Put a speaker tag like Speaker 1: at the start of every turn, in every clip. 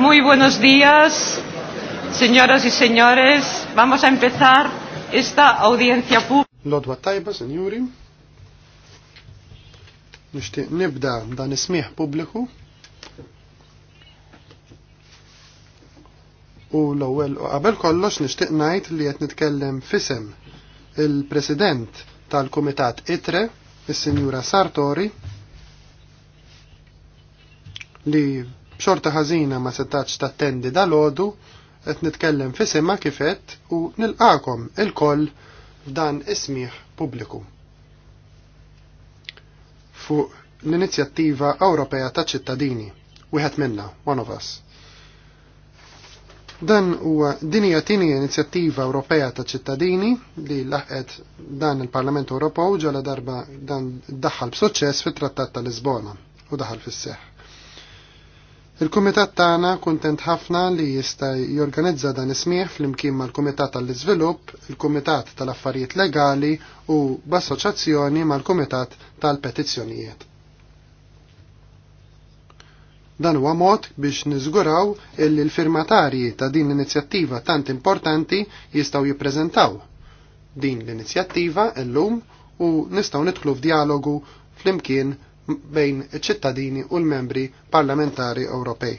Speaker 1: Muy buenos días, señoras y señores. Vamos a empezar esta audiencia pública.
Speaker 2: Lodwa tajba, senjuri. Nishti nibda dan ismiħ publiku. U l-ewwel u qabel kollox nixtieq ngħid li qed nitkellem fisem il-President tal-Kumitat ITRE, is-Sinjura Sartori, li B'xorta ħażina ma setax tattendi dal-għodu, qed nitkellem fisima kifet u nilqakom il-koll f'dan ismiħ pubbliku. Fuq l-Inizjattiva Ewropea ta' ċittadini, wieħed minna, one of us. Dan huwa din hija tieni inizjattiva Ewropea ta' ċittadini li laħqet dan il-Parlament Ewropew ġala darba dan daħħal b'suċċess fit-Trattat ta' Lisbona u daħal fis-seħħ. Il-Kumitat tagħna kuntent ħafna li jista' jorganizza dan ismieħ flimkien mal-Kumitat tal-Iżvilupp, il-Kumitat tal-Affarijiet Legali u b'assoċjazzjoni mal-Kumitat tal-Petizzjonijiet. Dan huwa mod biex niżguraw illi l-firmatarji ta' din l-inizjattiva tant importanti jistgħu jippreżentaw din l-inizjattiva llum u nistgħu nidħlu f'dialogu flimkien bejn ċittadini u l-membri parlamentari Ewropej.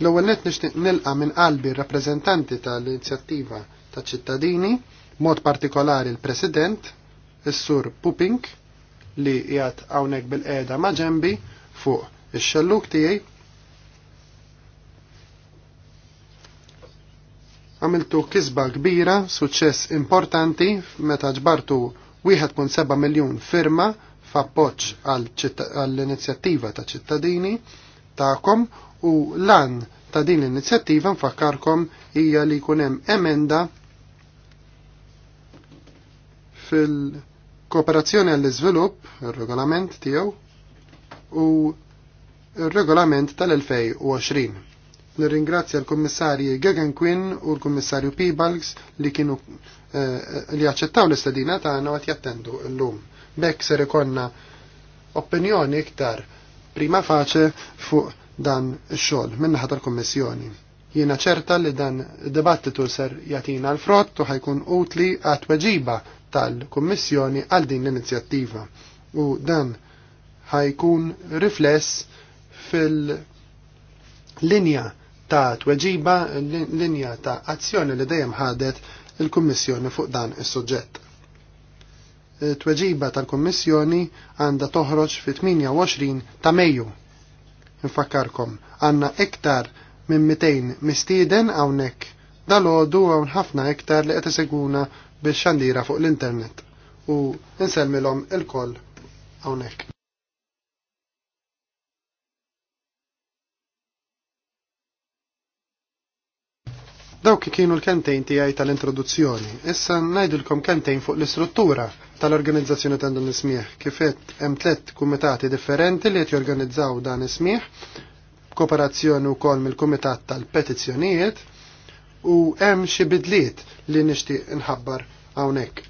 Speaker 2: L-ewwel nett nixtieq nilqa' minn qalbi rappreżentanti tal-inizjattiva ta' ċittadini, mod partikolari l-President, is-Sur Pupink, li qiegħed hawnhekk bil-qiegħda ma' ġembi fuq ix-xelluk tiegħi. Għamiltu kisba kbira, suċċess importanti meta ġbartu 1.7 miljun firma f'appoġġ għall-inizjattiva ta' ċittadini tagħkom u lan ta' din l-inizjattiva nfakkarkom hija li jkun hemm emenda fil-kooperazzjoni għall-iżvilupp, ir-regolament tiegħu u ir-regolament tal-2020. Nirringrazzja l-Kummissarji Gagan Quinn u l-Kummissarju Peebalgs li kienu eh, li aċċettaw l-istadina tagħna għanna qed jattendu llum. Bekk ser ikonna opinjoni iktar prima faċe fuq dan xol xogħol ħatar naħa tal-Kummissjoni. Jiena ċerta li dan dibattitu ser jatina l-frott u ħajkun utli għat weġiba tal-Kummissjoni għal din l-inizjattiva. U dan ħajkun rifless fil-linja ta' tweġiba, linja ta' azzjoni li dejjem ħadet il-Kummissjoni fuq dan is-suġġett tweġiba tal-Kommissjoni għanda toħroġ fit-28 ta' Mejju. Infakkarkom, għanna iktar minn 200 mistieden hawnhekk. Dal-għodu hawn ħafna iktar li qed iseguna biex xandira fuq l-internet u nselmilhom il-koll hawnhekk. Dawk kienu l-kentejn tiegħi tal-introduzzjoni. Issa ngħidulkom kentejn fuq l-istruttura tal-organizzazzjoni ta' dan ismieħ. Kifet hemm tliet kumitati differenti li qed jorganizzaw dan ismieħ, kooperazzjoni wkoll mill-kumitat tal-petizzjonijiet u hemm xi bidliet li nixtieq inħabbar hawnhekk.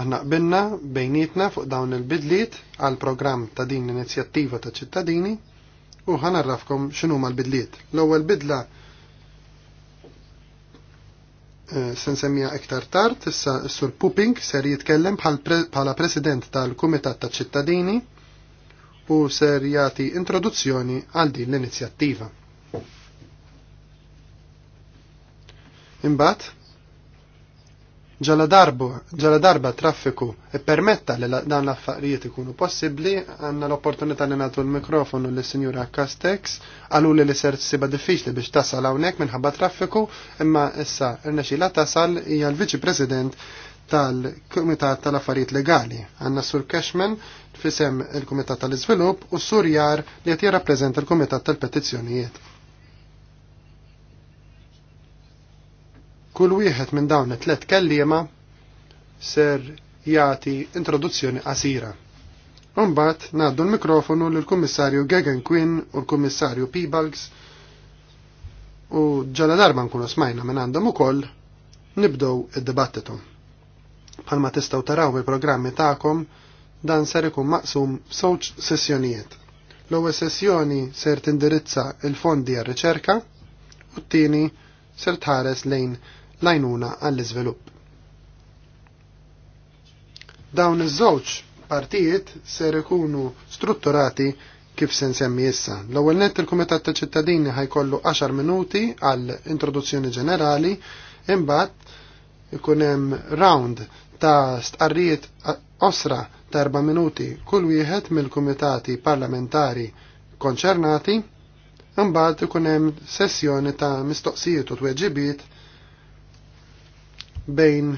Speaker 2: Aħna qbilna bejnietna fuq dawn il-bidliet għal programm ta' din l-inizjattiva ta' ċittadini u ħanarrafkom x'inhuma l-bidliet. L-ewwel bidla sensemmija iktar tard, issa sur Puping ser jitkellem bħala president tal-Kumitat ta' ċittadini u ser jagħti introduzzjoni għal din l-inizjattiva. Imbagħad Ġala darba traffiku e permetta li dan l-affarijiet ikunu possibbli, għanna l-opportunità li nagħtu l-mikrofonu lis sinjura Castex, għalu li li ser siba diffiċli biex tasal hawnhekk minħabba traffiku, imma issa rnexila tasal hija l-Viċi President tal-Kumitat tal-Affarijiet Legali. Għanna Sur Cashman fisem il-Kumitat tal-Iżvilupp u Sur Jar li qed jirrappreżenta l-Kumitat tal-Petizzjonijiet. Kull wieħed minn dawn it-tlet kelliema ser jagħti introduzzjoni qasira. Imbagħad ngħaddu l-mikrofonu lill-Kummissarju Gegen Quinn u l-Kummissarju Peebalgs u ġala darba nkunu smajna minn għandhom ukoll nibdow id-dibattitu. Palma tistgħu taraw il-programmi tagħkom dan ser ikun maqsum f'żewġ sessjonijiet. L-ewwel sessjoni ser tindirizza il-fondi għar-riċerka u t-tieni ser tħares lejn l-għajnuna għall-iżvilupp. Dawn iż-żewġ partijiet ser ikunu strutturati kif se nsemmi issa. L-ewwel nett il-Kumitat ta' ċittadini ħajkollu 10 minuti għall introduzzjoni ġenerali, imbagħad ikun hemm round ta' stqarrijiet osra ta' 4 minuti kull wieħed mill-kumitati parlamentari konċernati, imbagħad ikun hemm sessjoni ta' mistoqsijiet u tweġibiet bejn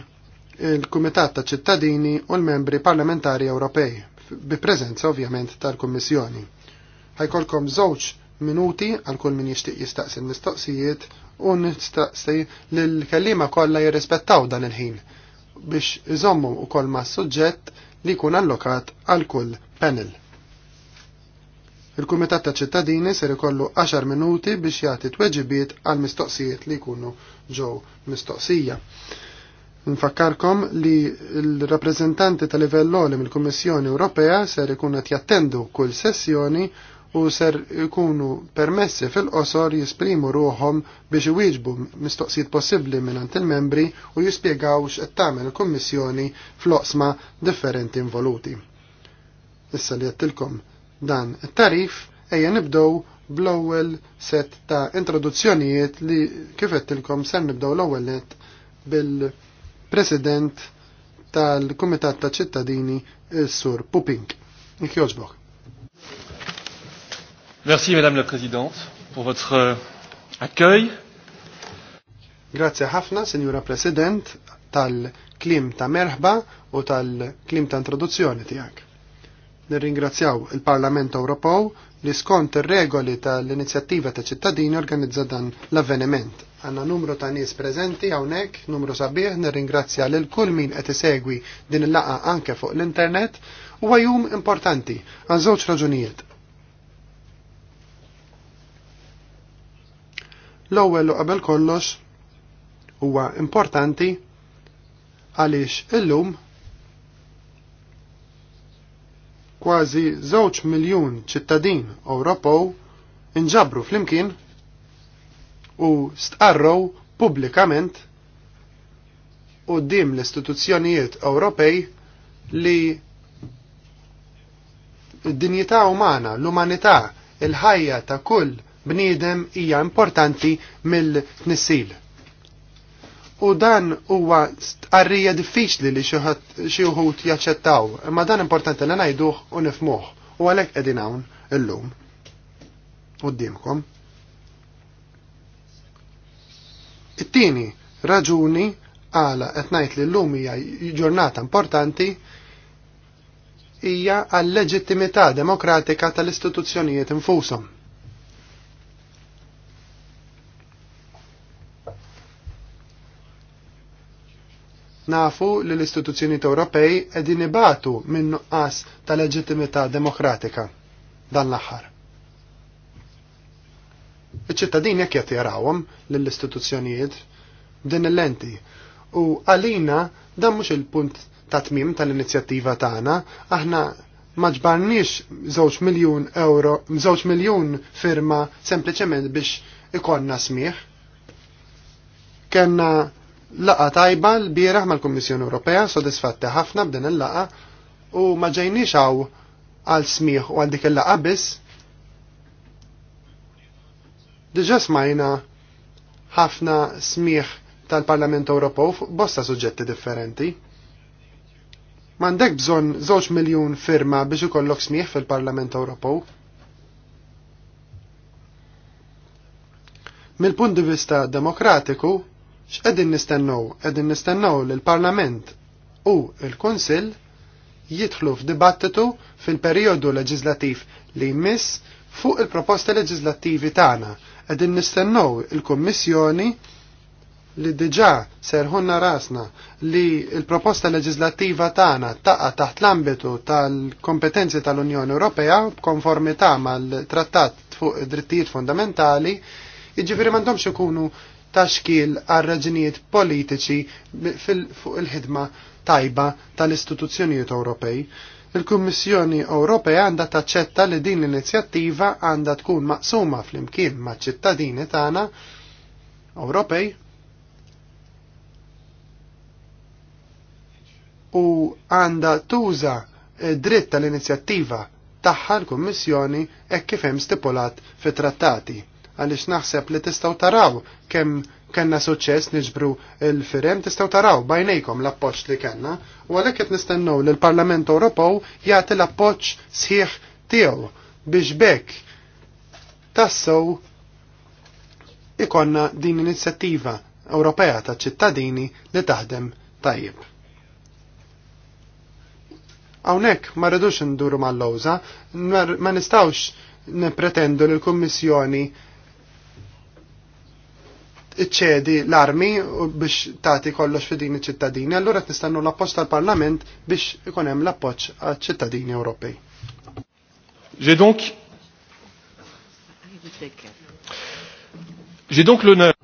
Speaker 2: il-Kumitat ta' ċittadini u l-membri parlamentari Ewropej, bi preżenza ovvjament tal-Kummissjoni. Ħajkolkom żewġ minuti għal kull min jixtieq jistaqsi l-mistoqsijiet u nistaqsi l-kellima kollha jirrispettaw dan il-ħin biex iżommu wkoll ma' suġġett li jkun allokat għal kull panel. Il-Kumitat ta' ċittadini ser ikollu 10 minuti biex jagħti tweġibiet għal mistoqsijiet li jkunu ġew mistoqsija. Nfakkarkom li l-rappreżentanti tal livell li mill-Kummissjoni Ewropea ser ikun qed jattendu kull sessjoni u ser ikunu permessi fil-qosor jisprimu ruħom biex iwieġbu mistoqsijiet possibbli minn il-membri u jispjegaw x'qed tagħmel il-Kummissjoni fl-oqsma differenti involuti. Issa li jattilkom dan it-tarif ejja nibdew bl-ewwel set ta' introduzzjonijiet li kif qedtilkom ser nibdew l-ewwel net bil- president tal-Kumitat ta' ċittadini sur Pupink. Ikjoġbok. Merci Madame la Présidente pour votre euh, accueil. Grazie ħafna, Signora President, tal-klim ta' merħba u tal-klim ta' introduzzjoni tiegħek. Nirringrazzjaw il-Parlament Ewropew li skont ir-regoli tal-inizjattiva ta' ċittadini organizza dan l-avveniment. Għanna numru ta' nies preżenti hawnhekk, numru sabiħ, nirringrazzja lil kull min qed isegwi din il-laqa anke fuq l-internet huwa jum importanti għal żewġ raġunijiet. L-ewwel u qabel kollox huwa importanti għaliex illum kważi żewġ miljun ċittadin Ewropew inġabru flimkien u stqarrow pubblikament u dim l-istituzzjonijiet Ewropej li d-dinjità umana, l-umanità, il-ħajja ta' kull bniedem hija importanti mill-tnissil. U dan huwa arrija diffiċli li xi wħud jaċċettaw, imma dan importanti li ngħiduh u nifmuħ u għalhekk qegħdin hawn illum. Qudiemkom. It-tieni raġuni għala qed ngħid li llum hija ġurnata importanti hija għall leġittimità demokratika tal-istituzzjonijiet infushom. Nafu li l-istituzzjonijiet Ewropej qegħdin ibatu minn nuqqas ta' leġittimità demokratika dan l-aħħar. Iċ-ċittadini jekk qed jarawhom lill-istituzzjonijiet din il-lenti. U għalina dan mhux il-punt ta' tmim tal-inizjattiva tagħna, aħna ma ġbarniex żewġ miljun euro, żewġ miljun firma sempliċement biex ikonna smieħ. Kenna laqa tajba l-bieraħ mal-Kummissjoni Ewropea, sodisfatti ħafna b'din il-laqa, u ma ġejniex għaw għal smieħ u għal dik il-laqa biss, Diġa smajna ħafna smieħ tal-Parlament Ewropew fuq bosta suġġetti differenti. M'għandek bżonn żewġ miljun firma biex ikollok smieħ fil-Parlament Ewropew. mil punt di vista demokratiku, x'qegħdin nistennew? Qegħdin nistennew li l-Parlament u l-Kunsill jidħlu f'dibattitu fil-perjodu leġislattiv li jmiss fuq il-proposti leġislattivi tagħna Qegħdin nistennew il-Kummissjoni li diġa' serħunna rasna li l-proposta leġislattiva tagħna taqa' taħt l-ambitu tal-kompetenzi tal-Unjoni Ewropea b'konformità mal-Trattat fuq drittijiet fundamentali, jiġifieri m'għandhomx ikunu taxkil għal raġunijiet politiċi fuq il-ħidma tajba tal-istituzzjonijiet Ewropej. Il-Kummissjoni Ewropea għandha taċċetta li din l-inizjattiva għandha tkun maqsuma fl-imkien ma' ċittadini tagħna Ewropej u għandha tuża dritt tal-inizjattiva tagħha l-Kummissjoni hekk kif hemm stipulat fit-trattati għaliex naħseb li tistgħu taraw kemm kanna suċċess niġbru il-firem tistgħu taraw bajnejkom l-appoġġ li kellna u għalhekk qed nistennew li l-Parlament Ewropew jagħti l-appoġġ sħiħ tiegħu biex bekk tassew ikonna din inizjattiva Ewropea ta' ċittadini li taħdem tajjeb. Hawnhekk ma rridux nduru mal-lowża, ma nistgħux nepretendu li l-Kummissjoni iċċedi l-armi biex tagħti kollox fidin iċ-ċittadini, allura tistannu l-appoġġ tal-Parlament biex ikun hemm l-appoġġ għaċ-ċittadini Ewropej. J'ai donc J'ai donc l'honneur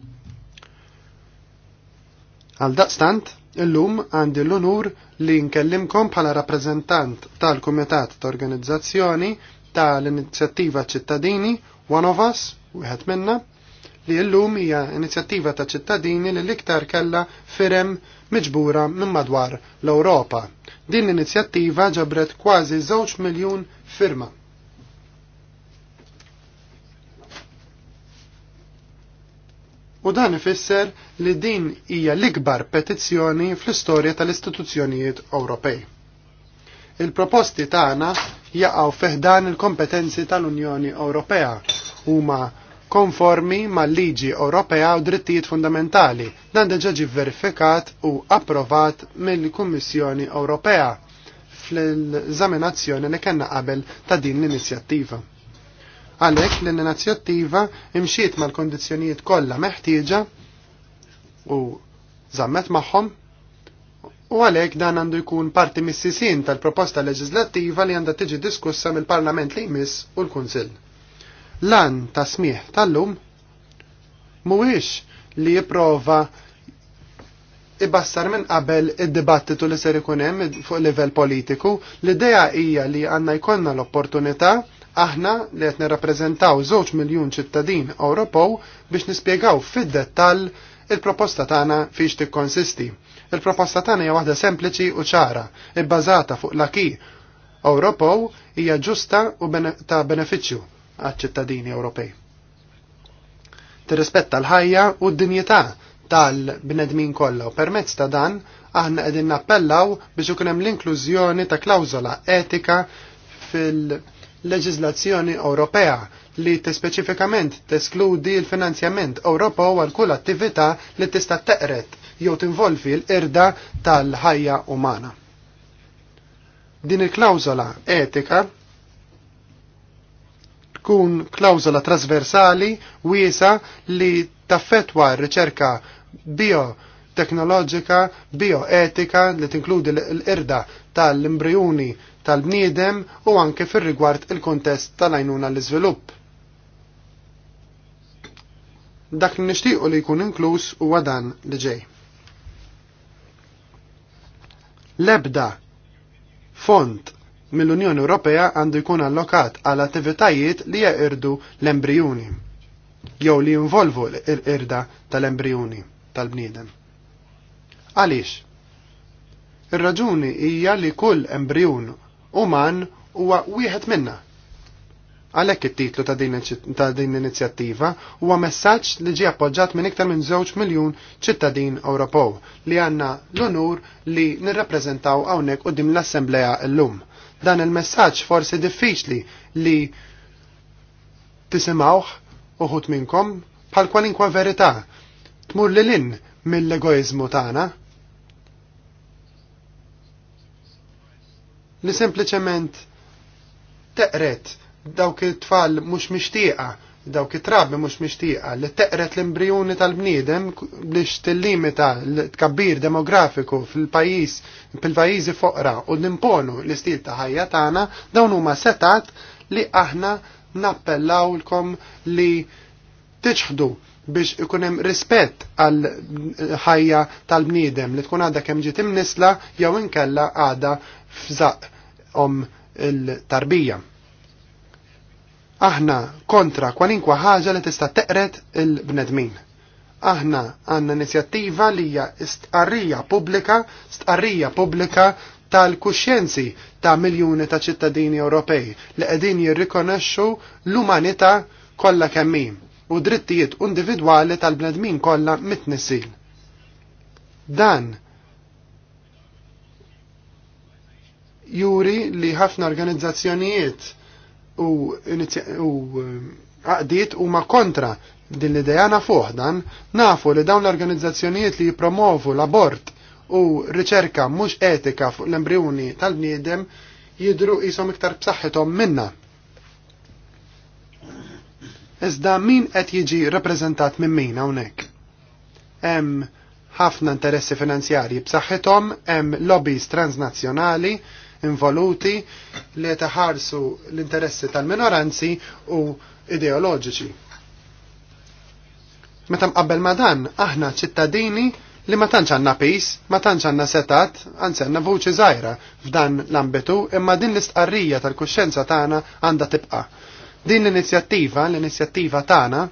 Speaker 2: Għal daqstant, illum għandi l-onur li nkellimkom bħala rappreżentant tal-Kumitat t-Organizzazzjoni tal-Inizjattiva Ċittadini, One of Us, wieħed minna, li llum hija inizjattiva ta' ċittadini li l-iktar kella firem miġbura minn madwar l-Ewropa. Din l-inizjattiva ġabret kważi żewġ miljun firma. U dan ifisser li din hija l-ikbar petizzjoni fl-istorja tal-istituzzjonijiet Ewropej. Il-proposti tagħna jaqgħu fiħdan il-kompetenzi tal-Unjoni Ewropea huma konformi mal-liġi Ewropea u drittijiet fundamentali dan deġa ġi verifikat u approvat mill-Kummissjoni Ewropea fl-eżaminazzjoni li kellna qabel ta' din l-inizjattiva. Għalhekk l-inizjattiva imxiet mal kondizjonijiet kollha meħtieġa u żammet magħhom u għalek dan għandu jkun parti mis-sisin tal-proposta leġislattiva li għandha tiġi diskussa mill-Parlament li jmiss u l-Kunsill. Lan ta' smieħ tal-lum mhuwiex li jipprova ibassar minn qabel id-dibattitu li ser ikun hemm fuq livell politiku, l-idea hija li għandna jkollna l-opportunità aħna li qed nirrappreżentaw żewġ miljun ċittadin Ewropew biex nispjegaw fid-dettall il-proposta tagħna fiex tikkonsisti. Il-proposta tagħna hija waħda sempliċi u ċara, ibbażata fuq l-aki Ewropew hija ġusta u ta' benefiċċju għal-ċittadini Ewropej. Tirrispetta l-ħajja u d-dinjità tal-bnedmin kollha u permezz ta' dan aħna qegħdin nappellaw biex ikun hemm l-inklużjoni ta' klawżola etika fil-leġiżlazzjoni Ewropea li t-specifikament teskludi l-finanzjament Ewropew għal kull attività li tista' teqret jew tinvolvi l-irda tal-ħajja umana. Din il-klawżola etika tkun klawzola trasversali wiesa li taffetwa r-riċerka bioteknoloġika, bioetika li tinkludi l-irda tal imbrijuni tal-bniedem u anke fir-rigward il-kontest tal-għajnuna l-iżvilupp. Dak li nixtiequ li jkun inkluż huwa dan li ġej. Lebda font mill-Unjoni Ewropea għandu jkun allokat għal attivitajiet li jeqirdu l-embrijuni jew li jinvolvu l-irda tal-embrijuni tal-bniedem. Għaliex? Ir-raġuni hija li kull embrijun uman huwa wieħed minna. Għalhekk it-titlu ta' din l-inizjattiva huwa messaġġ li ġie appoġġjat minn iktar minn żewġ miljun ċittadin Ewropew li għandna l-onur li nirrappreżentaw hawnhekk qudiem l-Assembleja llum. Dan il-messaġġ forsi diffiċli li tisimgħuh uħut minnkom bħal kwalinkwa verità tmur li lin mill-egoizmu tagħna. Li sempliċement teqret dawk it-tfal mhux mixtieqa dawk it-trabi mhux mixtieqa li teqret l imbrijuni tal-bniedem biex tillimita l-tkabbir demografiku fil-pajjiż fil-pajjiżi foqra u nimponu l-istil ta' ħajja tagħna dawn huma setat li aħna nappellawlkom li tiġħdu biex ikun hemm rispett għal ħajja tal-bniedem li tkun għadha kemm ġiet imnisla jew inkella għadha f'żaq om il-tarbija. Aħna kontra kwalinkwa ħaġa li tista' teqret il-bnedmin. Aħna għandna inizjattiva li hija stqarrija pubblika, stqarrija pubblika tal-kuxjenzi ta' miljuni ta' ċittadini Ewropej li qegħdin jirrikonoxxu l-umanità kollha kemmim u drittijiet individwali tal-bnedmin kollha mitnisil. Dan juri li ħafna organizzazzjonijiet u um, għaqdiet u ma kontra din l-ideja fuq dan, nafu li dawn l-organizzazzjonijiet li jipromovu l-abort u riċerka mhux etika fuq l-embrjoni tal-bniedem jidru jisom iktar b'saħħithom minna. Iżda min qed jiġi rappreżentat minn min hawnhekk? Hemm ħafna interessi finanzjarji b'saħħithom, hemm lobbies transnazzjonali, involuti li taħarsu l-interessi tal-minoranzi u ideoloġiċi. Meta mqabbel ma dan, aħna ċittadini li ma tantx għandna pis, ma tantx għandna setat, anzi għandna vuċi żgħira f'dan l-ambitu, imma din l-istqarrija tal-kuxxenza tagħna għandha tibqa'. Din l-inizjattiva, l-inizjattiva tagħna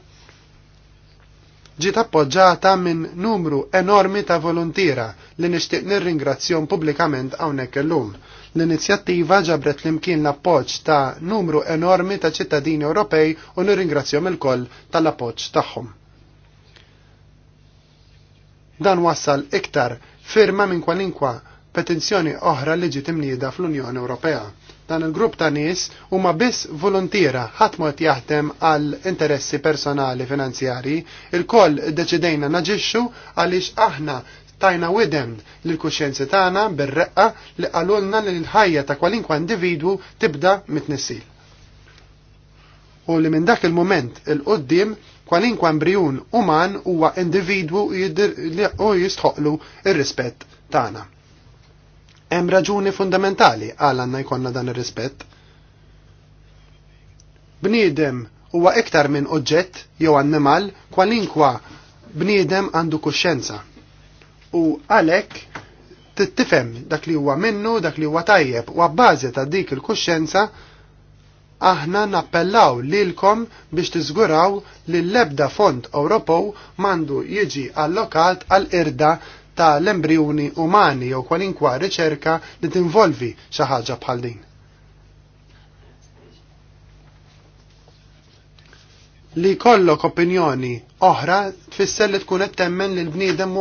Speaker 2: ġiet appoġġata minn numru enormi ta' volontira li nixtieq nirringrazzjom pubblikament hawnhekk illum. L-inizjattiva ġabret l-imkien l-appoġġ ta' numru enormi ta' ċittadini Ewropej u nirringrazzjom il-koll tal-appoġġ tagħhom. Dan wassal iktar firma minn kwalinkwa petenzjoni oħra li ġiet imnieda fl-Unjoni Ewropea. Dan il-grupp ta' nies huma biss volontira ħadd mod jaħdem għal interessi personali finanzjari, il-koll deċidejna naġixxu għaliex aħna tajna widem l-kuxjenzi tagħna bir-reqqa li qalulna li l-ħajja ta' kwalinkwa individwu tibda mit U li minn dak il-moment il-qoddim kwalinkwa embrjun uman huwa individwu u jistħoqlu ir-rispett tagħna. Hemm raġuni fundamentali għal għandna jkollna dan ir-rispett. Bniedem huwa iktar minn oġġett jew annimal kwalinkwa bniedem għandu kuxjenza u għalhekk tittifem dak li huwa minnu, dak li huwa tajjeb u għabbażi ta' dik il-kuxjenza aħna nappellaw lilkom biex tiżguraw li l-ebda fond Ewropew mandu jiġi allokat għal irda ta' l-embrjuni umani jew kwalinkwa riċerka li tinvolvi xi ħaġa bħal din. Li kollok opinjoni oħra tfisser li tkun qed temmen li l-bniedem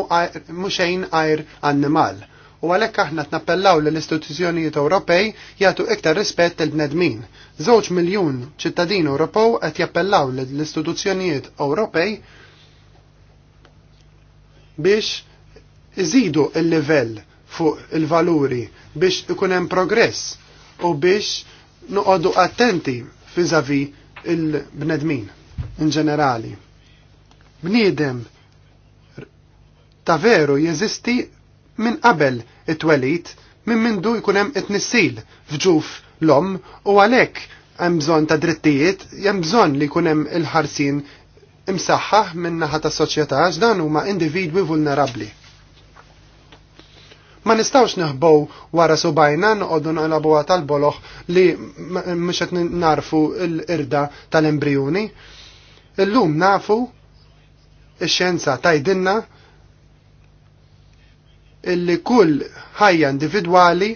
Speaker 2: muxejn għajr annimal. U għalhekk aħna tnappellaw lill l-istituzzjonijiet Ewropej jagħtu iktar rispett il bnedmin Żewġ miljun ċittadin Ewropew qed jappellaw lill l-istituzzjonijiet Ewropej biex iżidu il-livell fuq il-valuri biex ikun hemm progress u biex noqogħdu attenti fiżavi il-bnedmin in ġenerali bniedem ta' veru jeżisti minn qabel it-twelit minn mindu jkun hemm it-nissil fġuf l-om u għalhekk hemm bżonn ta' drittijiet, hemm bżonn li jkun hemm il-ħarsin imsaħħaħ minn naħa tas soċjetà għax dan huma individwi vulnerabbli. Ma nistawx neħbow wara subajna noqogħdu naqlabuha tal-boloħ li mhux qed narfu l-irda tal-embrijuni. Illum nafu ix-xjenza tajdinna illi kull ħajja individwali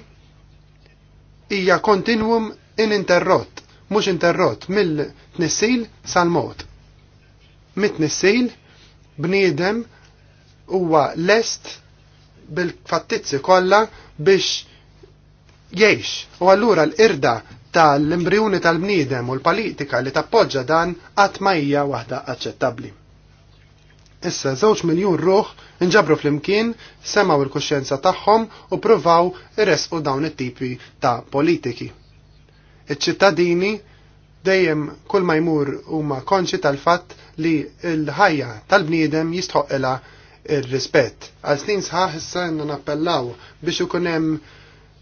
Speaker 2: hija kontinwum ininterrott, mhux interrott mill-tnissil sal-mod. Mit-tnissil bniedem huwa lest bil-fattizzi kollha biex jgħix. U allura l-irda tal imbriuni tal-bniedem u l-politika li tappoġġa dan qatt ma hija waħda aċċettabbli. Issa żewġ miljun ruħ inġabru fl-imkien, semaw il-kuxjenza tagħhom u provaw irresqu dawn it-tipi ta' politiki. Iċ-ċittadini dejjem kull ma jmur huma konċi tal-fatt li l-ħajja tal-bniedem jistħoqilha ir-rispett. Għal snin sħaħ issa nappellaw biex ikun hemm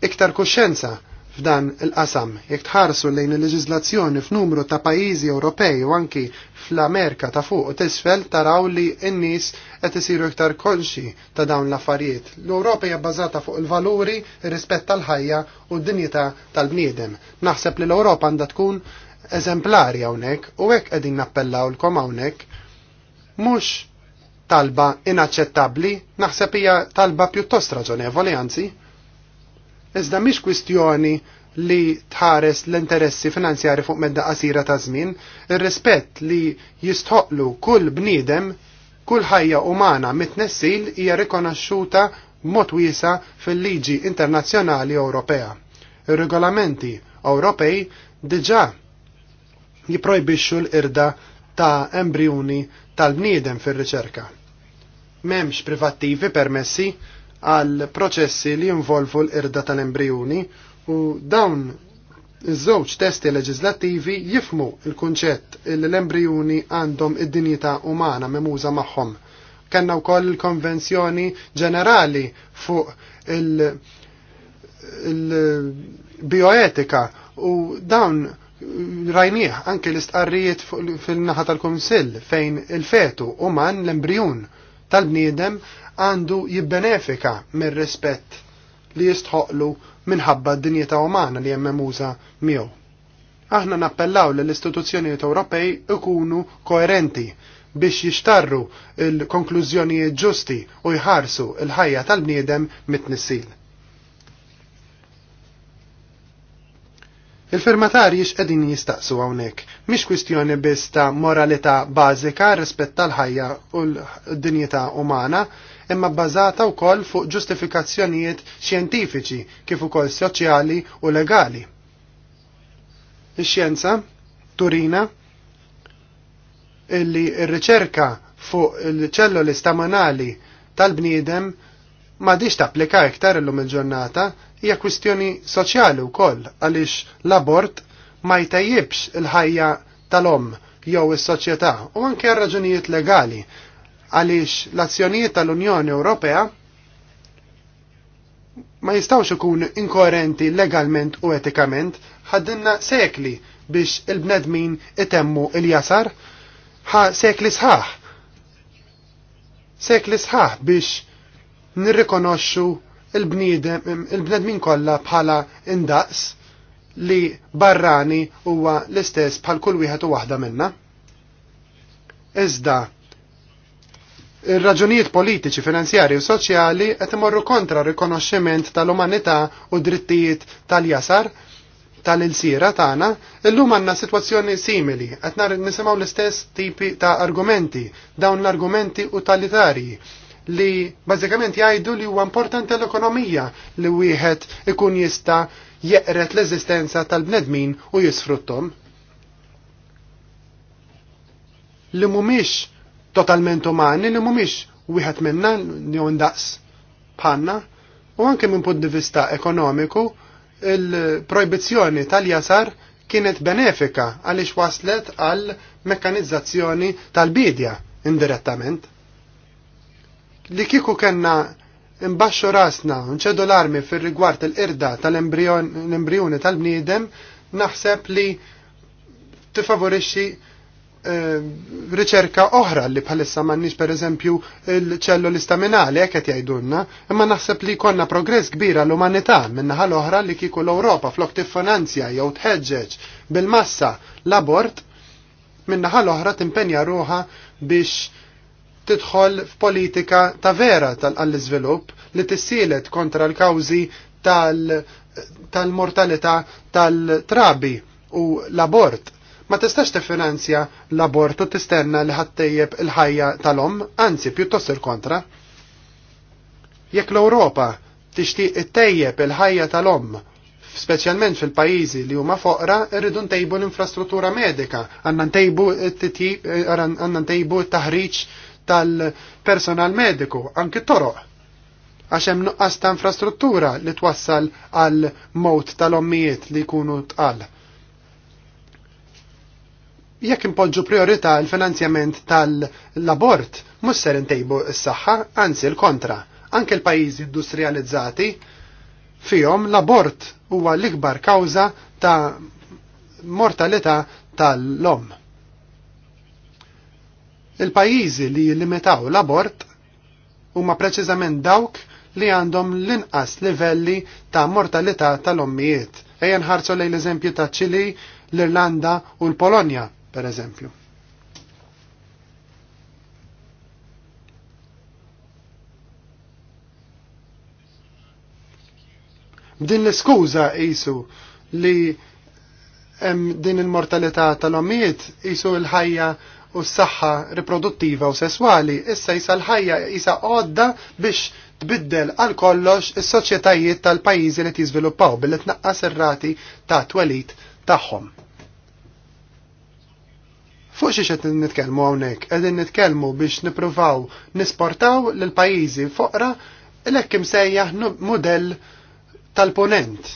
Speaker 2: iktar kuxjenza f'dan il-qasam. Jekk tħarsu lejn il-leġizlazzjoni f'numru ta' pajjiżi Ewropej u anki fl-Amerika ta' fuq u tisfel taraw li n-nies qed isiru iktar konxi ta' dawn l-affarijiet. L-Ewropa hija bbażata fuq il-valuri, ir-rispett tal-ħajja u d-dinjità tal-bniedem. Naħseb li l-Ewropa għandha tkun eżemplari hawnhekk u hekk qegħdin nappellawlkom hawnhekk. Mhux talba inaċċettabbli, naħseb hija talba pjuttost raġonevoli anzi. Iżda mhix kwistjoni li tħares l-interessi finanzjari fuq medda qasira ta' żmien, ir-rispett li jistħoqlu kull bniedem, kull ħajja umana mit-nessil hija rikonoxxuta mod wiesa fil-liġi internazzjonali Ewropea. Ir-regolamenti Ewropej diġà jiprojbixxu l-irda ta' embrjuni tal-bniedem fir-riċerka. M'hemmx privattivi permessi, għal proċessi li jinvolvu l-irda tal embrijuni u dawn iż-żewġ testi leġislattivi jifmu il-kunċett li l embrijuni għandhom id-dinjità umana memuża magħhom. Kenna wkoll il-konvenzjoni ġenerali fuq il-bioetika il u dawn rajnieħ anke l-istqarrijiet fil-naħa tal-Kunsill fejn il-fetu uman l embrijun tal-bniedem għandu jibbenefika mir-rispett li jistħoqlu minħabba d-dinjeta umana li hemm uża miegħu. Aħna nappellaw li l istituzzjoni Ewropej ikunu koerenti biex jixtarru il-konklużjonijiet ġusti u jħarsu il-ħajja tal-bniedem mit-nissil. Il-firmatari x'qegħdin jistaqsu hawnhekk, mhix kwistjoni biss ta' moralità bażika rispett tal-ħajja u l-dinjità umana, imma bbażata wkoll fuq ġustifikazzjonijiet xjentifiċi kif ukoll soċjali u legali. Ix-xjenza turina illi r-riċerka fuq il-ċelluli stamanali tal-bniedem ma tapplika iktar illum il-ġurnata hija kwistjoni soċjali wkoll għaliex l-abort ma jtajjibx il-ħajja tal-om jew is-soċjetà u anke raġunijiet legali għaliex l-azzjonijiet tal-Unjoni Ewropea ma jistawx ikun inkoerenti legalment u etikament ħaddinna sekli biex il-bnedmin itemmu il-jasar ħa sekli sħaħ sekli sħaħ biex nirrikonoxxu il-bnedmin kollha bħala indaqs li barrani huwa l-istess bħal kull wieħed u waħda minna. Iżda il raġunijiet politiċi, finanzjari u soċjali qed imorru kontra rikonoxximent tal-umanità u drittijiet tal-jasar tal tal-il-sira tagħna, illum għandna sitwazzjoni simili, qed nar nisimgħu l-istess tipi ta' argumenti, dawn l-argumenti utilitarji li bażikament jgħidu li huwa importanti l-ekonomija li wieħed ikun jista' jeqret l-eżistenza tal-bnedmin u jisfruttom. Li mhumiex totalment umani li mhumiex wieħed minna jew ndaqs bħalna u anke minn punt di vista ekonomiku il-projbizzjoni tal-jasar kienet benefika għaliex waslet għal mekkanizzazzjoni tal-bidja indirettament. Li kiku kenna imbaxxu rasna nċedu l-armi fir rigward il-irda tal-embrjoni tal-bniedem naħseb li tifavorixxi Eh, riċerka oħra li bħalissa m'għandniex pereżempju l-ċelluli staminali hekk qed jgħidulna, imma naħseb li konna progress kbira l umanità min-naħa l-oħra li kieku l-Ewropa flok tiffinanzja jew tħeġġeġ bil-massa l-abort minna l-oħra timpenja ruħa biex tidħol f'politika ta' vera tal-iżvilupp li tissielet kontra l-kawżi tal-mortalità tal-trabi u l-abort Ma tistax tiffinanzja l-abort u tisterna li ħattejjeb il-ħajja tal-om, anzi pjuttost il-kontra. Jekk l-Ewropa tixtieq ittejjeb il-ħajja tal-om specialment fil-pajizi li huma foqra, irridu ntejbu l-infrastruttura medika, għanna ntejbu għanna taħriġ tal-personal mediku, anki toroq. Għax hemm nuqqas ta' infrastruttura li twassal għal mowt tal-ommijiet li jkunu tqal jekk impoġġu priorità l-finanzjament tal-abort, mhux ser intejbu s-saħħa, anzi l-kontra. Anke l-pajjiżi industrializzati fihom l-abort huwa l-ikbar kawża ta' mortalità tal-lom. Il-pajjiżi li limitaw l-abort huma preċiżament dawk li għandhom l-inqas livelli ta' mortalità tal-ommijiet. Ejja nħarsu lejn l-eżempju ta' Ċili, l-Irlanda u l-Polonja per eżempju. B'din l iskuża qisu li din il-mortalità tal omiet qisu l-ħajja u s-saħħa riproduttiva u sesswali, issa jisa l-ħajja jisa għodda biex tbiddel għal kollox is-soċjetajiet tal-pajjiżi li tiżviluppaw billi tnaqqas ir-rati ta' twelit tagħhom. Fux xi qed nitkelmu hawnhekk, qegħdin nitkellmu biex nippruvaw nisportaw l pajjiżi foqra l ekkim imsejjaħ mudell tal-ponent,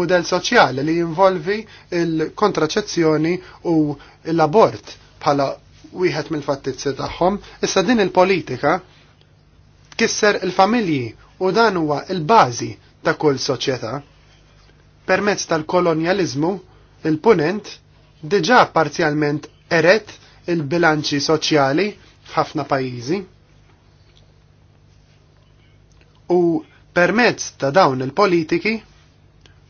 Speaker 2: mudell soċjali li jinvolvi il-kontraċezzjoni u l-abort bħala wieħed mill-fattizzi tagħhom. Issa din il-politika tkisser il-familji u dan huwa il-bażi ta' kull soċjetà. Permezz tal kolonializmu il-punent diġà parzjalment eret il-bilanċi soċjali f'ħafna pajjiżi. U permezz ta' dawn il-politiki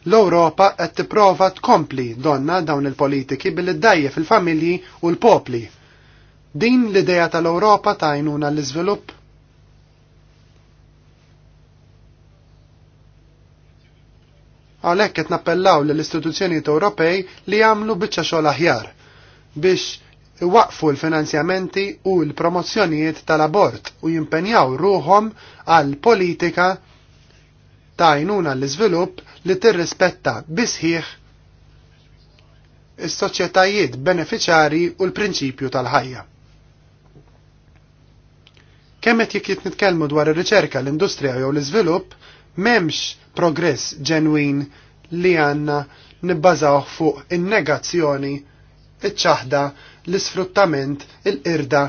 Speaker 2: l-Europa qed tipprova tkompli donna dawn il-politiki billi ddajje fil-familji u l-popli. Din l-idea tal-Europa tajnuna l-iżvilupp? Għalhekk qed nappellaw lill istituzzjonijiet Ewropej li jagħmlu biċċa xogħol aħjar biex waqfu l-finanzjamenti u l-promozzjonijiet tal-abort u jimpenjaw ruhom għal politika ta' jnuna l izvilup li tirrispetta bisħiħ is-soċjetajiet beneficjari u l-prinċipju tal-ħajja. Kemm qed jitnit kelmu dwar ir-riċerka l-industrija jew l-iżvilupp, m'hemmx progress ġenwin li għandna nibbażawh fuq in-negazzjoni iċċaħda l-isfruttament, il-qirda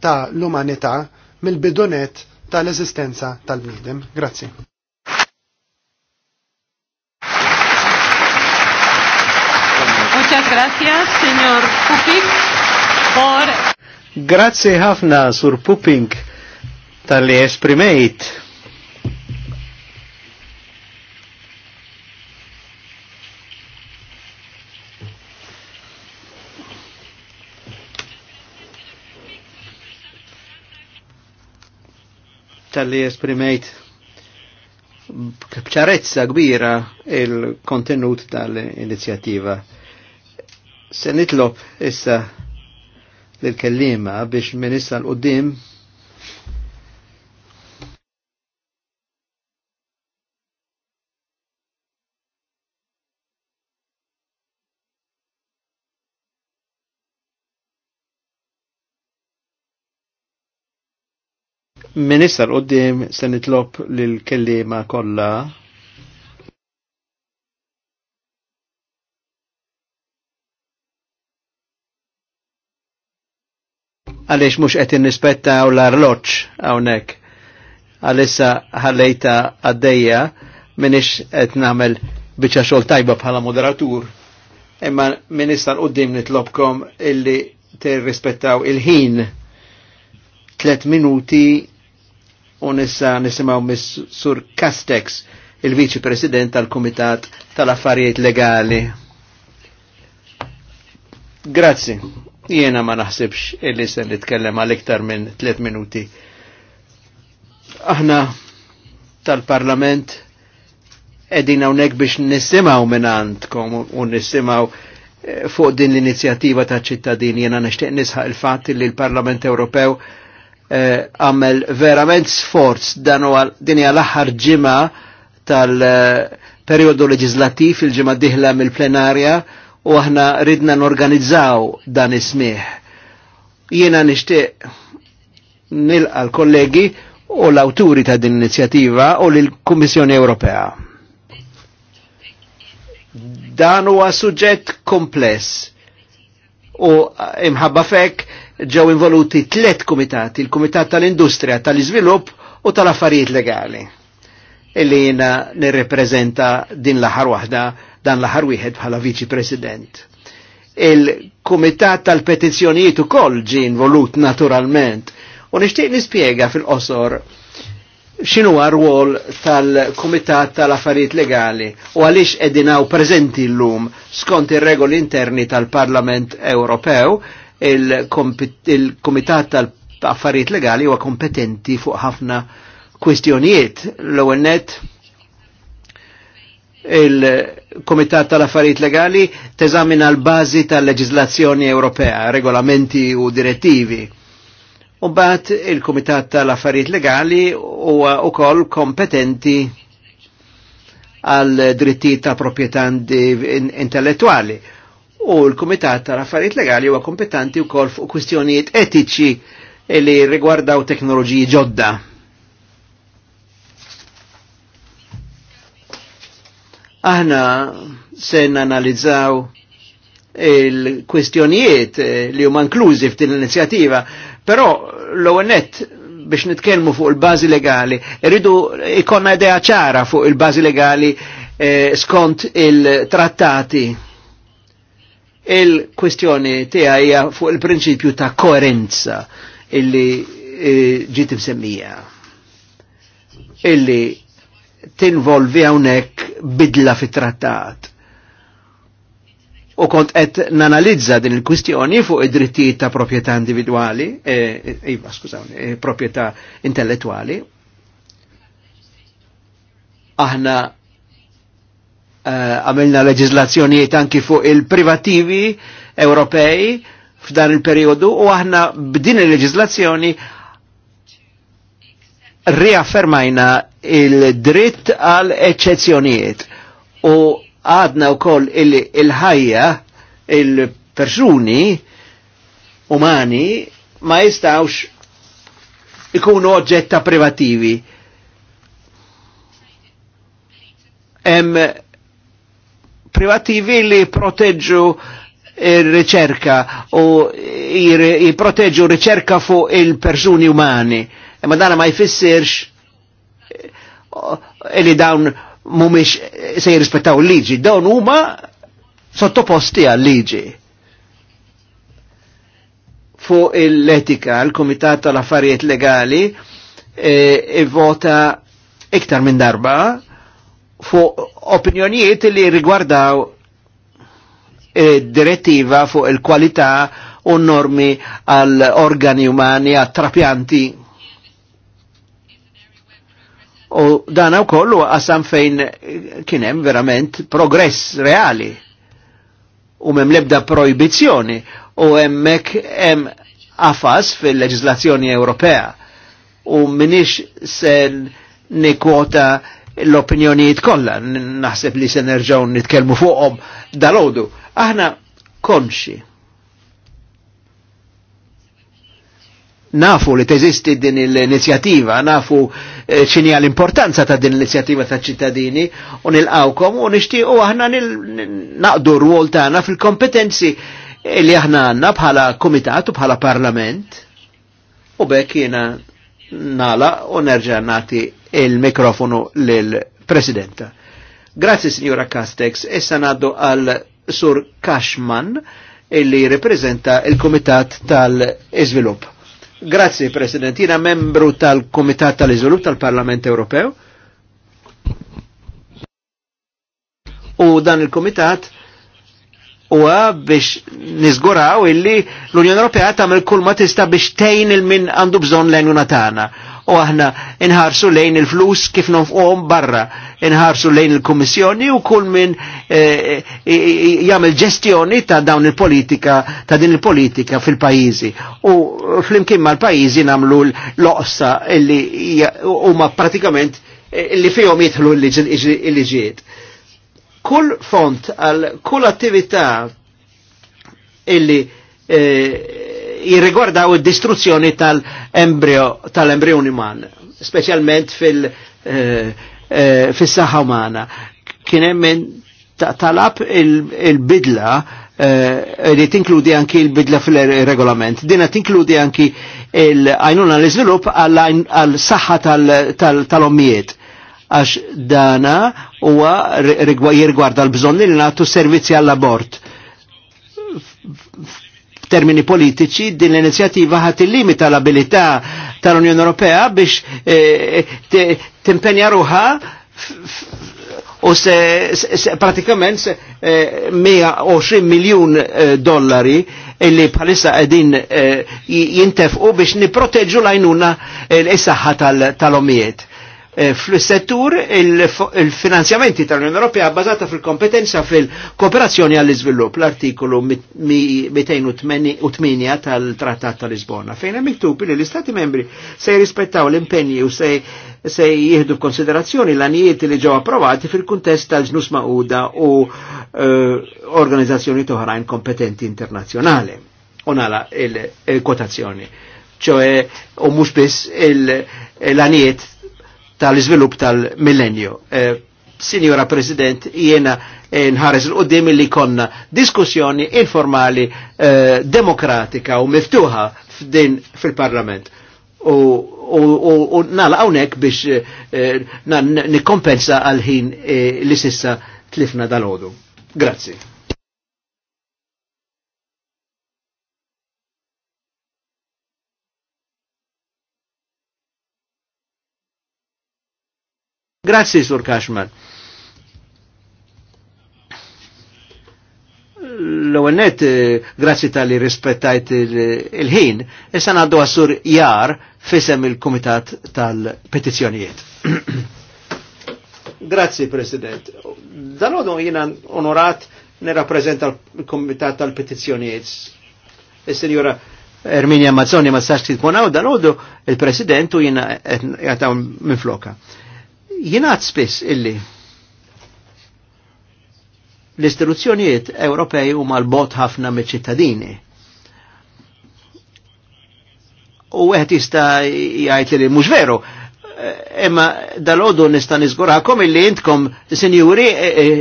Speaker 2: ta' l-umanità mill-bidunet tal-eżistenza tal-bniedem. Grazzi.
Speaker 1: Muchas Pupik, por...
Speaker 3: Grazie ħafna, sur Pupink, tal-li esprimejt tal-li esprimejt bċarezza kbira il-kontenut tal-inizjattiva. Se nitlob issa l-kellima biex minissa l-qoddim Minister, għoddim se nitlob lil-kellima kollha għalix mux qed nispetta u l-arloċ għawnek. Għalissa ħallejta għaddeja minix qed namel bieċa xol tajba bħala moderatur. Imma minista l-qoddim nitlobkom illi tirrispettaw il-ħin. Tlet minuti u nissa nisimaw mis Sur Castex, il-Viċi President tal-Kumitat tal-Affarijiet Legali. Grazzi, jiena ma naħsibx illi se nitkellem għal iktar minn 3 minuti. Aħna tal-Parlament edin hawnhekk biex nisimgħu minn għandkom u nisimgħu eh, fuq din l-inizjattiva ta' ċittadini jena nishtiq nisħa il-fatt li l-Parlament Ewropew Eh, għamel verament sforz dan huwa din hija l-aħħar ġimgħa tal-perjodu eh, leġislativ il-ġimgħa diħla mill-plenarja u aħna ridna norganizzaw dan ismiħ. Jiena nixtieq nilqa l-kollegi u l-awturi ta' din inizjattiva u l-Kummissjoni Ewropea. Dan huwa suġġett kompless u imħabba fekk ġew involuti tlet komitati, il-Komitat tal-Industrija, tal-Iżvilupp u tal-Affarijiet Legali. Illi jiena nirrepreżenta din l-aħħar waħda dan l-aħħar wieħed bħala Viċi President. Il-Kumitat tal-Petizzjonijiet ukoll ġie involut naturalment u nixtieq nispjega fil-qosor xinu rwol tal kumitat tal-Affarijiet Legali u għaliex qegħdin hawn preżenti llum skont ir-regoli interni tal-Parlament Ewropew il-Komitat tal-Affarijiet Legali huwa kompetenti fuq ħafna kwistjonijiet. L-ewwel net il-Komitat tal-Affarijiet Legali teżamina l-bażi tal-leġiżlazzjoni Ewropea, regolamenti u direttivi. U bat il-Komitat tal-Affarijiet Legali huwa wkoll kompetenti għal drittijiet tal proprjetà intellettuali u l-Kumitat tal Raffariet Legali huwa kompetenti wkoll fuq kwistjonijiet etiċi li rigwardaw teknoloġiji ġodda. Aħna se nanalizzaw il-kwistjonijiet li huma inklużi f'din l-inizjattiva, però l-ONET biex nitkellmu fuq il-bażi legali, rridu ikonna idea ċara fuq il-bażi legali eh, skont il-trattati Il-kwestjoni tiegħi hija fuq il-prinċipju ta' koerenza illi eh, ġiet msemmija. Illi tinvolvi hawnhekk bidla fit-trattat. U kont qed nanalizza din il-kwistjoni fuq id-drittijiet ta' proprjetà individwali, eh, iva, skużawni, eh, proprjetà intellettuali. Aħna Eh, għamilna leġizlazzjonijiet anki fuq il-privativi Ewropej f'dan il-periodu u aħna b'din il-leġizlazzjoni riaffermajna il-dritt għal eccezzjonijiet u għadna u koll il-ħajja il il-persuni umani ma jistawx ikunu oġġetta privativi. Em privativi li proteġġu il riċerka u jiproteġu riċerka fuq il-persuni umani. Ma e dana ma jfissirx eh, li dawn mumiex eh, se jirrispettaw l-liġi, dawn huma sottoposti għal-liġi. Fuq l-etika, l-Komitat tal-Affarijiet Legali, eh, i e vota iktar minn darba fuq opinjonijiet li rigwardaw eh, direttiva fuq il-kwalità u normi għal organi umani għat trapjanti. U dan kollu għasam fejn kienem verament progress reali u mem lebda proibizjoni u emmek em għafas fil-leġizlazzjoni Ewropea u minix sen nekwota l-opinjonijiet kollha naħseb li se nerġgħu nitkellmu fuqhom dalodu. Aħna konxi. Nafu li teżisti din l-inizjattiva, nafu ċini eh, l-importanza ta' din l-inizjattiva ta' ċittadini u nil-għawkom u nixtiequ aħna naqdu r-wol tagħna fil-kompetenzi li aħna għanna bħala komitat u bħala parlament u bekk jena nala u nerġa' nagħti il-mikrofonu lill-Presidenta. Grazzi, Signora Castex. Essa naddu għal Sur Cashman illi reprezenta il-Komitat tal-Izvilupp. Grazzi, President. Jina membru tal-Komitat tal izvilup tal-Parlament Ewropew. U dan il-Komitat huwa biex nizguraw illi l-Unjoni Ewropea tagħmel kulma tista' biex tejn il min għandu bżonn l-għenuna tana u aħna inħarsu lejn il-flus kif nofqom barra, inħarsu lejn il-Kummissjoni u kull minn eh, jagħmel ġestjoni ta' dawn il-politika, ta' din il-politika fil-pajjiżi. U flimkien mal-pajjiżi nagħmlu l-oqsa illi huma pratikament eh, illi fihom jidħlu l-liġijiet. Kull font għal kull attività illi eh, jirrigordaw id-distruzzjoni tal-embrio, tal embrion uman, specialment fil- eh, eh, fis-saħħa umana. Kien hemm talab il-bidla eh, li tinkludi anki il-bidla fil-regolament. Dina tinkludi anki il-għajnuna l-izvilup għal-saħħa tal-ommijiet. Għax dana huwa jirgwarda l-bżonni li nagħtu servizzi għall-abort termini politiċi din l-inizjattiva ħat il-limita l-abilità tal-Unjoni Ewropea biex eh, timpenja ruħa u se pratikament 120 eh, miljun eh, dollari illi bħalissa għedin jintefqu biex niproteġu lajnuna l-issaħħa tal-omijiet. Eh, fl-settur il-finanzjamenti tal-Unjoni Ewropea bazata fil-kompetenza fil-kooperazzjoni għall-iżvilupp l-artikolu 288 tal-Trattat tal-Lisbona fejn hemm miktub li l-Istati membri se jirrispettaw l-impenji u se se jihdu konsiderazzjoni l-anijiet li ġew approvati fil-kuntest tal-ġnus ma'uda u eh, organizzazzjoni toħrajn kompetenti internazzjonali. Onala il-kotazzjoni. ċoe, u mux biss l-anijiet tal-izvilup tal-millenju. Eh, Signora President, jiena eh, nħares l-qoddim li konna diskussjoni informali eh, demokratika u miftuħa f'din fil-Parlament. U, u, u, u għawnek biex nikkompensa nikompensa għal-ħin li sissa tlifna dal-ħodu. Grazie. Grazzi, Sur Kashman. L-għonet, eh, grazzi tal-li rispettajt il-ħin, issa għaddu għassur jar fisem il-Komitat tal-Petizjonijiet. grazzi, President. Dal-għodu jina onorat nirrapprezenta l-Komitat tal-Petizjonijiet. E, Il-Senjora Erminia Mazzoni ma s-sax tkun dal-għodu il-President u jina jgħataw minn floka jingħad spiss illi l-istituzzjonijiet Ewropej huma l-bot ħafna me ċittadini U għet jista' jgħajt li mhux veru, imma dal ħodu nista' niżgurakom illi jintkom sinjuri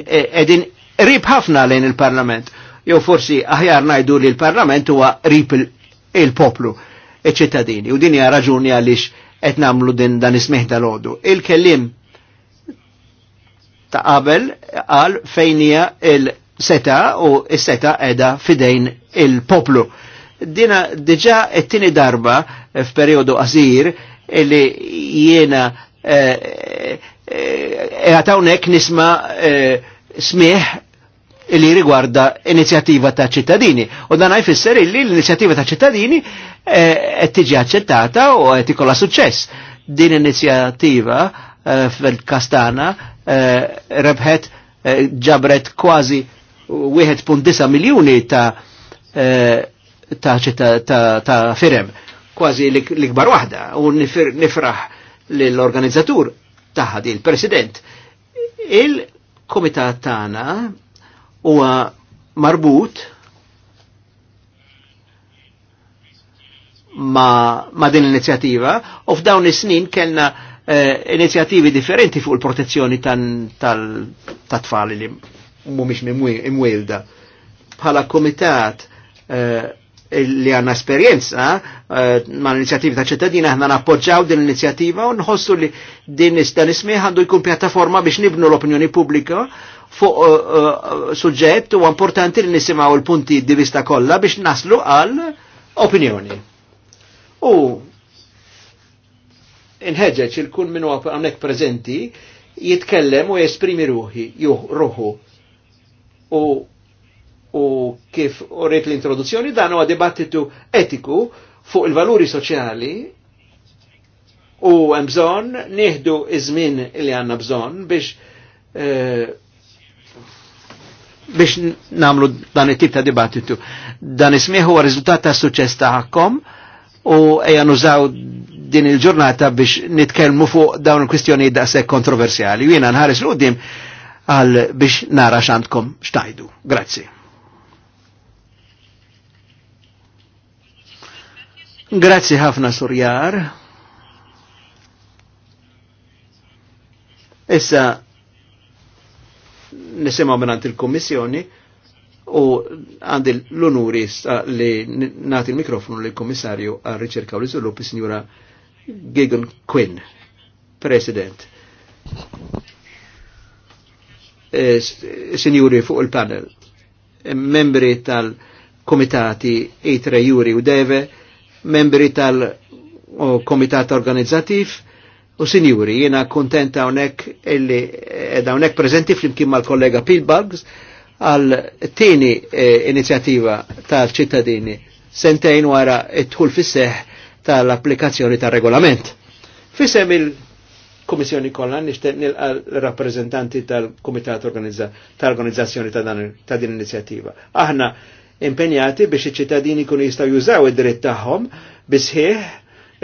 Speaker 3: qegħdin e- e- rib ħafna lejn il-Parlament. Jew forsi aħjar ngħidu li l-Parlament huwa rib il-poplu, iċ-ċittadini. U din hija raġuni għaliex qed nagħmlu din dan ismeħ dal ħodu Il-kellim ta' qabel għal fejnija il-seta u il-seta edha fidejn il-poplu. Dina diġa it-tini darba f'periodu qasir illi jiena eh, eh, eh, għatawnek e, nisma smieħ li rigwarda inizjattiva ta' ċittadini. U dan għajfisser illi l-inizjattiva ta' ċittadini qed tiġi accettata u qed ikolla suċċess. Din inizjattiva fil-Kastana Eh, rebħet eh, ġabret kważi 1.9 miljoni ta' eh, ta' ta' ta' firem, kważi l-ikbar waħda, u nifraħ l-organizzatur taħad il-president. Il-komitat tagħna huwa marbut ma, ma din l-inizjativa u f'dawn is-snin kellna Eh, inizjattivi differenti fuq il-protezzjoni tal-tfal li mumiex imwilda. Bħala komitat eh, li għanna esperienza eh, ma' l-inizjattivi ta' ċittadina ħna nappoġġaw din l-inizjattiva u nħossu li din dan ismi għandu jkun pjattaforma biex nibnu l-opinjoni pubblika fuq suġġett u importanti li nisimaw il-punti di vista kollha biex naslu għal opinjoni. U inħeġeġ il-kun minu għamnek prezenti jitkellem u jesprimi ruħi, juh, ruħu. U, u kif urrit l-introduzzjoni dan huwa dibattitu etiku fuq il-valuri soċjali u hemm bżonn nieħdu iż-żmien li għandna bżonn biex eh, biex namlu dan it-tip ta' dibattitu. Dan ismieħu huwa riżultat ta' suċċess tagħkom u eja nużaw din il-ġurnata biex nitkelmu fuq dawn il-kwistjoni daqshekk kontroversjali. U jena nħares l-qudiem għal biex nara x'antkom xtajdu. Grazzi. Grazzi ħafna Surjar. Issa nisimaw minn il kommissjoni u għandi l-onuri li nati l-mikrofonu li komissarju għal riċerka u l-izviluppi signora Gigan Quinn, President. E, signori fuq il-panel, e, membri tal-komitati Itre Juri u Deve, membri tal-komitat organizzativ, u sinjuri, jena kontenta unek illi edha unek prezenti fl mal-kollega Pilbugs, għal tieni eh, inizjattiva tal-ċittadini sentejn wara id dħul fis-seħ tal-applikazzjoni tal-regolament. Fisem il-Komissjoni kollha nixtieq nilqa' rappreżentanti tal-Kumitat tal-Organizzazzjoni ta' din l-inizjattiva. Aħna impenjati biex iċ-ċittadini kun jistgħu jużaw id-dritt tagħhom bisħieħ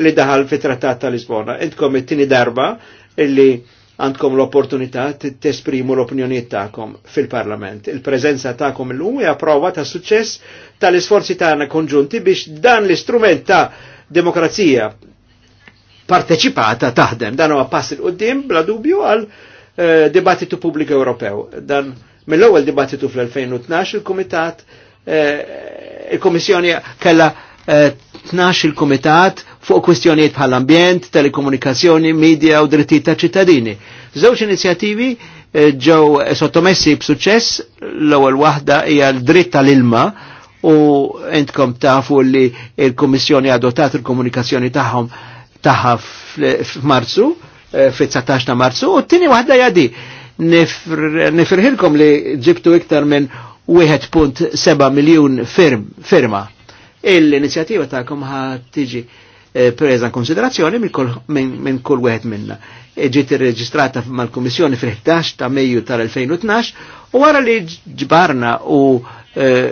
Speaker 3: li daħal fit-Trattat tal Lisbona. Intkom it-tieni darba illi għandkom l-opportunità tesprimu l-opinjoniet ta'kom fil-Parlament. Il-prezenza ta'kom l-lum hija prova ta' suċċess tal-isforzi tagħna konġunti biex dan l-istrument ta' demokrazija parteċipata taħdem. Dan huwa pass il-qudiem bla dubju għal eh, dibattitu pubbliku Ewropew. Dan mill-ewwel dibattitu fl-2012 il-Kumitat eh, il-Komissjoni kella 12 il-komitat fuq kwistjonijiet bħall-ambjent, telekomunikazzjoni, media u drittijiet ta' ċittadini. Żewġ inizjattivi eh, ġew sottomessi b'suċċess, l-ewwel waħda hija l-dritt tal-ilma u intkom tafu li l-Kummissjoni adottat il-komunikazzjoni tagħhom tagħha f'Marzu, eh, fit-19 ta' Marzu, u t-tieni waħda hija di. Nifirħilkom li ġibtu iktar minn 1.7 miljun firma l-inizjativa ta'kom ħa tiġi eh, preza konsiderazzjoni minn kull wieħed minna. E ġiet irreġistrata mal-Kummissjoni fil-11 ta' Mejju tal-2012 u wara li ġbarna u eh,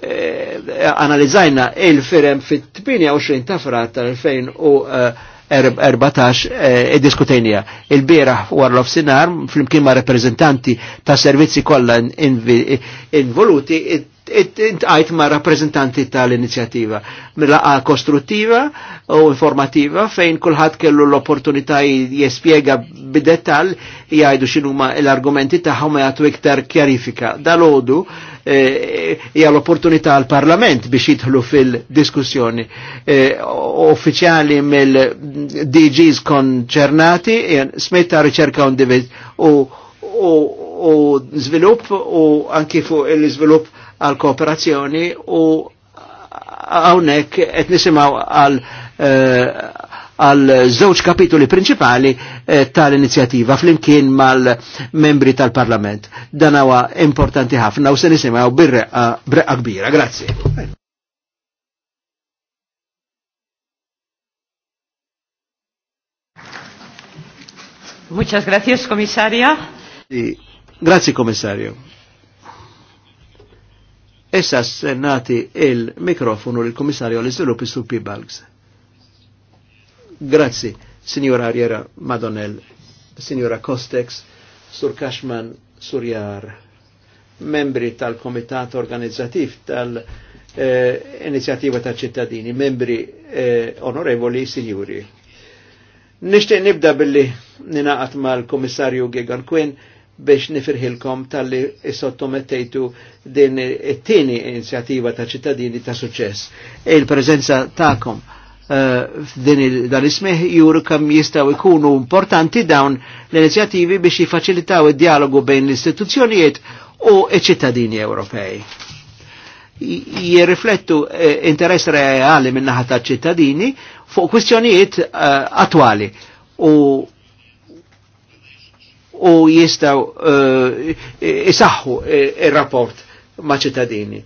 Speaker 3: eh, analizzajna il-firem fit-28 ta' frat tal-2014 id-diskutejnija. E Il-biraħ war l-ofsinar fl-imkien ma' reprezentanti ta' servizzi kollha involuti intqajt ma' rappresentanti tal-inizjattiva mill-laqa kostruttiva u informativa fejn kulħadd kellu l-opportunità jespiega bid-dettall jgħidu x'inhuma l-argumenti tagħhom jagħtu iktar kjarifika. Dalodu eh, hija e, l-opportunità għal parlament biex jidħlu fil-diskussjoni e, uffiċjali mill-DGs konċernati eh, smetta riċerka u, u, u, u zvilupp u anki fuq il-żvilupp għal kooperazzjoni u għawnek et nisimgħu għal eh, għal żewġ kapitoli principali eh, tal-inizjattiva flimkien mal-membri tal-Parlament. Dan huwa importanti ħafna u se nisimgħu birreqqa eh, kbira. Grazzi.
Speaker 1: Muchas gracias, comisaria.
Speaker 3: Grazie, commissario. Issa s-nati il-mikrofonu l-Komissarju l-Izvilupp Supi Balgs. Grazzi, Signora Ariera Madonel, Signora Kostex, Sur Kashman, Surjar, membri tal-Komitat Organizzativ tal-Inizjativa ta' ċittadini, membri eh, onorevoli signori. Nishtiq nibda billi ninaqat mal-Komissarju Gigan Quinn biex nifirħilkom tal-li sottomettejtu din it-tieni inizjattiva ta' ċittadini ta' suċess. Il-prezenza ta'kom eh, f'din dan ismeħ juru kam jistaw ikunu importanti dawn l-inizjattivi biex jifaċilitaw id-dialogu bejn l-istituzzjonijiet u ċittadini Ewropej. Jirriflettu eh, interess reali minnaħa ta' ċittadini fuq kwistjonijiet eh, attwali u u jistaw eh, isaħħu eh, il-rapport ma' ċittadini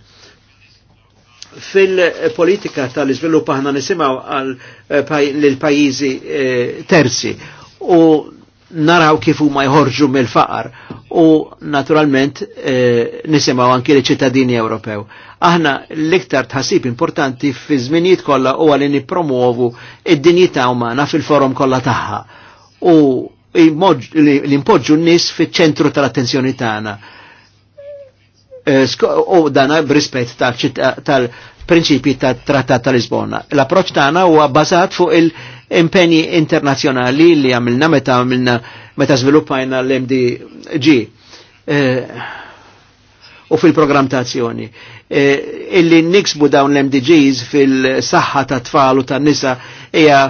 Speaker 3: fil-politika tal-izvilupp aħna nisimaw l-pajizi eh, terzi u naraw kif huma jħorġu mill-faqar u naturalment nisimaw anki li ċittadini Ewropew. Aħna l-iktar tħassib importanti fi żminijiet kollha huwa li nippromuovu id-dinjità umana fil-forum kollha tagħha. U li impoġġu n-nis fiċ-ċentru tal-attenzjoni tagħna. Eh, u dana b'rispett tal-prinċipji tat-Trattat tal-Lisbona. L-approċċ tagħna huwa bbażat fuq il-impenji internazzjonali li għamilna meta għamilna meta żviluppajna l-MDG eh, u fil-program ta' azzjoni. Eh, illi niksbu dawn l-MDGs fil-saħħa ta' tfal u ta' nisa hija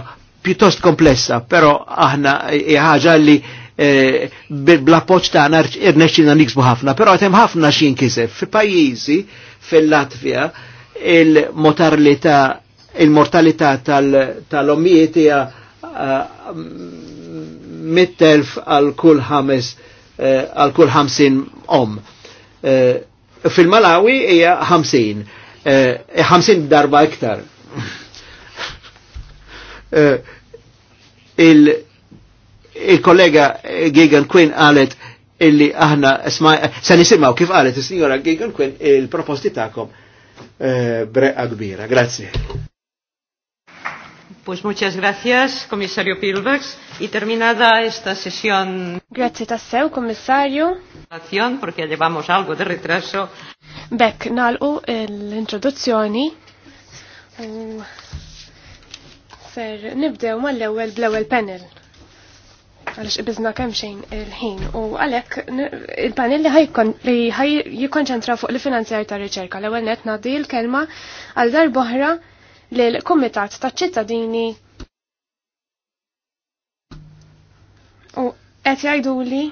Speaker 3: pjuttost komplessa, però aħna ħaġa li eh, bl-appoċ tagħna irnexxina niksbu ħafna, però għatem ħafna xin kisef Fi pajjiżi fil-Latvja il-mortalità il-mortalità tal-omijiet hija eh, mittelf għal kull ħames eh, għal kull ħamsin om. Fil-Malawi hija ħamsin, ħamsin darba iktar. il-kollega il Gigan Quinn għalet illi aħna esma, se nisimaw kif għalet il-signora Gigan Quinn il-proposti ta'kom eh, breqqa kbira. Grazie.
Speaker 1: Pues muchas gracias, comisario Pilbergs. Y terminada esta sesión. Grazie
Speaker 4: tassew, comisario.
Speaker 1: Porque llevamos algo de retraso.
Speaker 4: nal u l-introduzzjoni. U Ser nibdew mal-ewwel bl-ewwel panel. Għaliex ibiżna kemm xejn il-ħin u għalhekk il-panel li ħaj jikkonċentra fuq il finanzjar ta' riċerka. L-ewwel net ngħaddi l-kelma għal darb'oħra l kumitat taċ-ċittadini u qed jgħiduli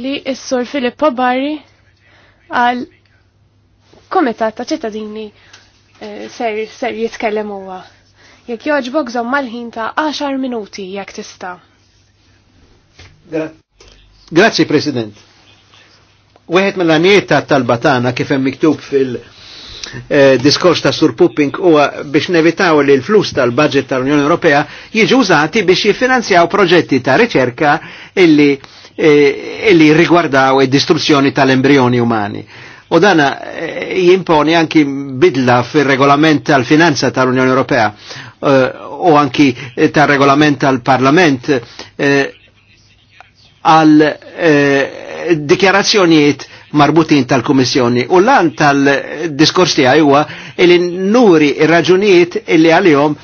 Speaker 4: li s-sur Filippo Barri għal kumitat ta' ċittadini eh, ser jitkellem huwa. Jekk joġbok zom mal-ħin ta' 10 minuti jekk tista'.
Speaker 3: Grazie President. Wieħed mill-għanijiet ta' tal-batana kif hemm miktub fil- eh, diskors ta' Sur Pupping huwa biex nevitaw li l-flus tal-budget tal-Unjoni Ewropea jiġu użati biex jiffinanzjaw proġetti ta' riċerka illi, eh, illi rigwardaw id-distruzzjoni tal-embrioni umani. U dana eh, jimponi anki bidla fil regolament tal-finanza tal-Unjoni Ewropea u eh, anki tar regolament tal-Parlament għal eh, eh, dikjarazzjoniet marbutin tal-Komissjoni. U lan tal-diskors tiegħi huwa il nuri ir-raġunijiet illi għalihom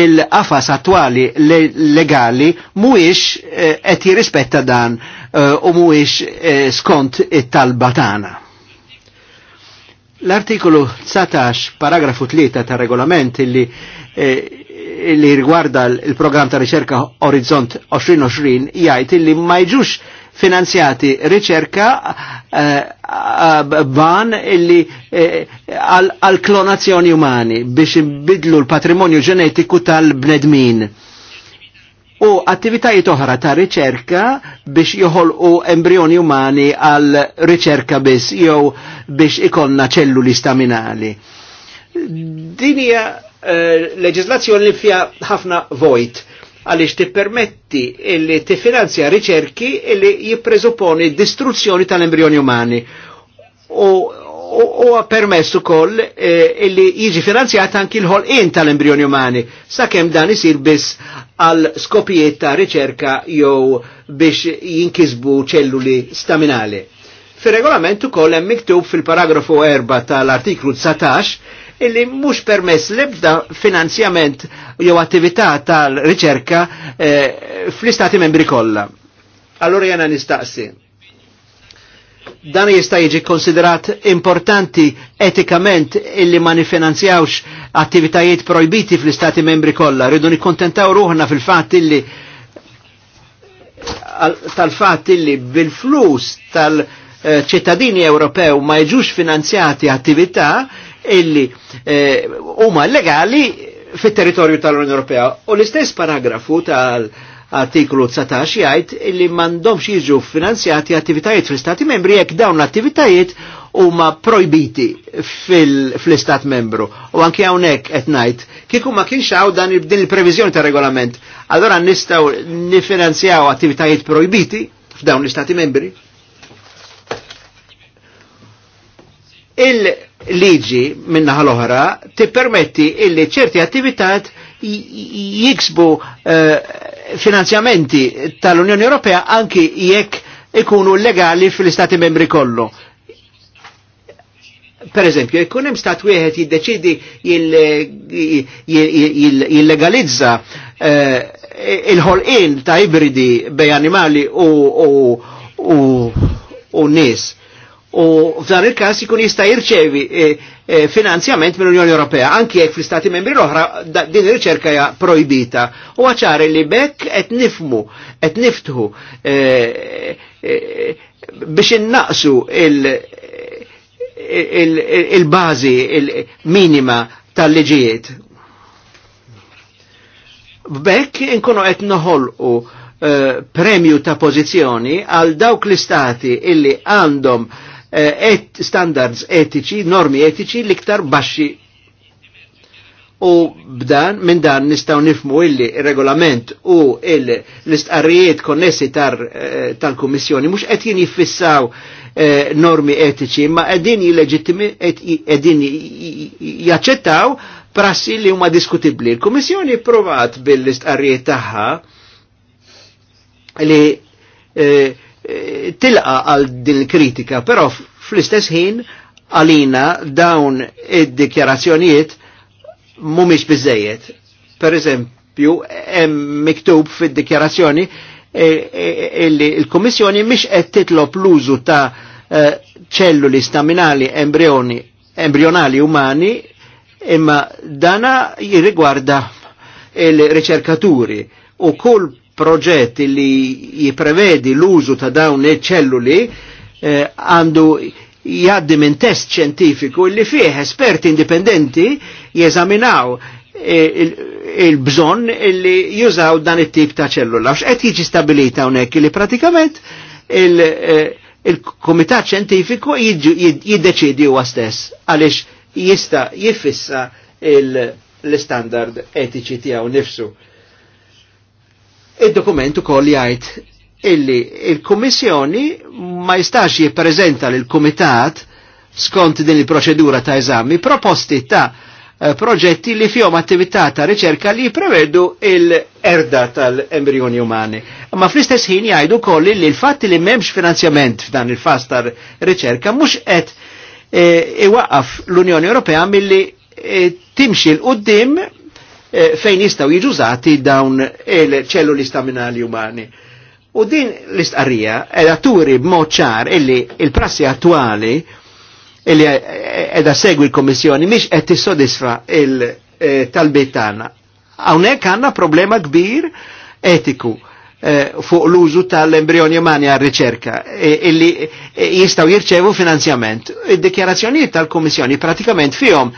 Speaker 3: il-qafas attwali legali mhuwiex qed jirrispetta dan u mhuwiex skont it-talba tagħna. L-artikolu 19, paragrafu 3 ta' regolament illi li riguarda il-programm ta' riċerka Orizzont 2020 jgħid li ma jġux finanzjati riċerka eh, eh, ban illi eh, għal klonazzjoni umani biex bidlu l-patrimonju ġenetiku tal-bnedmin u attivitajiet oħra ta' riċerka biex joħolqu embrioni umani għal riċerka biss jew biex ikonna ċelluli staminali. Dinja Eh, leġislazzjoni li fija ħafna vojt għaliex tippermetti illi finanzja riċerki illi jipprezuponi distruzzjoni tal-embrioni umani u permess ukoll eh, illi jiġi finanzjat anki l-ħolqien tal-embrioni umani sakemm dan isir biss għal skopijiet ta' riċerka jew biex jinkisbu ċelluli staminali. Fir-regolament ukoll hemm miktub fil-paragrafu 4 tal-artiklu 19 illi mhux permess lebda finanzjament jew attività tal-riċerka eh, fl-istati membri kollha. Allora jena nistaqsi. Dan jista' jiġi konsiderat importanti etikament illi ma nifinanzjawx attivitajiet projbiti fl-istati membri kollha. Rridu nikkontentaw ruħna fil-fatt illi tal-fatt illi bil-flus tal-ċittadini eh, Ewropew ma jġux finanzjati attività illi eh, huma eh, legali fit-territorju tal-Unjoni Ewropea. U l-istess paragrafu tal-artiklu 19 jgħid illi m'għandhomx jiġu finanzjati attivitajiet fl-Stati membri jekk dawn l-attivitajiet huma projbiti fl-istat membru. U anki hawnhekk qed ngħid kieku ma kienx hawn dan din il-previżjoni ta' regolament, allora nistgħu nifinanzjaw attivitajiet projbiti f'dawn l-istati membri? Il-liġi ħal l-oħra tippermetti illi ċerti attivitat jiksbu eh, finanzjamenti tal-Unjoni Ewropea anki jekk ikunu legali fil-Stati membri kollu. Per eżempju, jekk hemm stat wieħed jiddeċidi jillegalizza eh, il-ħolqien ta' ibridi bej animali u, u nies u f'dan il-kas jkun jista' jirċevi e, e, finanzjament mill-Unjoni Ewropea, anki jekk fl-Istati membri l-oħra din ir-riċerka hija projbita. U għaċar li bekk qed nifmu, qed niftħu e, biex innaqsu il-bażi il-minima tal-liġijiet. Bekk inkunu qed noħolqu premju ta' pożizzjoni għal dawk l-istati illi għandhom Eh, et standards etiċi, normi etiċi liktar baxxi. U b'dan, minn dan nistaw nifmu illi regolament u l-istqarrijiet konnessi eh, tal-Kummissjoni mux qed jien jiffissaw eh, normi etiċi, ma qegħdin jileġittimi qegħdin jaċċettaw prassi li huma diskutibli. Il-Kummissjoni provat bil-istqarrijiet tagħha li eh, tilqa għal din kritika, però fl-istess ħin għalina dawn id-dikjarazzjonijiet mumiex bizzejiet. Per eżempju, hemm miktub fid-dikjarazzjoni e, e, e, illi l kommissjoni mhix qed titlob l-użu ta' ċelluli staminali embrioni embrionali umani imma dana jirrigwarda il-riċerkaturi u kull proġett li jiprevedi l-użu ta' dawn iċ-ċelluli eh, għandu eh, jgħaddi minn test ċentifiku li fih esperti indipendenti jeżaminaw il-bżon eh, il li jużaw dan it-tip ta' ċellula. X'qed jiġi stabilita hawnhekk li pratikament eh, il-Kumitat ċentifiku jiddeċidi huwa stess għaliex jista' jiffissa l-istandard etiċi tiegħu nifsu il dokument ukoll jgħid illi il-Kummissjoni ma jistax jippreżenta l kumitat skont din il-proċedura ta' eżami proposti ta' eh, proġetti li fihom attività ta' riċerka li prevedu il-erda tal-embrioni umani. Ma fl-istess ħin jgħidu kolli li l fatti li m'hemmx finanzjament f'dan il-fas ta' riċerka mhux qed eh, iwaqaf e, e, l-Unjoni Ewropea milli e, eh, timxil qoddim Eh, fejn jistaw jiġużati dawn il-ċelluli staminali umani. U din l-istqarrija edha turi b'mod ċar illi il-prassi attuali illi edha segwi l komissjoni miex qed tissodisfa il-talbiet tagħna. Hawnhekk għandna problema kbir etiku eh, fuq l-użu tal-embrioni umani għal riċerka eh, illi jistaw jirċevu finanzjament. Id-dikjarazzjonijiet tal komissjoni pratikament fihom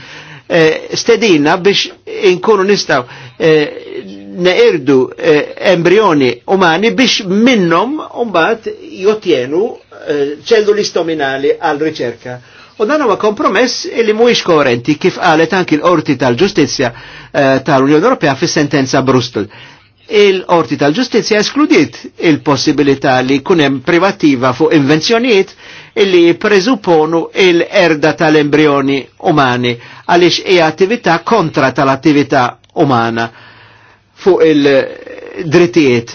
Speaker 3: Eh, stedina biex inkunu nistaw eh, neirdu eh, embrioni umani biex minnom umbat jotjenu ċelluli stominali għal riċerka. U dan huwa kompromess li mhuwiex koerenti kif qalet anki l-Qorti tal-Ġustizzja tal-Unjoni Ewropea fis-sentenza Brustel il-orti tal ġustizzja eskludiet il-possibilità li kunem privattiva fuq invenzjonijiet illi preżuponu il-erda tal-embrioni umani għaliex hija attività kontra tal-attività umana fuq il-drittijiet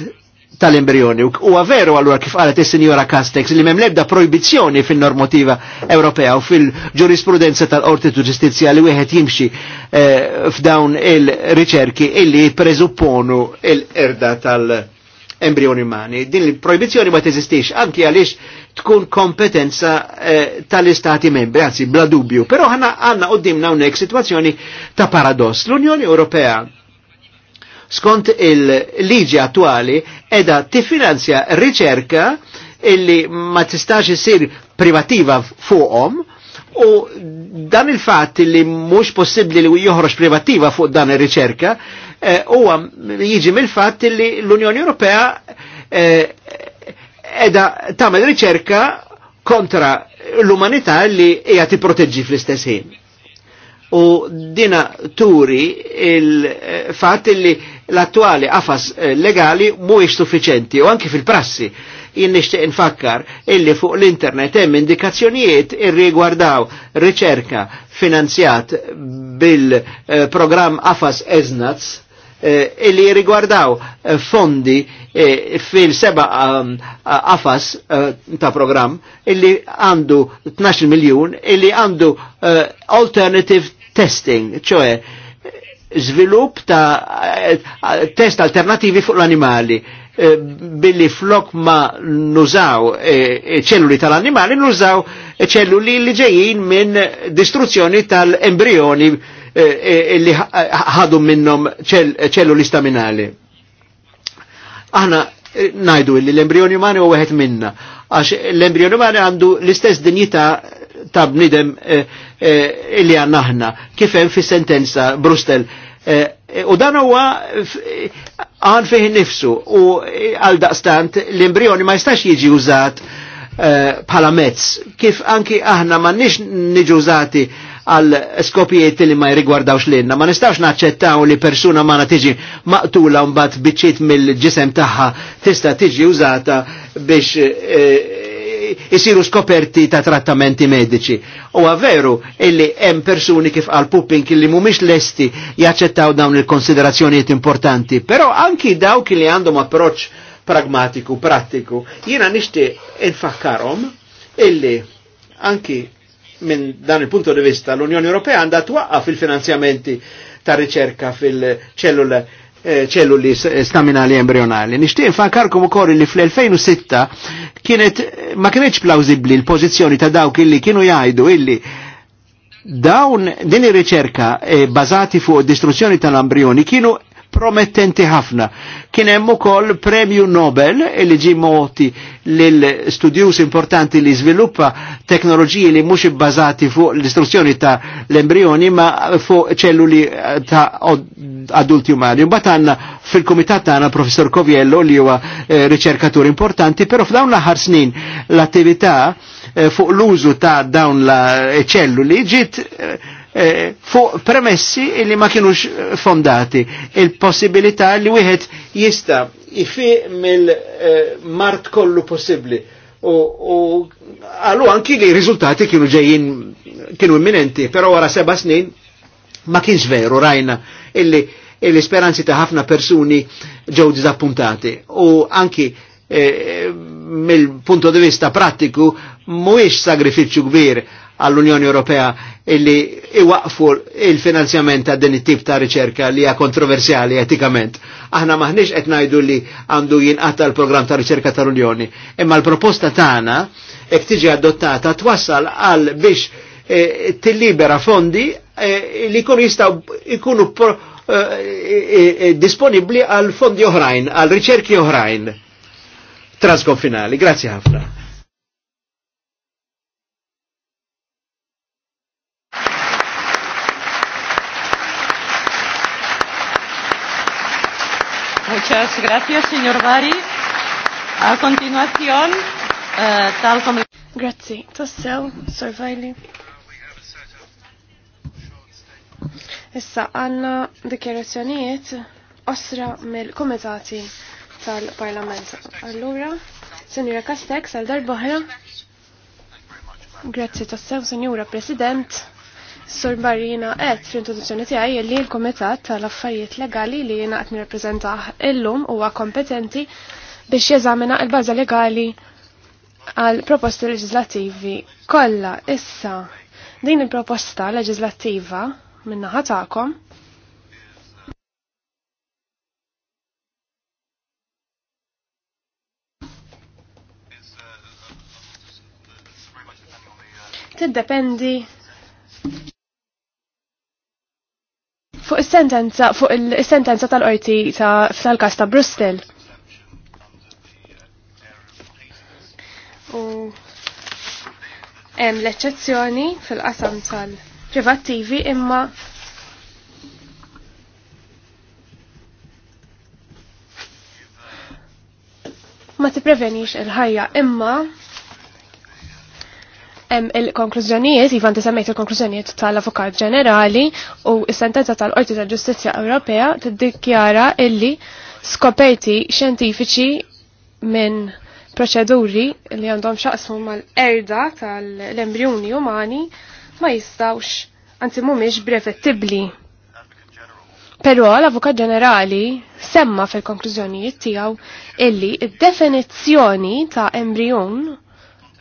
Speaker 3: tal-embrioni. U veru allura kif qalet is-Sinjora Castex li m'hemm l-ebda projbizzjoni fin-normativa Ewropea u fil-ġurisprudenza tal-Qorti Ġustizzja li wieħed jimxi eh, f'dawn il-riċerki illi preżupponu l-erda tal-embrioni embrioni umani. Din il-proibizjoni ma teżistix, anki għaliex tkun kompetenza eh, tal-istati membri, anzi bla dubju. Però għanna għanna dimna unnek situazzjoni ta' paradoss. L-Unjoni Ewropea skont il-liġi attuali edha tifinanzja riċerka illi ma tistax isir privativa fuqhom U dan il fat li mux possibli li joħroġ privativa fuq dan il riċerka eh, u jieġi mill fat li l-Unjoni Ewropea eh, edha tagħmel riċerka kontra l-umanità li hija tipproteġġi fl-istess ħin. U dina turi il fat li l-attuali qafas eh, legali mhuwiex suffiċenti u anki fil-prassi jien nixtieq infakkar illi fuq l-internet hemm indikazzjonijiet irrigwardaw riċerka finanzjat bil-programm eh, AFAS Eznaz eh, illi rigwardaw eh, fondi fil-seba ehm, AFAS ta' program illi għandu 12 miljon illi għandu alternative testing, ċoħe zvilup ta' test alternativi fuq l-animali Eh, billi flok ma nużaw eh, ċelluli tal-annimali, nużaw ċelluli li ġejjin minn distruzzjoni tal-embrioni eh, li ħadu minnom ċelluli staminali. Aħna najdu li l-embrioni umani u għahet minna, għax l-embrioni umani għandu l-istess dinjita ta' bnidem illi għanna ħna, kifem fi sentenza Brustel Eh, u dan huwa għan fih nifsu u eh, għal daqstant l-embrioni ma jistax jiġi użat eh, bħala mezz. Kif anki aħna ma nix niġu użati għal skopijiet li ma jirigwardawx l-inna. Ma nistax naċċettaw li persuna na tiġi maqtula mbagħad biċċiet mill-ġisem tagħha tista' tiġi użata biex jisiru skoperti ta' trattamenti medici. U għavveru, illi hemm persuni kif għal pupping li mumiex lesti jaċċettaw dawn il konsiderazzjoniet importanti, però anki dawk li għandhom approċ pragmatiku, prattiku, jina nishti infakkarom illi anki minn dan il-punto di vista l-Unjoni Ewropea għandha twaqqaf fil-finanzjamenti ta' riċerka fil-ċellula ċelluli staminali embrionali. Nixtieq infakarkom ukoll li fl-2006 kienet ma kienx plawzibbli l-pożizzjoni ta' dawk illi kienu jgħidu illi dawn din ir-riċerka eh, bazati fuq distruzzjoni tal-ambrioni kienu promettenti ħafna. Kien hemm ukoll Premju Nobel li ġie moti lil studjus importanti li żviluppa teknoloġiji li mhux ibbażati fuq l-istruzzjoni ta' l-embrioni ma fuq ċelluli eh, ta' adulti umani. Mbagħad għandna fil-kumitat tagħna professor Koviello li huwa eh, riċerkatur importanti, però f'dawn l-aħħar snin l-attività eh, fuq l-użu ta' dawn l ċelluli ġiet eh, fuq premessi li ma kienux fondati. Il-possibilità li wieħed jista jifi mill-mart eh, kollu possibli. U għallu anki li rizultati kienu ġejjin kienu imminenti, però wara seba snin ma kienx veru rajna illi l speranzi ta' ħafna persuni ġew disappuntati. U anki eh, mill-punto di vista pratiku mhuwiex sagrifiċċju kbir għall-Unjoni Ewropea illi iwaqfu il-finanzjament ta' din it-tip ta' riċerka li hija kontroversjali etikament. Aħna maħniex qed ngħidu li għandu jinqata l-programm ta' riċerka tal-Unjoni, imma l-proposta tagħna hekk tiġi adottata twassal għal biex eh, tillibera fondi eh, li jkunu jistgħu jkunu eh, disponibbli għal fondi oħrajn, għal riċerki oħrajn. Transkonfinali. grazie ħafna.
Speaker 1: Muchas gracias, señor Bari. A continuación, uh, tal como... Grazie. Tossel, sorvajli.
Speaker 4: Issa għanna dikjerazzjonijiet osra mill-komitati tal-Parlament. Allura, Senjura Castex, għal darbohra. Grazie, Tossel, Senjura President. Sur Barrina qed fl-introduzzjoni tiegħi li l-Kumitat tal-Affarijiet Legali li jiena qed nirrappreżentah illum huwa kompetenti biex jeżamina l-baża legali għal proposti leġislattivi kollha issa din il-proposta leġislattiva naħa tagħkom tiddependi fuq il sentenza fuq il sentenza tal-qorti tal-każ ta' Brustel. U hemm l-eċċezzjoni fil-qasam tal-privattivi imma ma tipprevenix il-ħajja imma il-konklużjonijiet, Ivan tisemmejt il-konklużjonijiet tal-Avukat Ġenerali u s-sentenza tal-Qorti tal-Ġustizzja Ewropea tiddikjara illi skoperti xjentifiċi minn proċeduri li għandhom xaqsmu mal-erda tal embrjoni umani ma jistawx, anzi mumiex brevettibli. Però l-Avukat Ġenerali semma fil-konklużjonijiet tiegħu illi id-definizzjoni ta' embrjon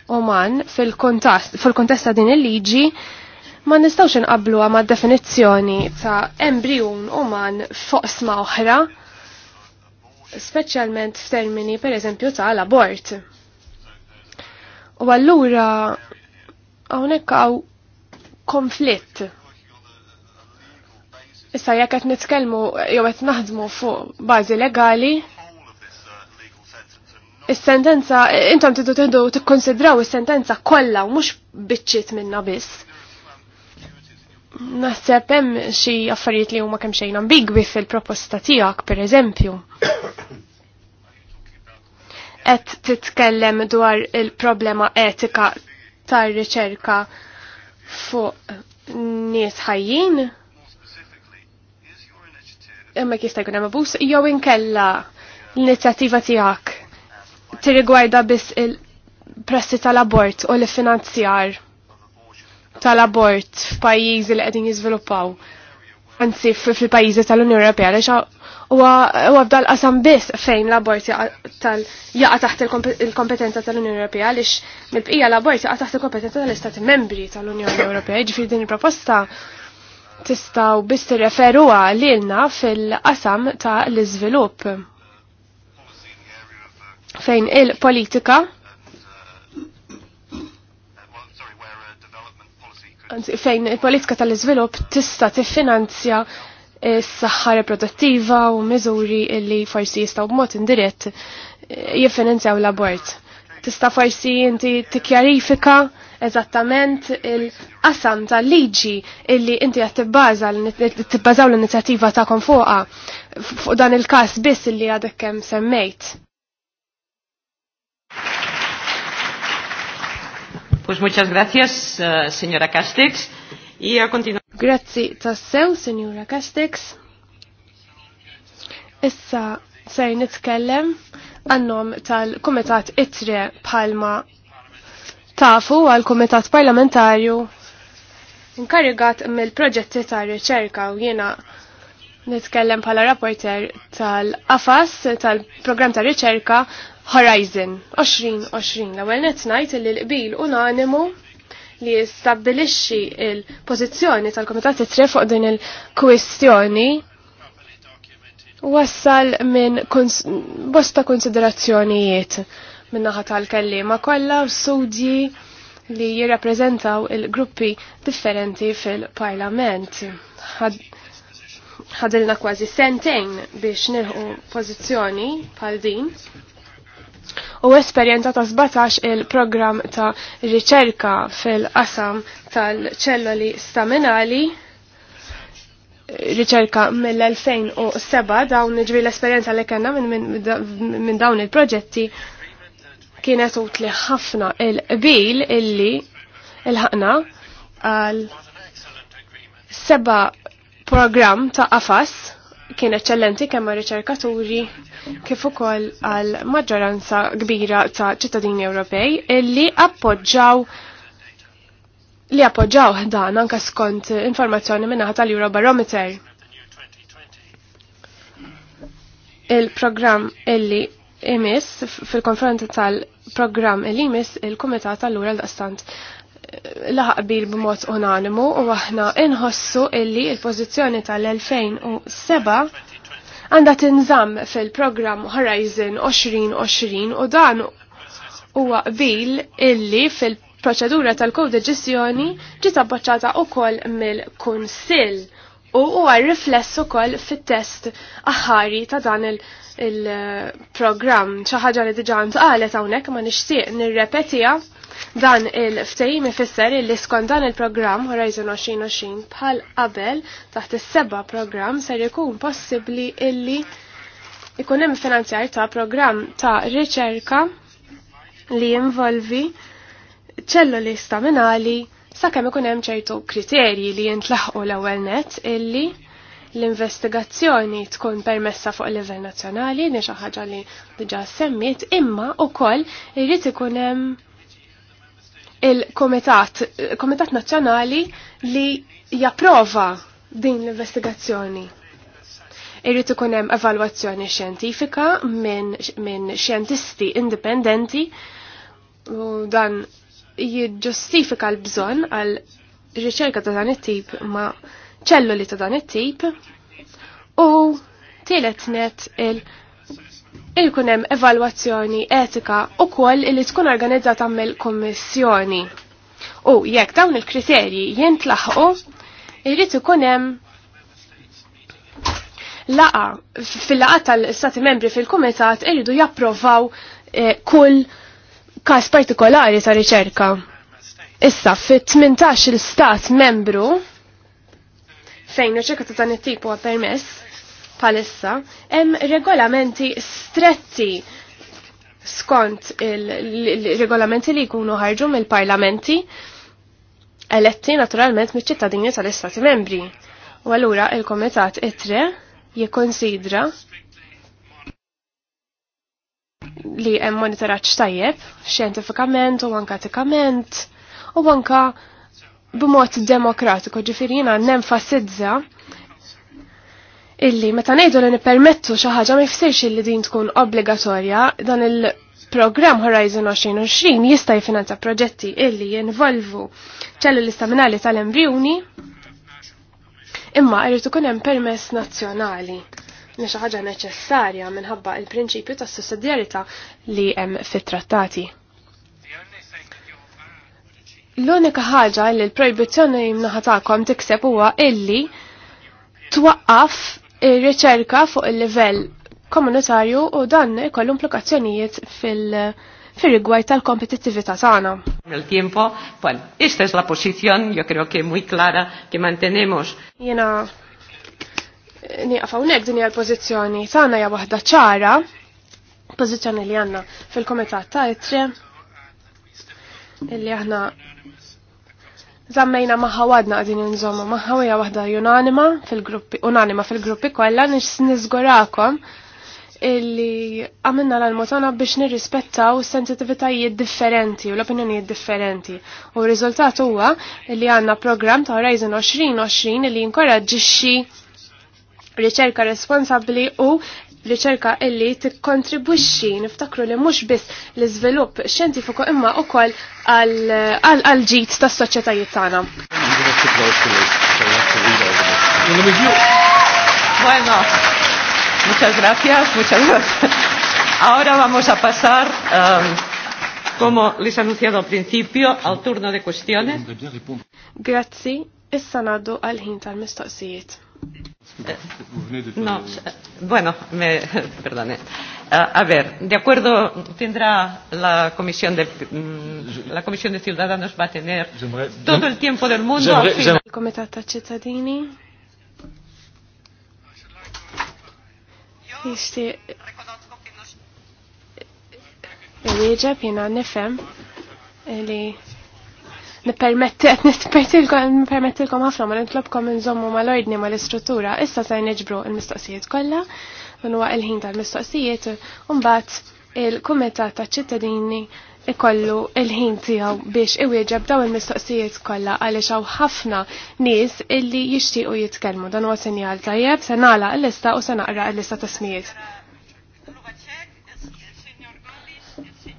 Speaker 4: Oman fil kontesta fil ta' din il-liġi ma nistawx inqabluha ma' definizzjoni ta' embryon uman foqsma oħra, speċjalment f'termini per eżempju ta' l-abort. U allura hawnhekk għaw konflitt. Issa jekk qed nitkellmu jew qed naħdmu fuq bażi legali, Is-sentenza, intom tiddu tiddu tikkonsidraw is-sentenza kollha u mhux biċċiet minnha biss. Naħseb hemm xi affarijiet li huma kemm xejn ambigwi fil-proposta tiegħek pereżempju. Qed titkellem dwar il-problema etika tar-riċerka fuq nies ħajjin imma jista' jkun hemm abus jew inkella l-inizjattiva tiegħek tirrigwarda biss il pressi tal-abort u l-finanzjar tal-abort f'pajjiżi li qegħdin jiżviluppaw. Anzi, fil-pajjiżi tal-Unjoni Ewropea għaliex huwa f'dal qasam biss fejn l-abort jaqa' taħt il-kompetenza tal-Unjoni Ewropea għaliex mill-bqija l-abort jaqa' taħt il-kompetenza tal-Istati Membri tal-Unjoni Ewropea. Jiġifieri din il-proposta tistgħu biss tirreferuha lilna fil-qasam ta' l-iżvilupp fejn il-politika fejn il-politika tal izvilup tista' tiffinanzja s-saħħa reproduttiva u miżuri li forsi jistgħu b'mod indirett eh, jiffinanzjaw l-abort. Tista' forsi inti tikkjarifika eżattament il-qasam tal-liġi illi inti qed tibbażaw l-inizjattiva ta' konfuqa fuq dan il-każ biss illi għadek kemm semmejt.
Speaker 1: Pues muchas gracias, uh, señora Castex. Y a continuación. Grazzi
Speaker 4: tassew, Signora Castex. Issa ser nitkellem għannom tal-Komitat Itre Palma tafu għal-Komitat Parlamentarju inkarigat mill-proġetti ta' riċerka u jiena nitkellem bħala rapporter tal-AFAS tal-Programm ta' Riċerka Horizon 2020 l-ewwel net ngħid li l-qbil unanimu li stabbilixxi il-pożizzjoni tal-Komitat Tre fuq din il-kwistjoni wassal minn kons bosta konsiderazzjonijiet min-naħa tal-kellima kollha u studji li jirrappreżentaw il-gruppi differenti fil-Parlament. Ħadilna kważi sentejn biex nilħu pożizzjoni bħal din u esperjenza ta' 17 il-programm ta' riċerka fil-qasam tal-ċelloli staminali riċerka mill-2007 dawn ġvi l-esperienza li kena minn dawn il-proġetti kienet utli ħafna il-qbil illi il-ħakna għal seba program ta' qafas kien eccellenti kemm riċerkaturi kif ukoll għal maġġoranza kbira ta' ċittadini Ewropej illi appoġġaw li appoġġaw dan anka skont informazzjoni minnaħ tal-Eurobarometer. Il-programm illi imis fil-konfront tal-programm illi imis il-Kumitat tal lura l-Dastant laħqbil b'mod unanimu u aħna inħossu illi il-pożizzjoni tal-2007 għandha tinżamm fil-programm Horizon 2020 u dan huwa qbil illi fil-proċedura tal-kodeġizjoni ġiet abbaċċata wkoll mill-Kunsill u huwa rifless ukoll fit-test aħari ta' dan il-programm. Il ħaġa li diġà ntqalet hawnhekk ma nixtieq nirrepetija Dan il-ftehim ifisser li skont dan il-programm Horizon 2020 bħal qabel taħt is-seba' programm ser jkun possibbli illi ikun hemm finanzjar ta' programm ta' riċerka li jinvolvi ċelluli staminali sakemm ikun hemm ċertu kriterji li jintlaħqu l-ewwel net illi l-investigazzjoni tkun permessa fuq livell nazzjonali, xi ħaġa li diġa' semmit, imma wkoll irid ikun hemm il-Komitat, Komitat Nazzjonali li japprova din l-investigazzjoni. Irrid ikun hemm evalwazzjoni xjentifika minn xjentisti indipendenti u dan jiġġustifika l-bżonn għal riċerka ta' dan it-tip ma' ċelluli ta' dan it-tip u tielet net il- il hemm evalwazzjoni etika il li tkun organizzata mill-Kummissjoni. U jekk dawn il-kriterji jintlaħqu, irrid ikun hemm laqa fil-laqa tal-Stati membri fil-Kumitat irridu japprovaw eh, kull każ partikolari ta' riċerka. Issa, fit-18 il-Stat membru fejn riċerka ta' dan it-tipu permess, palissa hemm regolamenti stretti skont il-regolamenti li jkunu ħarġu mill-parlamenti eletti naturalment mill-ċittadini tal-Istati membri. U allura il-Komitat itre e jikkonsidra li hemm monitoraġġ tajjeb xjentifikament u anka etikament u anka b'mod demokratiku ġifieri jiena nenfasizza illi meta ngħidu li nippermettu xi ħaġa ma jfisirx illi din tkun obbligatorja dan il-programm Horizon 2020 jista' jfinanza proġetti illi jinvolvu ċelluli staminali tal-embrjuni imma jrid ikun hemm permess nazzjonali li xi ħaġa neċessarja minħabba il-prinċipju tas sussidjarjetà li hemm fit-trattati. L-unika ħaġa li l-projbizzjoni jimnaħatakom tikseb huwa illi twaqqaf ir riċerka fuq il-livell komunitarju u dan ikollu implikazzjonijiet fil- fil-rigward tal-kompetittività tagħna.
Speaker 1: El tiempo, bueno, esta es la posición, yo creo que muy clara que mantenemos.
Speaker 4: Jena nieqaf hawnhekk din hija l-pożizzjoni tagħna hija waħda ċara, pożizzjoni li għandna fil komitat ta' ittri. illi aħna Zammejna maħawadna għadin nżomma maħawija wahda unanima fil-gruppi, unanima fil-gruppi kolla nix nizgurakom illi għamilna l-almotana biex nirrispettaw sensitivitajiet differenti u l-opinjonijiet differenti. U r-riżultat huwa illi għanna program ta' Horizon 2020 illi jinkoraġġixxi riċerka responsabli u riċerka illi tikkontribwixxi niftakru li mhux biss l-iżvilupp xjentifiku imma wkoll għal ġit tas-soċjetajiet tagħna.
Speaker 1: Bueno, muchas gracias, muchas gracias. Ahora vamos a pasar, um, como les he anunciado al principio, al turno de cuestiones.
Speaker 4: Grazie, issa naddu għal-ħin mistoqsijiet
Speaker 1: No, bueno, me, perdone. Eh, a ver, de acuerdo, tendrá la Comisión de, mm, la comisión de Ciudadanos va a tener todo el tiempo del mundo. Il
Speaker 4: Comitato Cittadini. Isti. Rieġeb e jina nifem li Nipermettilkom ħafna ma nitlobkom nżommu mal-ordni mal-istruttura, issa se niġbru il-mistoqsijiet kollha, minwa il-ħin tal-mistoqsijiet, u mbagħad il-kumitat taċ-ċittadini ikollu il-ħin tiegħu biex iwieġeb daw il-mistoqsijiet kollha għaliex hawn ħafna nies illi jixtiequ jitkellmu dan huwa sinjal tajjeb se nagħlaq l lista u se naqra l-lista tasmijiet. smijiet.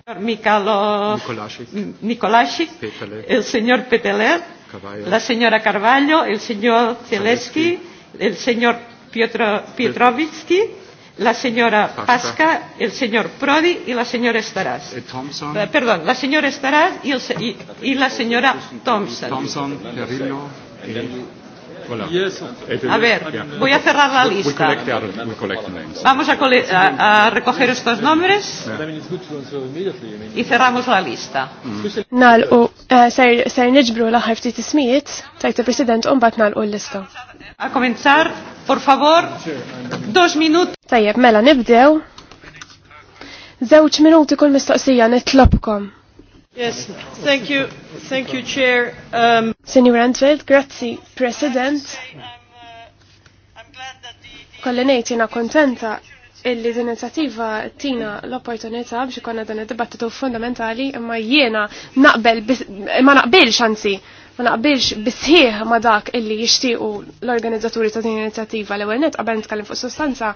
Speaker 1: Signor Mikalo Nicolashi, il signor Peteler, la signora Carvalho, il signor Zelensky, il signor Pietro, Pietrovitsky, la signora Pasca. il signor Prodi e la signora Staras. Eh, Thompson. Uh, perdón, la signora Staras e, el, y, y la signora Thompson. Thompson, Perrino.
Speaker 2: Y... Eh, A ver, voy a cerrar la lista.
Speaker 1: Vamos a, a, recoger estos nombres y cerramos la lista. Mm.
Speaker 4: Nal u eh, ser nġbru la ftit ismijiet tajta president un bat nal u l-lista.
Speaker 1: A komenzar, por favor,
Speaker 4: dos minut. Tajjeb, mela nibdew. Zewċ minuti kol mistoqsija nitlobkom.
Speaker 1: Yes, thank you, thank you, Chair.
Speaker 4: Um, Senior Antwelt, grazie, President. Kollenejt jena kontenta illi din inizjattiva tina l-opportunità biex ikonna dan id-dibattitu fundamentali imma jiena naqbel ma naqbilx anzi ma naqbilx bisħieħ ma dak illi jixtiequ l-organizzaturi ta' din inizjattiva l-ewwel net qabel nitkellem fuq sostanza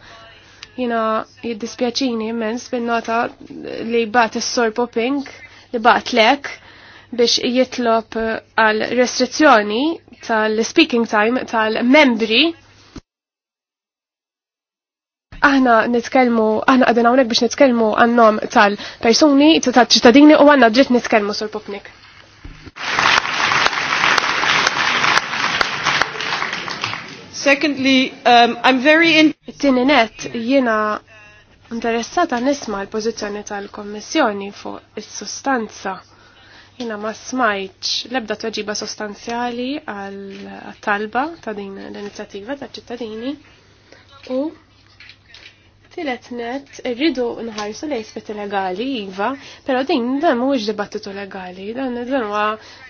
Speaker 4: jiena jiddispjaċini immens bin-nota li bat is-sor Popping li lek biex jitlob eh, għal restrizzjoni tal-speaking time tal-membri aħna nitkellmu, aħna għadin hawnhekk biex nitkellmu għannom tal-persuni, tal-ċittadini u għanna dritt nitkellmu sur Pupnik. Secondly, um, I'm very in... Tininet, jina interessata nisma l-pozizjoni tal-Kommissjoni fuq is-sustanza. Jina ma smajċ lebda tweġiba sostanzjali għal-talba ta' din l-inizjattiva ta' ċittadini u filet net, rridu nħarsu lej spet legali, Iva, pero din da mhuwiex dibattitu legali, dan dan huwa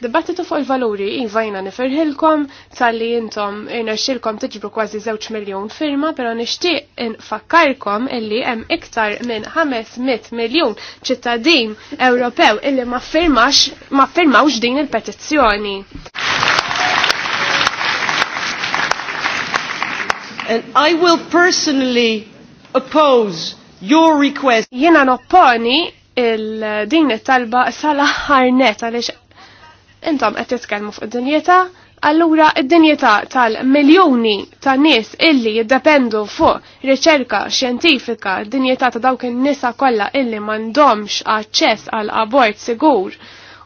Speaker 4: dibattitu fuq il-valuri, Iva jina nifirħilkom, tal-li jintom irnexxilkom tiġbru kważi żewġ miljon firma, pero nishti nfakkarkom illi hemm iktar minn 500 miljon ċittadin Ewropew illi ma firmax ma firmawx din il-petizzjoni. And I will personally oppose your request. Jena nopponi il-din it-talba sala ħarnet għaliex intom qed titkellmu fuq id-dinjeta, allura id-dinjeta tal-miljoni ta' nies illi jiddependu fuq riċerka xjentifika, id-dinjeta ta' dawk in-nisa kollha illi m'għandhomx aċċess għal abort sigur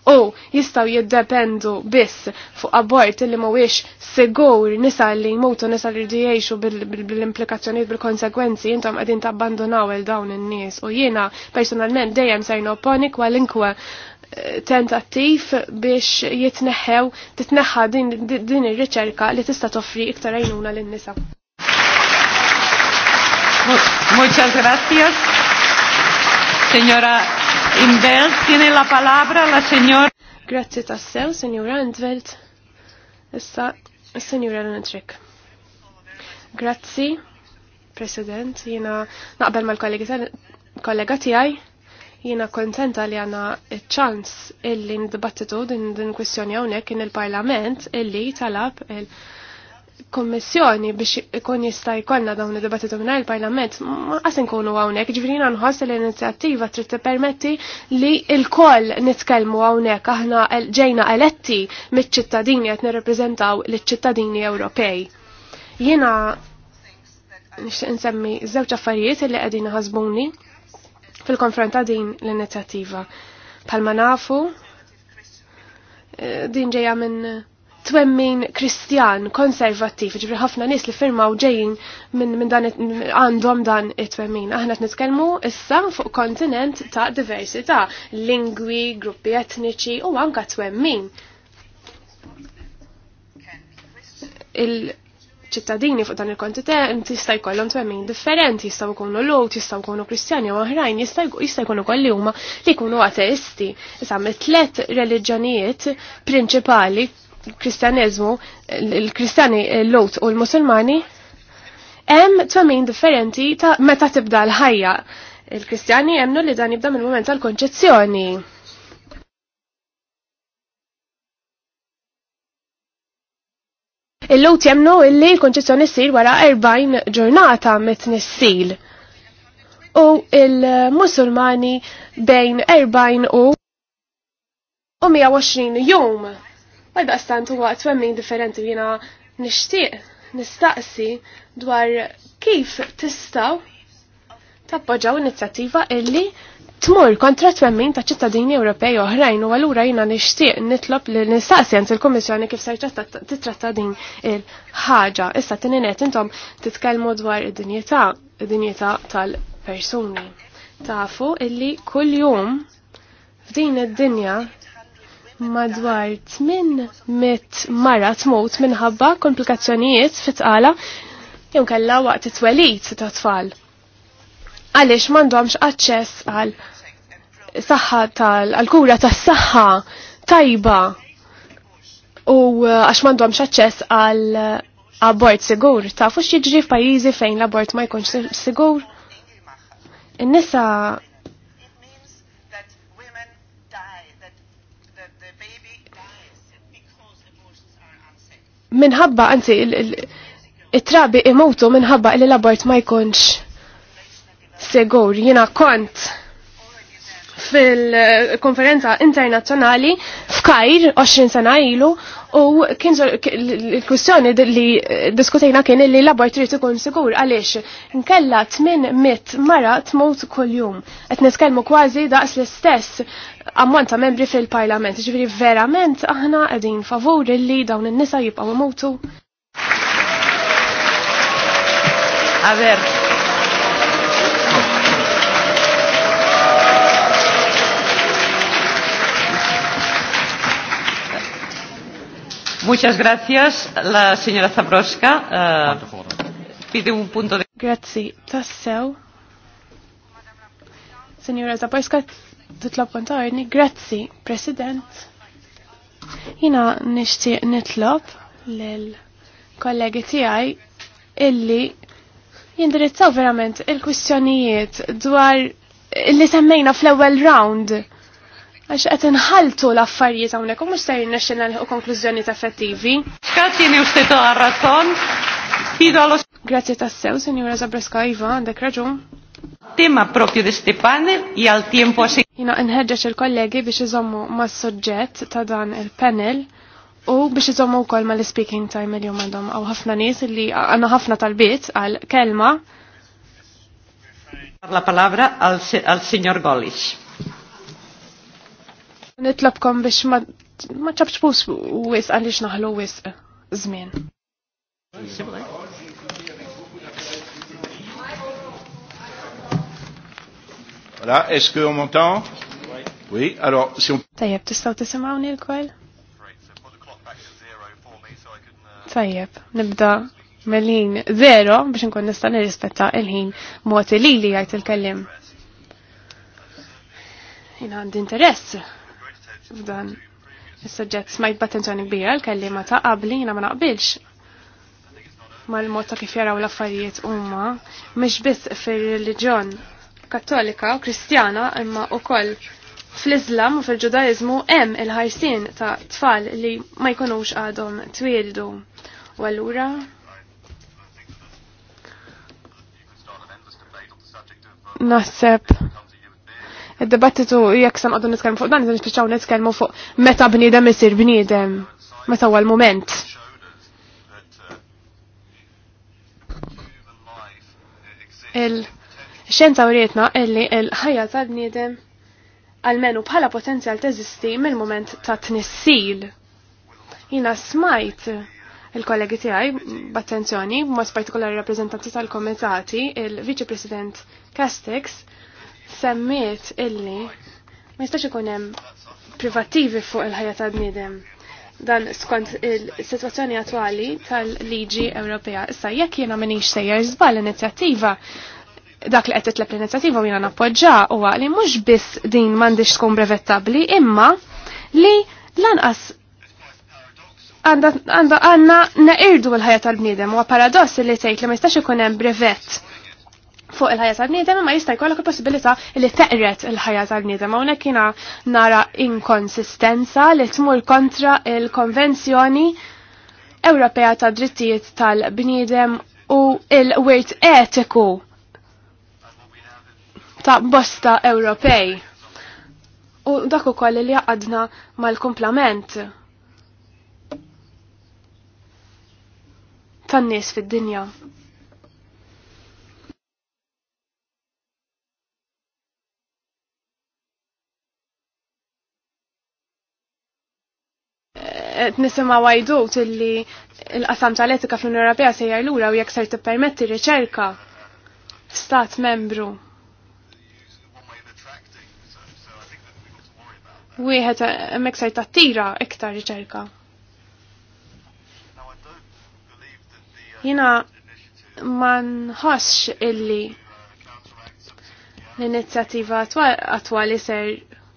Speaker 4: u jistaw jiddependu biss fuq abort li wiex sigur nisa li jmutu nisa li rdijiexu bil-implikazzjoniet bil-konsegwenzi jintom għedin abbandonaw il-dawn il-nies u jiena personalment dejjem ser nopponi kwalinkwa eh, tentattiv biex jitneħħew titneħħa din ir-riċerka li tista' toffri iktar għajnuna lin-nisa.
Speaker 1: Muchas gracias, señora Invelt,
Speaker 4: tiene la palabra la signora. Grazie tassew, signora Entvelt. Issa, signora Lunatrick. Grazzi, President, jina naqbel mal-kollega tijaj, jena kontenta li għana ċans illi ndibattitu din din kwestjoni għonek in il-parlament illi talab il-parlament kommissjoni biex ikun jista' jkollna dawn id-dibattitu minn il-Parlament, ma qas nkunu hawnhekk, ġifieri nħoss l-inizjattiva trid tippermetti li l-koll nitkellmu hawnhekk aħna ġejna eletti miċ-ċittadini qed nirreprezentaw liċ-ċittadini Ewropej. Jiena nixtieq insemmi żewġ affarijiet li qegħdin ħasbuni fil-konfront ta' din l-inizjattiva. Palma nafu eh, din ġejja minn twemmin kristjan, konservativ, ġifri ħafna nis li u ġejjin minn min dan għandhom dan it-twemmin. Aħna t-nitkelmu issa fuq kontinent ta' diversità, lingwi, gruppi etniċi u anka twemmin. Il-ċittadini fuq dan il-kontinent jista' jkollhom twemmin differenti, jistgħu jkunu lut, jistgħu jkunu kristjani u oħrajn, jista' jkunu kolli huma li jkunu ateisti. Issa mit-tlet reliġjonijiet prinċipali kristjanizmu, il-kristjani l-lot u l-musulmani, hemm twemmin differenti ta' meta tibda l-ħajja. Il-kristjani jemnu li dan jibda mill-moment tal-konċezzjoni. Il-lot jemnu illi l-konċezzjoni ssir wara 40 ġurnata mit-nissil. U il-musulmani bejn 40 u u 120 jum. Għal daqstant huwa twemmin differenti jiena nixtieq nistaqsi dwar kif tistaw tappoġġaw inizjattiva illi tmur kontra twemmin ta' ċittadini Ewropej oħrajn u għallura jina nixtieq nitlob li nistaqsjens il komissjoni kif ser titratta din il-ħaġa. Issa t-ninet intom titkellmu dwar id dinjeta id-dinjità tal-persuni. Tafu illi kull jum f'din id-dinja madwar tmin mit mara tmut minħabba komplikazzjonijiet fit-tqala jom kellha waqt it-twelid ta' tfal. Għaliex m'għandhomx aċċess għal saħħa tal għal kura tas-saħħa tajba u uh, għax m'għandhomx aċċess għal uh, abort sigur. Tafu x'jiġri f'pajjiżi fejn l-abort ma jkunx sigur? In-nisa minħabba, għanzi, it-trabi imutu minħabba li labart ma jkunx segur. Jina kont fil-konferenza internazzjonali f'Kajr 20 sena ilu u kien l-kwistjoni li diskutejna kien li l abort trid ikun sigur għaliex nkella 800 mara tmut kuljum. Qed nitkellmu kważi daqs l-istess ammont ta' membri fil-Parlament. Ġifieri verament aħna qegħdin favur li dawn in-nisa jibqgħu mutu. A ver,
Speaker 1: Muchas gracias, la señora Zabroska. Eh, pide un punto de... Grazie,
Speaker 4: tassew. Signora Zabroska, titlob kontarni. Grazie, President. Jina nishti nitlob l-kollegi tijaj illi jindirizzaw verament il-kwistjonijiet dwar illi semmejna fl-ewel round għax għet nħaltu l-affarijiet hawnhekk u mux se nesċen u konklużjoni ta' effettivi. Grazzi mi ustitu għar Grazie ta' sew, senjura Zabreska Iva, għandek raġun.
Speaker 1: Tema propju di Stefane, jgħal e
Speaker 4: tempo si. Jina nħedġaċ il-kollegi biex iżommu ma' s-sogġet ta' dan il-panel u biex iżommu u kolma l-speaking time il-jum għandhom. Għaw ħafna nis li għanna ħafna tal-bit għal kelma.
Speaker 1: La palabra għal signor Gollis
Speaker 4: nitlabkom biex ma ma ċabx pus wis għaliex naħlu wis zmin.
Speaker 3: Voilà, est-ce qu'on m'entend Oui,
Speaker 4: alors si on Tajjeb, tistgħu tisimgħuni l-kwel? Tajjeb, nibda mill-ħin zero biex nkun nista' nirrispetta il-ħin mod li jgħid il-kellim. Jien għandi interess f'dan is-suġġett smajt b'attenzjoni kbira l-kellima ta' qabli jiena ma naqbilx mal-mod ta' kif jaraw l-affarijiet huma mhix biss fir-reliġjon Kattolika u Kristjana imma wkoll fl-Iżlam u fil ġudaiżmu hemm il-ħarsien ta' tfal li ma jkunux għadhom twieldu. U allura naħseb Id-dibattitu jekk san għadu nitkelmu fuq dan, nispiċaw nitkellmu fuq meta bniedem isir bniedem, meta huwa l-mument. Il-xenza urietna illi il-ħajja ta' bniedem għalmenu bħala potenzjal teżisti mill-moment ta' t-nissil. Jina smajt il-kollegi tiegħi b'attenzjoni, b'mos partikolari rappreżentanti tal-komitati, il-Viċi President Castex, semmiet illi ma jistax ikun hemm privattivi fuq il-ħajja tal-bniedem dan skont il-situazzjoni attwali tal-liġi Ewropea. Issa jekk jiena minix sejjer żball inizjattiva dak li qed titleb l-inizjattiva u jiena nappoġġa huwa li mhux biss din m'għandix tkun brevettabbli imma li lanqas għandna neqirdu l-ħajja tal-bniedem huwa paradoss li tgħid li ma jistax ikun hemm brevett fuq il-ħajja tal-bniedem ma jista' jkollok il-possibilità li teqret il-ħajja tal-bniedem hawnhekk jiena nara inkonsistenza li tmur kontra il-Konvenzjoni Ewropea ta' Drittijiet tal-Bniedem u il-wirt etiku ta' bosta Ewropej. U dak ukoll li jaqadna mal-kumplament tan-nies fid-dinja. nisema wajdut illi l-qasam tal-etika fl-Unjoni Ewropea se jgħajlura u jekk ser tippermetti riċerka stat membru. Wieħed hemmhekk ser tattira iktar riċerka. Jina ma nħossx illi l-inizjattiva attwali ser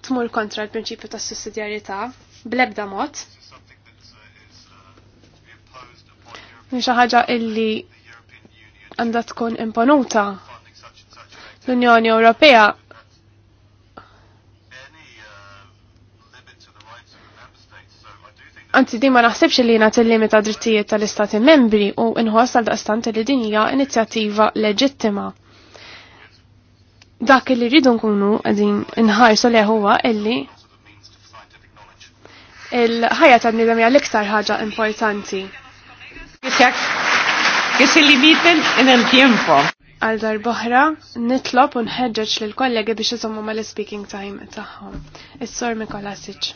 Speaker 4: tmur kontra l-prinċipju tas sussidjarjetà bl-ebda mod. xi ħaġa illi għandha tkun imponuta. L-Unjoni Ewropea Anzi, di ma naħsibx li jina t-limita drittijiet tal-istati membri u inħoss għal daqstant li din hija inizjattiva leġittima. Dak li rridu nkunu għadin inħarsu li huwa illi il-ħajja tal-nidem hija l-iktar ħaġa importanti
Speaker 1: che se limiten nel tempo.
Speaker 4: Għal darboħra, nitlob unħedġeġ l-kollegi biex jisommu ma l-speaking time taħħom. Is-sor Sic.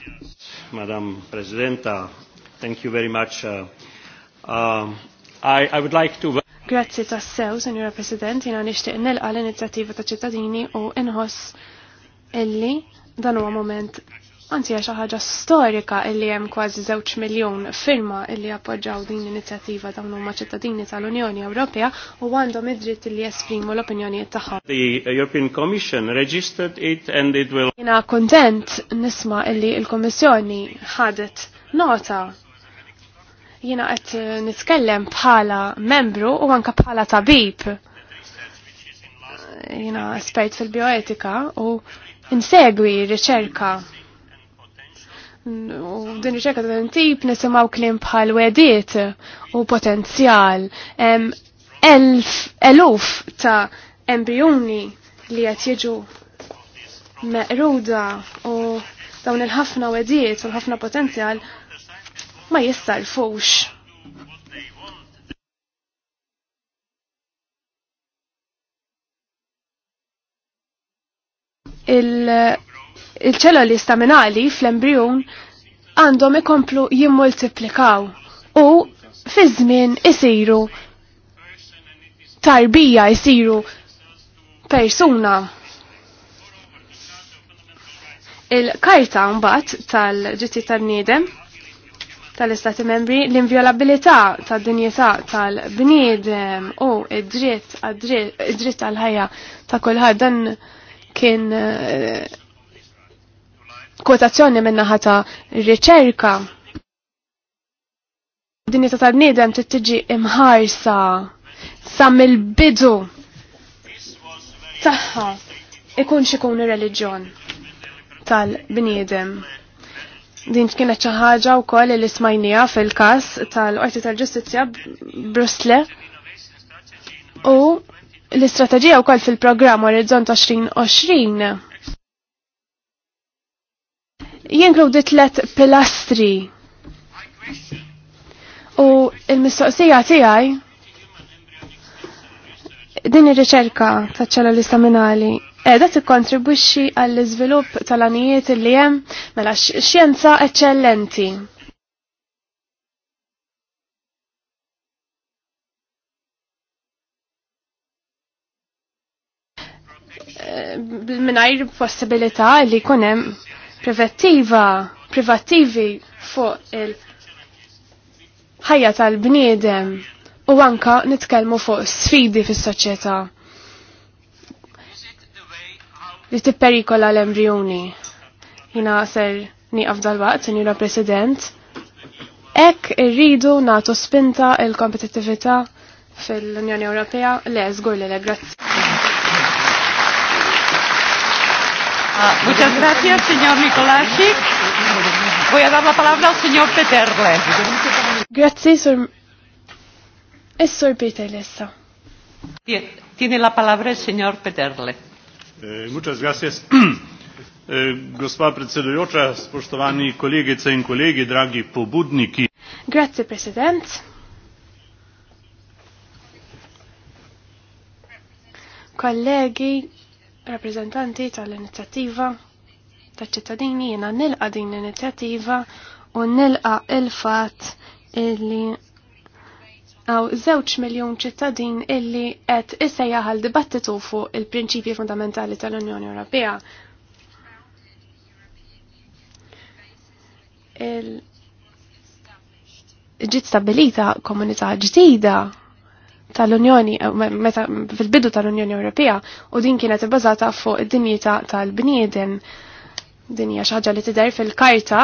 Speaker 3: Madam Presidenta, thank you very much. Uh, uh, I, I would like to...
Speaker 4: Grazzi sew, Senjora President, jina nishtiq nilqa l-inizjattiva ta' ċittadini u inħoss illi dan huwa moment Anzi, xi ħaġa storika illi hemm kważi żewġ miljun firma illi appoġġaw din l-inizjattiva dawn huma ċittadini tal-Unjoni Ewropea u għandhom id-dritt li jesprimu l-opinjonijiet
Speaker 3: tagħhom. The European Commission registered it and it will
Speaker 4: Jiena kuntent nisma' illi l kommissjoni ħadet nota jiena qed nitkellem bħala membru u anke bħala tabib. Jiena espert fil-bioetika u insegwi riċerka u din riċerka ta' tip nisimaw klim bħal wediet u potenzjal. Elf, eluf ta' embrioni li qed jiġu meqruda u dawn il-ħafna wediet u l-ħafna potenzjal ma jissalfux. il il-ċelloli staminali fl-embrjon għandhom ikomplu jimmultiplikaw u fi żmien isiru tarbija isiru persuna. Il-karta mbagħad tal-ġitti tan-niedem tal-istati membri l-inviolabilità tad-dinjità tal-bniedem u id-dritt id-dritt għal-ħajja ta' kulħadd dan kien eh, kotazzjoni minna ħata riċerka. Dinja ta' tal-bniedem tġi imħarsa sa' mill-bidu taħħa ikun xikun ir-reliġjon tal-bniedem. Din kienet xi ħaġa wkoll li smajnija fil-każ tal-Qorti tal-Ġustizzja Brusle u l-istrateġija wkoll fil-programm Orizzont 2020 jinkludi tlet pilastri. U il-mistoqsija tiegħi din ir-riċerka taċ-ċelluli staminali edha tikkontribwixxi għall-iżvilupp tal-anijiet li hemm mela xjenza eċċellenti. Eh, minajr possibilità li kunem privativa, privattivi fuq il-ħajja tal-bniedem u anka nitkellmu fuq sfidi fis-soċjetà li tipperikola l-embrjoni. Jina ser ni għafdal waqt Sinjura President, ek irridu natu spinta il-kompetittività fil-Unjoni Ewropea, le, zgur li le, grazzi.
Speaker 1: Ah, muchas gracias, señor Nicolasi. Voy a dar la palabra al señor Peterle. Grazie, sor...
Speaker 4: E sor Peterle, sta.
Speaker 1: Tiene la palabra el señor Peterle. Eh, muchas gracias. Eh, gospa predsedujoča,
Speaker 2: spoštovani kolegice in kolegi, dragi pobudniki.
Speaker 4: Grazie, president. Kolegi, rappresentanti tal-inizjattiva taċ-ċittadini jiena nilqa din l-inizjattiva u nilqa il-fatt illi għaw zewċ miljon ċittadin illi qed issa jaħal dibattitu fuq il-prinċipji fundamentali tal-Unjoni Ewropea. Ġiet stabilita komunità ġdida tal-Unjoni, eh, meta fil-bidu tal-Unjoni Ewropea u din kienet ibbażata fuq id-dinjità tal-bniedem. Din hija xi ħaġa li tidher fil-Karta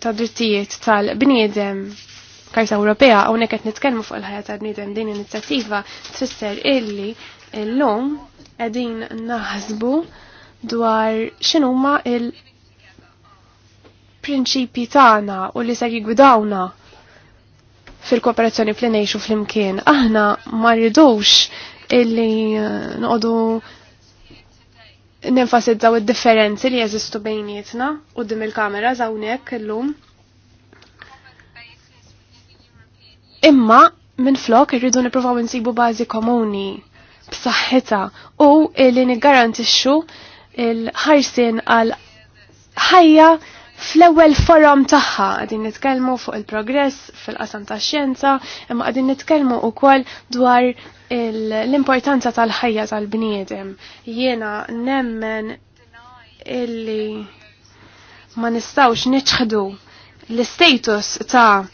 Speaker 4: ta' drittijiet tal-bniedem Karta Ewropea hawnhekk qed nitkellmu fuq il-ħajja tal-bniedem din inizjattiva tfisser illi llum qegħdin naħsbu dwar x'inhuma il-prinċipji tagħna u li se jigwidawna fil-kooperazzjoni fl u fl-imkien. Aħna ma rridux illi eh, noqdu nenfasizzaw id-differenzi li jeżistu bejnietna u dim il-kamera zawnek illum. Imma minn flok irridu niprofaw nsibu bażi komuni b'saħħitha u illi niggarantixxu il-ħarsin għal ħajja fl-ewwel forum tagħha qegħdin nitkellmu fuq il-progress fil-qasam tax-xjenza, imma qegħdin nitkellmu wkoll dwar l-importanza tal-ħajja tal-bniedem. Jiena nemmen illi ma nistgħux niċħdu l-status ta'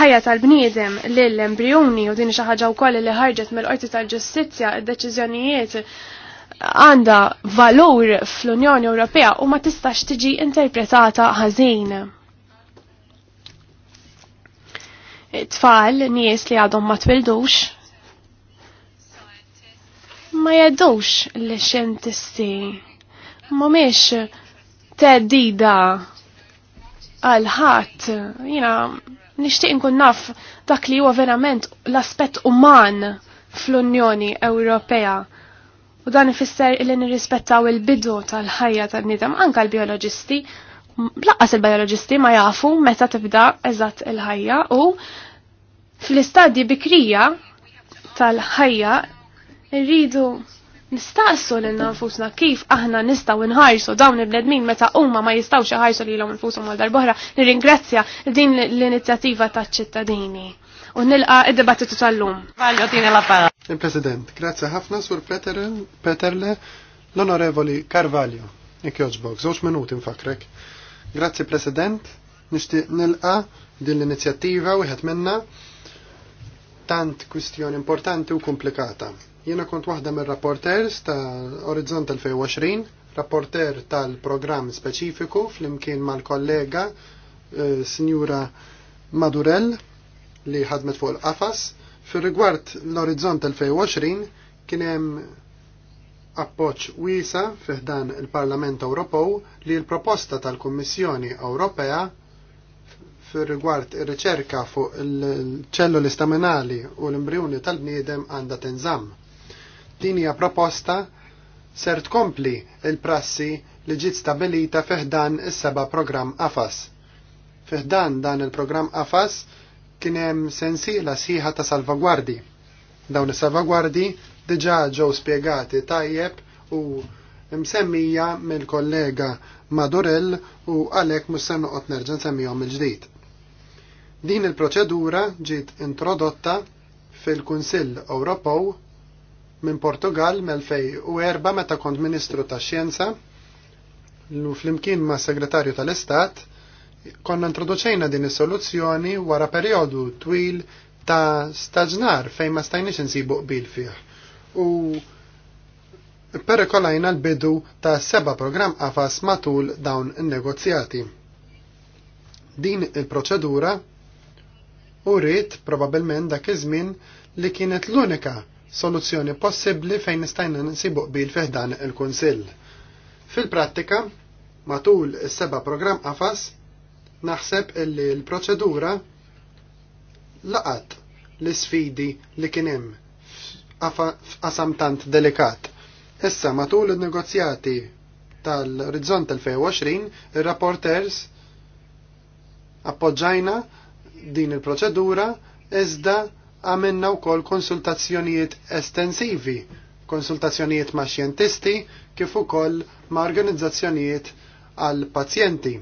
Speaker 4: ħajja tal-bniedem lill-embrjoni u din xi ħaġa wkoll li ħarġet mill-qorti tal-ġustizzja id-deċiżjonijiet għanda valur fl-Unjoni Ewropea u ma tistax tiġi interpretata ħażin. Tfal, nies li għadhom ma twildux, ma jeddux li xjentisti mumiex teddida għal ħadd, jina nixtieq nkun naf dak li huwa verament l-aspett uman fl-Unjoni Ewropea U dan ifisser illi nirrispettaw il-bidu tal-ħajja tan-nidem anka l-bioloġisti. Laqqas il-bioloġisti ma jafu meta tibda eżatt il-ħajja u fl-istadji bikrija tal-ħajja irridu nistaqsu lil nfusna kif aħna nistgħu nħarsu dawn il-bnedmin meta huma ma jistgħux ħarsu lilhom infushom om għal darbohra nirringrazzja din l-inizjattiva taċ ċittadini u nilqa id debattitu tal-lum.
Speaker 2: Il-President, grazzi ħafna sur Peterle l-Onorevoli Carvalho. Ikjoġbog, zoċ minuti nfakrek. Grazzi President, nishti nilqa din l-inizjattiva u minna tant kwistjoni importanti u komplikata. Jiena kont waħda mir rapporters ta' Orizzont 2020, rapporter tal-programm speċifiku fl-imkien mal-kollega e, Signora Madurell li ħadmet fuq il-qafas. Fir rigward l-orizzont 2020 kien hemm appoġġ wiesa fiħdan il-Parlament Ewropew li l-proposta tal-Kummissjoni Ewropea fir rigward ir-riċerka fuq il-ċelluli staminali u l-imbrjuni tal-bniedem għandha tinżamm. Din hija proposta ser tkompli il-prassi li ġiet stabilita fiħdan is-seba' programm AFAS. Fiħdan dan il-programm AFAS kien hemm sensiela sħiħa ta' salvagwardi. Dawn is-salvagwardi diġà ġew spjegati tajjeb u msemmija mill-kollega Madurell u għalhekk mhux se noqgħod nerġa' nsemmihom il-ġdid. Din il-proċedura ġiet introdotta fil-Kunsill Ewropew minn Portugal mill-2004 meta kont Ministru tax-Xjenza flimkien ma' Segretarju tal-Istat konna introduċejna din is-soluzzjoni wara perjodu twil ta' staġnar fejn ma stajniex insibu qbil fih. U perikolajna l-bidu ta' seba programm għafas matul dawn in-negozjati. Din il-proċedura u rrit probabilment dak iż-żmien li kienet l-unika soluzzjoni possibbli fejn nistajna nsibu qbil fih dan il-Kunsill. Fil-prattika, matul is-seba programm qafas, Naħseb illi l-proċedura laqat l-sfidi li kien hemm f'qasam tant delikat. Issa matul in-negozjati tal-Rizzont 2020, ir-rapporters appoġġajna din il-proċedura iżda għamilna wkoll konsultazzjonijiet estensivi, konsultazzjonijiet ma' xjentisti kif ukoll ma' organizzazzjonijiet għal pazjenti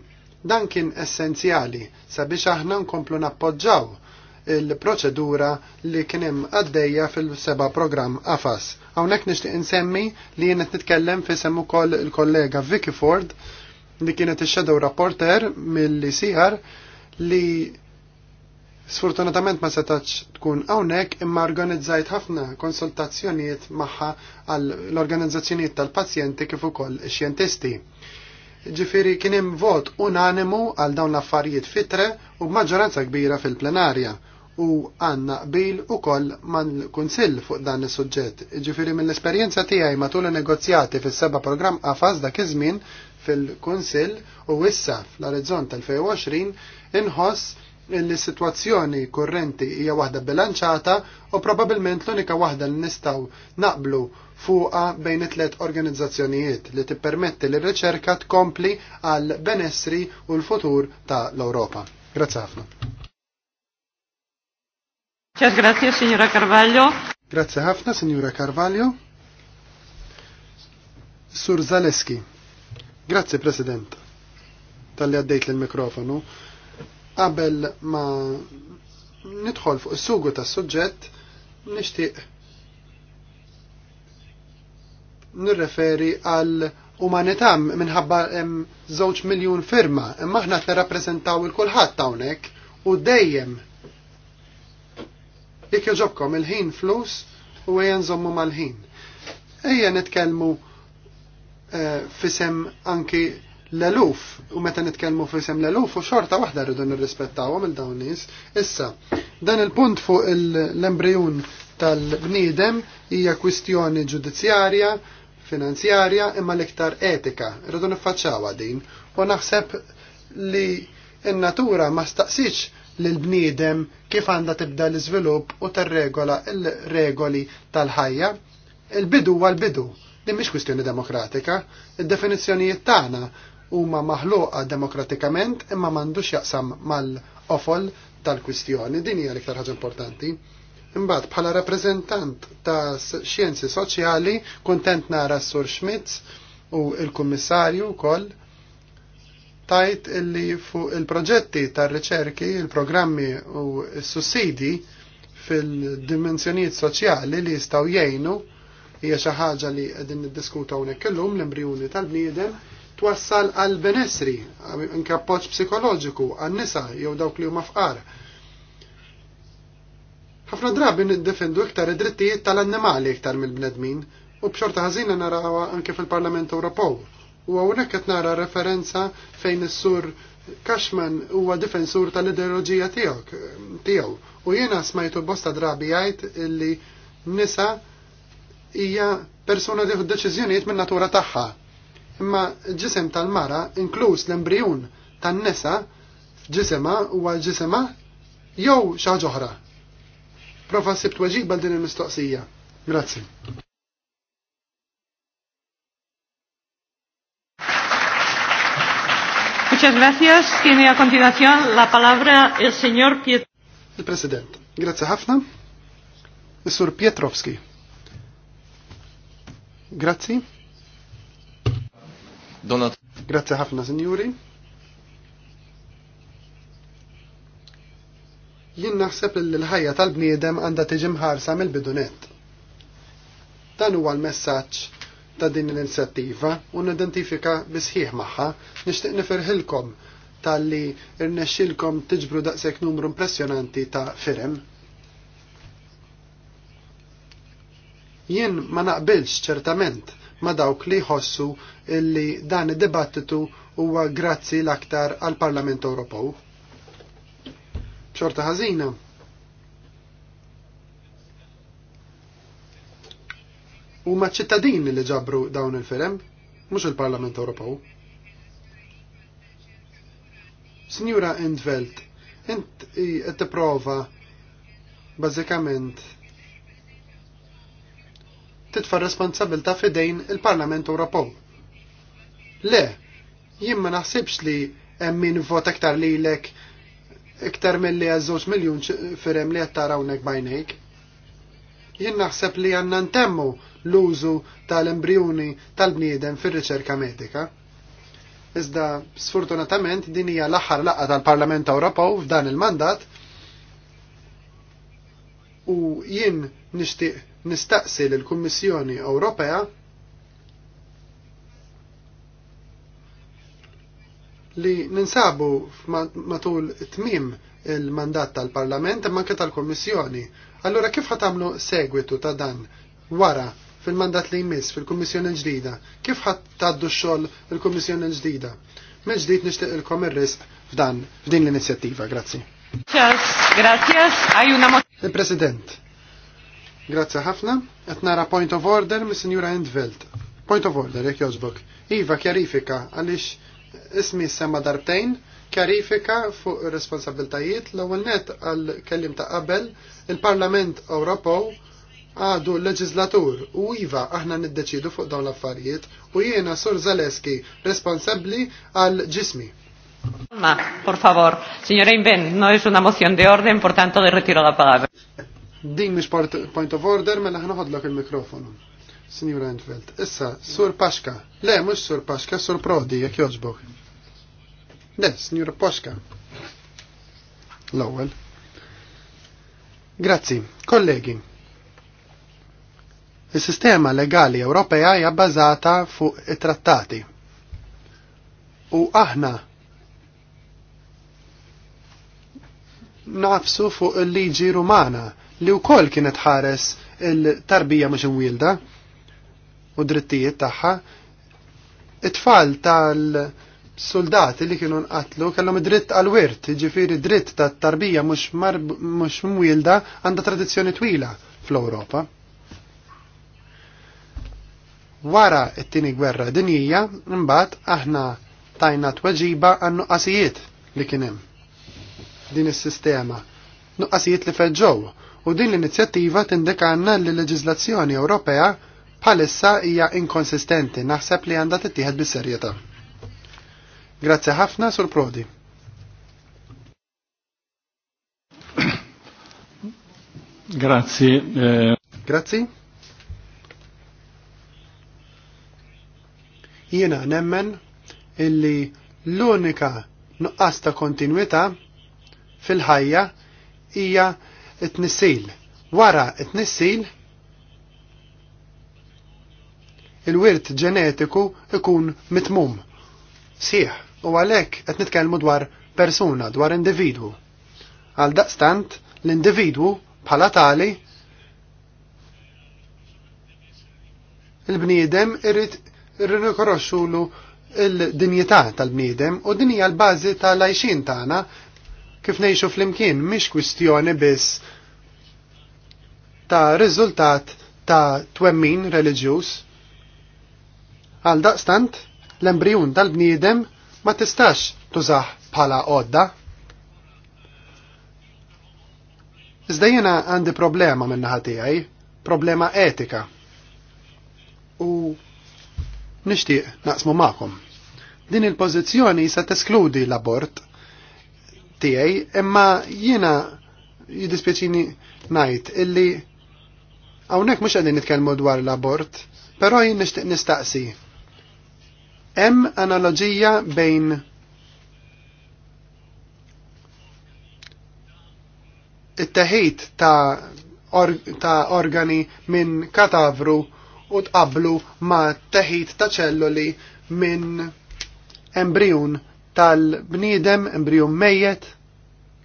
Speaker 2: Dan kien essenzjali sabiex aħna nkomplu nappoġġaw il-proċedura li kienem għaddejja fil-seba program AFAS. Għawnek nishtiq insemmi li jenet nitkellem fi semmu kol il-kollega Vicky Ford li kienet il-shadow rapporter mill-ICR li sfortunatament ma setax tkun hawnhekk imma organizzajt ħafna konsultazzjonijiet magħha għall organizzazzjonijiet tal-pazjenti kif ukoll ix-xjentisti ġifiri kien hemm vot unanimu għal dawn l-affarijiet fitre u b'maġġoranza kbira fil-plenarja u għanna qbil u koll man kunsill fuq dan is suġġett Ġifiri mill-esperjenza tiegħi matul negozjati fis-seba' programm qafas dak iż-żmien fil-kunsill u issa fl arizzont tal-2020 inħoss il-situazzjoni kurrenti hija waħda bilanċata u probabilment l-unika waħda li nistaw naqblu fuqa bejn it-tlet organizzazzjonijiet li tippermetti li r riċerka tkompli għal benessri u l-futur ta' l-Ewropa. Grazzi ħafna. grazie, signora Carvalho. Grazie ħafna, signora Carvalho. Sur Zaleski. Grazie, President. Tal-li għaddejt l-mikrofonu. Qabel ma nidħol fuq is-sugu tas-suġġett nixtieq nirreferi għal umanità minħabba żewġ miljun firma, imma aħna qed nirrappreżentaw il-kulħadd hawnhekk u dejjem jekk joġobkom il-ħin flus u ejja nżommu mal-ħin. Ejja nitkellmu eh, fisem anki l-eluf u meta nitkellmu f'isem l-eluf u xorta waħda rridu nirrispettawhom il dawn nies. Issa, dan il-punt fuq l embrijun tal-bniedem hija kwistjoni ġudizzjarja, finanzjarja imma l-iktar etika. Rridu niffaċċawha din u naħseb li n-natura ma staqsitx lil bniedem kif għandha tibda l-iżvilupp u tar-regola il-regoli tal-ħajja. Il-bidu għal bidu din mhix kwistjoni demokratika, id-definizzjonijiet tagħna huma maħluqa demokratikament imma m'għandux jaqsam mal-ofol tal-kwistjoni, din hija l-iktar ħaġa importanti. Imbagħad bħala rappreżentant ta' xjenzi soċjali kuntent nara s-Sur Schmitz u l-Kummissarju wkoll tajt illi fuq il-proġetti tar-riċerki, il-programmi u s-sussidi fil-dimensjonijiet soċjali li jistgħu jgħinu hija xi ħaġa li qegħdin niddiskuta hawnhekk illum l-embrjuni tal-bniedem twassal għal benessri, inkappoċ psikoloġiku, għan nisa jew dawk li huma fqar. Ħafna drabi niddefendu iktar id-drittijiet tal-annimali iktar mill-bnedmin u bxorta ħażina narawha anke fil-Parlament Ewropew. U hawnhekk qed nara referenza fejn is-sur Cashman huwa difensur tal-ideoloġija tiegħek tiegħu u jiena smajtu bosta drabi jgħid illi nisa hija persuna tieħu deċiżjonijiet minn natura tagħha imma ġisem tal-mara inkluż l-embriun tan-nesa f'ġisema huwa ġisema jew xi oħra. Prova sibt weġiba din il-mistoqsija. Grazzi.
Speaker 1: Muchas gracias. Tiene a continuación la palabra el señor Piet. Il President,
Speaker 2: grazie ħafna. Is-Sur Pietrovski. Grazzi. Donat. Grazie ħafna, Sinjuri. Jien naħseb li l-ħajja tal-bniedem għandha tiġi mħarsa mill-bidunet. Dan huwa l-messaġġ ta' din l-inizjattiva u nidentifika bisħieħ magħha nixtieq nifirħilkom tal-li irnexxilkom tiġbru daqshekk numru impressjonanti ta' firem. Jien ma naqbilx ċertament ma' dawk li jħossu illi dan id-dibattitu huwa grazzi l-aktar għal Parlament Ewropew. Xorta ħażina. Huma ċittadini li ġabru dawn il-ferem, mhux il-Parlament Ewropew. Signora Endveld, int qed tipprova bażikament titfa' responsabilta fidejn il-Parlament Ewropew. Le, jien ma naħsibx li hemm min vot aktar lilek iktar milli għaż għazzoċ miljun firem li qed tarawnek bajnejk. Jien naħseb li għandna ntemmu l-użu tal-embrjoni tal-bniedem fir-riċerka medika. Iżda sfortunatament din hija l-aħħar laqgħa tal-Parlament Ewropew f'dan il-mandat u jien nixtieq nistaqsi lill-Kummissjoni Ewropea li ninsabu matul tmim il-mandat tal-Parlament imma anke tal kummissjoni Allura kif ħatamlu segwitu ta' dan wara fil-mandat li jmiss fil-Kummissjoni l-ġdida? Kif ħattaddu xogħol il-Kummissjoni l-ġdida? Minn ġdid nixtieq ilkom ir-risq f'dan f'din l-inizjattiva. Grazzi. Grazie. Il-President, Grazie ħafna. Et nara point of order mis Signora Endveld. Point of order, jek jozbok. Iva, kjarifika, għalix ismi semma darbtejn, kjarifika fuq responsabiltajiet l net għal kellim ta' qabel il-Parlament Ewropew għadu l-leġizlatur u iva aħna niddeċidu fuq dawn l-affarijiet u jiena Sur Zaleski responsabbli għal ġismi.
Speaker 1: Ma, por favor, signora Inven, no es una moción de orden, portanto de retiro la palabra.
Speaker 2: Din mish point of order mela ħnoħodlok il-mikrofonu. Sinjura Entfeld. Issa, Sur Paxka. Le, mhux Sur Paxka, Sur Prodi, jekk jogħġbok. Le, Sinjura Paxka. L-ewwel. Grazzi. Kollegi, il-sistema legali Ewropea hija bbażata fuq it-trattati. U aħna nafsu fuq il-liġi rumana li wkoll kienet ħares il-tarbija mhux imwielda u drittijiet tagħha. It-tfal tal-soldati li kienu nqatlu kellhom dritt għal wirt, jiġifieri dritt tat-tarbija mhux mhux imwielda għandha tradizzjoni twila fl-Ewropa. Wara t-tieni gwerra dinjija, mbagħad aħna tajna tweġiba għan nuqqasijiet li kienem din is-sistema. Nuqqasijiet li feġġow u din l-inizjattiva tindekanna li l-leġizlazzjoni Ewropea bħalissa hija inkonsistenti naħseb li għandha tittieħed bis-serjetà. Grazzi ħafna sur Prodi. Grazzi. Eh... Grazzi. Jiena nemmen illi l-unika nuqqas ta' kontinwità fil-ħajja hija it-nissil. Wara it-nissil il-wirt ġenetiku ikun mitmum. Sieħ, u għalek qed nitkellmu dwar persuna, dwar individwu. Għal daqstant, l-individwu bħala tali il-bniedem irrit irrikoroxxulu il-dinjità tal-bniedem u dinija l-bażi tal-għajxin tagħna kif ngħixu fl-imkien mhix kwistjoni biss ta' rizultat ta' twemmin reliġjuż. Għal daqstant, l embrijun tal-bniedem ma tistax tużaħ bħala għodda. Iżda jena għandi problema minna ħatijaj, problema etika. U nishtiq naqsmu maqom. Din il-pozizjoni se teskludi l-abort tiegħi, imma jiena jiddispjaċini ngħid illi Hawnhekk mhux qegħdin nitkellmu dwar l-abort, però jien nixtieq nistaqsi. Hemm analogija bejn it-teħid ta' or ta' organi minn katavru u tqablu ma' teħid ta' ċelluli minn embrijun tal-bniedem, embrijun mejjet.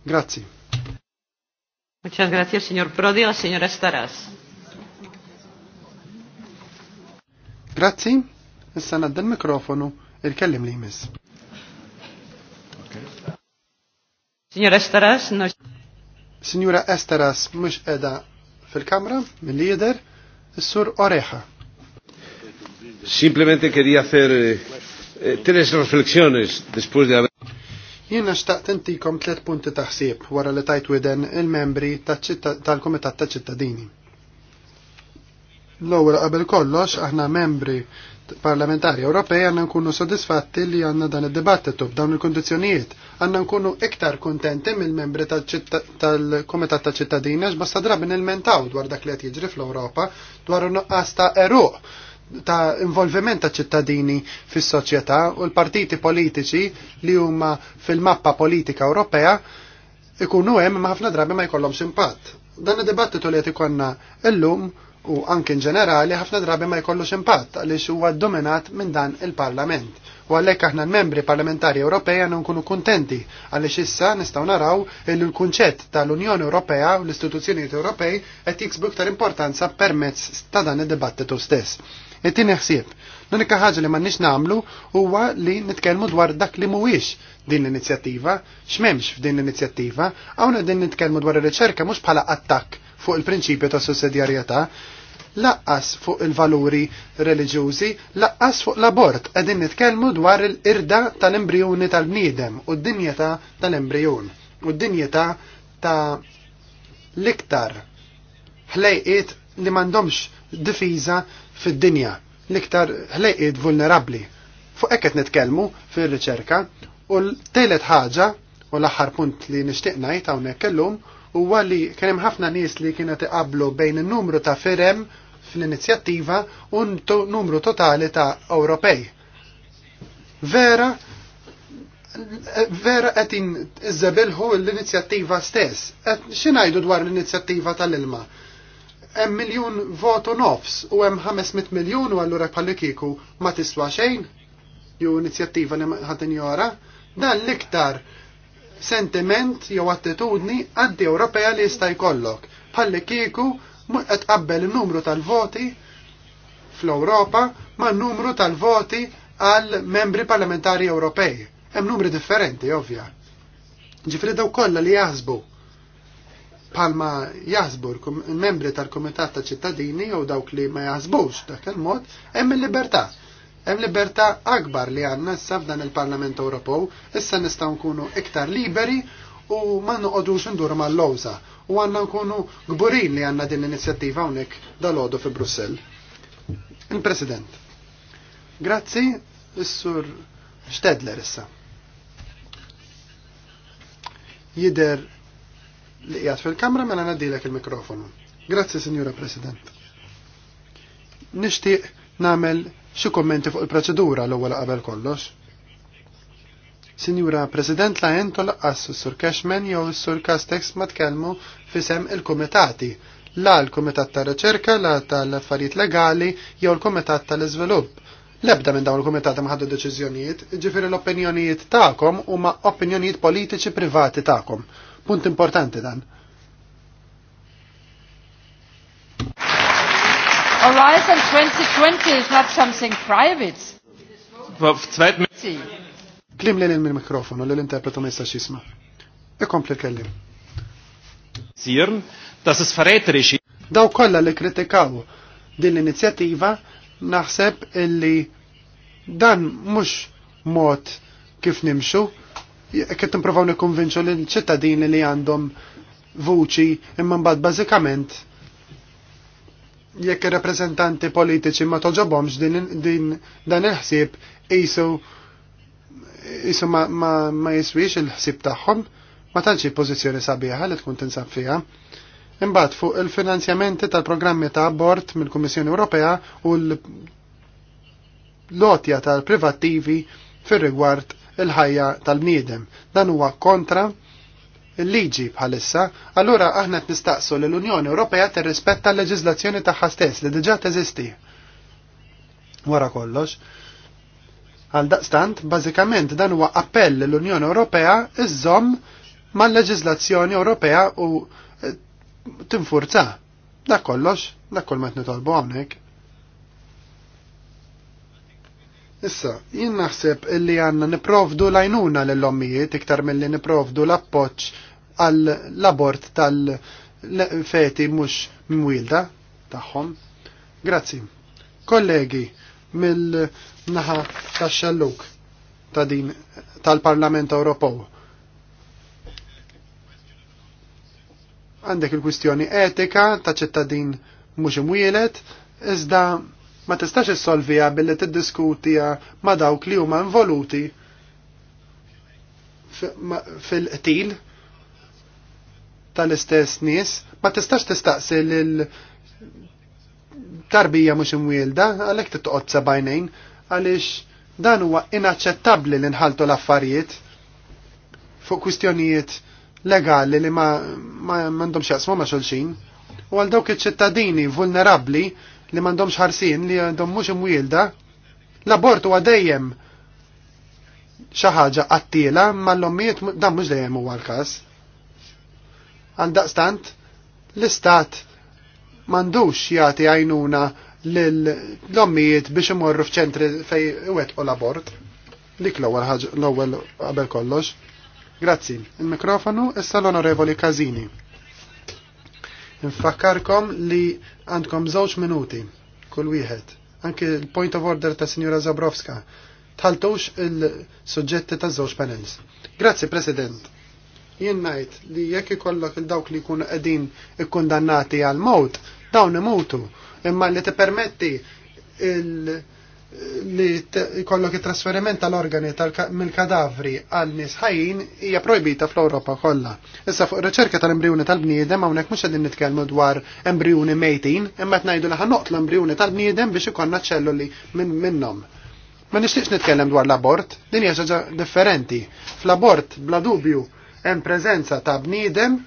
Speaker 2: Grazzi.
Speaker 1: Muchas gracias, signor Prodi, la signora Staras.
Speaker 2: Grazzi, issa nadda l-mikrofonu il-kellim li jmiss. Signora Esteras, no... Signora Esteras mux edha fil-kamra, mill-lider, s-sur Oreja.
Speaker 3: Simplemente quería hacer eh, tres reflexiones después de haber...
Speaker 2: Jiena xtaqt intikom tliet punti taħsib wara li tajt widen il-membri tal-Kumitat ta' ċittadini. Ta L-ewwel qabel kollox aħna membri parlamentari Ewropej għandna nkunu sodisfatti li għandna dan id-dibattitu b'dawn il kundizzjonijiet Għandna nkunu iktar kuntenti mill-membri tal-Komitat ta' ċittadina x'basta drabi il-mentaw dwar dak li qed jiġri fl-Ewropa dwar nuqqas ta' eruq ta' involviment ta' ċittadini fis soċjetà u l-partiti politiċi li huma fil-mappa politika Ewropea ikunu hemm ma' ħafna drabi ma jkollhomx impatt. Dan id-dibattitu li qed ikollna llum u anke in ġenerali ħafna drabi ma jkollux impatt għaliex huwa dominat minn dan il-Parlament. U għalhekk aħna l-membri parlamentari Ewropej għandna nkunu kuntenti għaliex issa nistgħu naraw il l-kunċett tal-Unjoni Ewropea u l-istituzzjonijiet Ewropej qed jiksbu iktar importanza permezz ta' dan id-dibattitu stess. It-tieni ħsieb. L-unika ħaġa li m'għandniex nagħmlu huwa li nitkellmu dwar dak li mhuwiex din l-inizjattiva, x'memx f'din l-inizjattiva, hawn qegħdin nitkellmu dwar ir-riċerka mhux bħala attakk fuq il-prinċipju ta' sussidjarjetà, laqqas fuq il-valuri reliġjużi, laqqas fuq l-abort, qegħdin nitkellmu dwar il-irda tal-embrjoni tal-bniedem u d-dinjeta tal-embrjon u d-dinjeta ta' l-iktar ħlejqiet li m'għandhomx difiża fid-dinja, l-iktar ħlejqiet vulnerabbli. Fuq hekk qed nitkellmu fir-riċerka u l telet ħaġa u l-aħħar punt li nixtieq ngħid hawnhekk kellum huwa li kien hemm ħafna nies li kienet iqablu bejn in-numru ta' firem fl-inizjattiva u numru totali ta' Ewropej. Vera, vera qed iżabilħu l-inizjattiva stess. Xinajdu dwar l-inizjattiva tal-ilma? Hemm miljun votu nofs u hemm 500 miljun u allura bħalli kieku ma tiswa xejn? Jew inizjattiva li ħadd injora? Dan l-iktar sentiment jew attitudni għaddi Ewropea li jista' jkollok. Bħalli kieku qabbel in-numru tal-voti fl-Ewropa ma' numru tal-voti għal membri parlamentari Ewropej. Hemm numri differenti, ovvja. Ġifri daw kollha li jaħsbu palma jaħsbu membri tal-Kumitat ta' ċittadini jew dawk li ma jaħsbux dak il-mod, hemm il-libertà. Hemm libertà akbar li għandna issa f'dan il-Parlament Ewropew, issa nistgħu nkunu iktar liberi u ma xindur ndura mal-lowza u għanna nkunu gburin li għanna din l-inizjattiva unik dal-ħodu fi Brussel. Il-President. Grazzi, s-sur Stedler issa. Jider li jgħat fil-kamra mela nadilek il-mikrofonu. Grazzi, Signora President. Nishtiq namel xi kommenti fuq il-proċedura l-ewwel qabel kollox. Sinjura President Lajen tolqas sur Cashman jew sur Castex ma tkellmu fisem il-Kumitati la l-Kumitat ta' Riċerka, la tal-Affarijiet Legali jew l-Kumitat tal-Iżvilupp. Lebda minn dawn il-Kumitat ħaddu deċiżjonijiet, ġifieri l-opinjonijiet tagħkom huma opinjonijiet politiċi privati tagħkom. Punt importanti dan.
Speaker 5: Horizon 2020 is not something private.
Speaker 2: Klim l il-mikrofonu li l-interpretu ma jistax jisma. Ikompli kellim. Sir, das
Speaker 3: is
Speaker 2: Daw kollha li kritikaw din l-inizjattiva naħseb illi dan mhux mod kif nimxu, kif nipprovaw nikkonvinċu l-ċittadini li għandhom vuċi imma mbagħad bażikament jekk ir-rappreżentanti politiċi ma toġobhomx din dan il-ħsieb qisu isu ma, ma, ma jiswix il-ħsib tagħhom, ma tantx pożizzjoni sabiħa li tkun tinsab fiha. Imbagħad fuq il-finanzjamenti tal-programmi ta' abort mill-Kummissjoni Ewropea u l-lotja tal-privattivi fir-rigward il-ħajja tal-bniedem. Dan huwa kontra il-liġi bħalissa, allura aħna nistaqsu li l-Unjoni Ewropea tirrispetta l-leġiżlazzjoni tagħha stess li diġà teżisti. Wara kollox, Għal daqstant, bażikament dan huwa appell l-Unjoni Ewropea iżżomm mal-leġiżlazzjoni Ewropea u eh, tinfurza. Dak kollox, dak kol ma nitolbu hawnhekk. Issa, jien naħseb illi għanna niprovdu lajnuna l-lommijiet iktar mill-li niprovdu l-appoċ għall-abort tal-feti mux mwilda taħħom. Grazzi. Kollegi, mill-naħa tax xalluk ta' din tal-Parlament Ewropew. Għandek il-kwistjoni etika ta' ċittadin mhux imwielet, iżda ma tistax issolvija billi tiddiskutija ma dawk li huma involuti fil-qtil tal-istess nies, ma tistax tistaqsi lil tarbija mhux imwielda għalhekk titqgħod sabajnejn, għaliex dan huwa inaċċettabbli li nħaltu l-affarijiet fuq kwistjonijiet legali li ma m'għandhomx jaqsmu ma' xulxin u għal dawk iċ-ċittadini vulnerabbli li m'għandhomx ħarsin li għandhom mhux imwielda l-abort huwa dejjem xi ħaġa qattila ma l dan mhux dejjem huwa l-każ. Għal l-istat mandux jagħti għajnuna l ommijiet biex imorru f'ċentri fej wet u l-abort. Dik l-ewwel ħaġa l-ewwel qabel kollox. Grazzi. Il-mikrofonu issa l-Onorevoli Kazini. Infakkarkom li għandkom żewġ minuti kull wieħed. Anki l-point of order ta' Sinjura Zabrowska. Tħaltux il-suġġetti ta' żewġ panels. Grazzi, President. Jien ngħid li jekk ikollok il-dawk li jkunu qegħdin ikkundannati għal mowt, dawn imutu imma li tippermetti il- li kollok il-trasferiment tal-organi mill-kadavri għal nies ħajin hija projbita fl-Ewropa kollha. Issa fuq riċerka tal-embrjuni tal-bniedem hawnhekk mhux qegħdin nitkellmu dwar embrjuni mejtin, imma qed ngħidu li l-embrjuni tal-bniedem biex ikollna ċelluli minn minnhom. Ma nixtiex nitkellem dwar l-abort, din hija differenti. Fl-abort bla dubju hemm preżenza ta' bniedem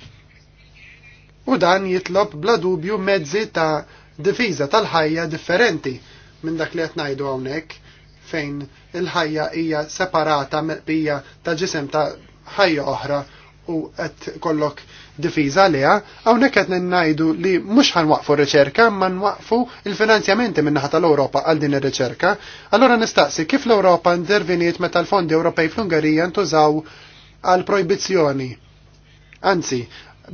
Speaker 2: U dan jitlob bla dubju mezzi ta' difiża tal-ħajja differenti minn dak li qed ngħidu hawnhekk fejn il-ħajja hija separata meqbija ta' ġisem ta' ħajja oħra u qed kollok difiża għaliha, hawnhekk qed ngħidu li mhux ħanwaqfu r-riċerka ma nwaqfu il-finanzjamenti min-naħa tal-Ewropa għal din ir-riċerka. Allura nistaqsi kif l-Ewropa interveniet meta l-fondi Ewropej fl-Ungerija ntużaw għal projbizzjoni. Anzi,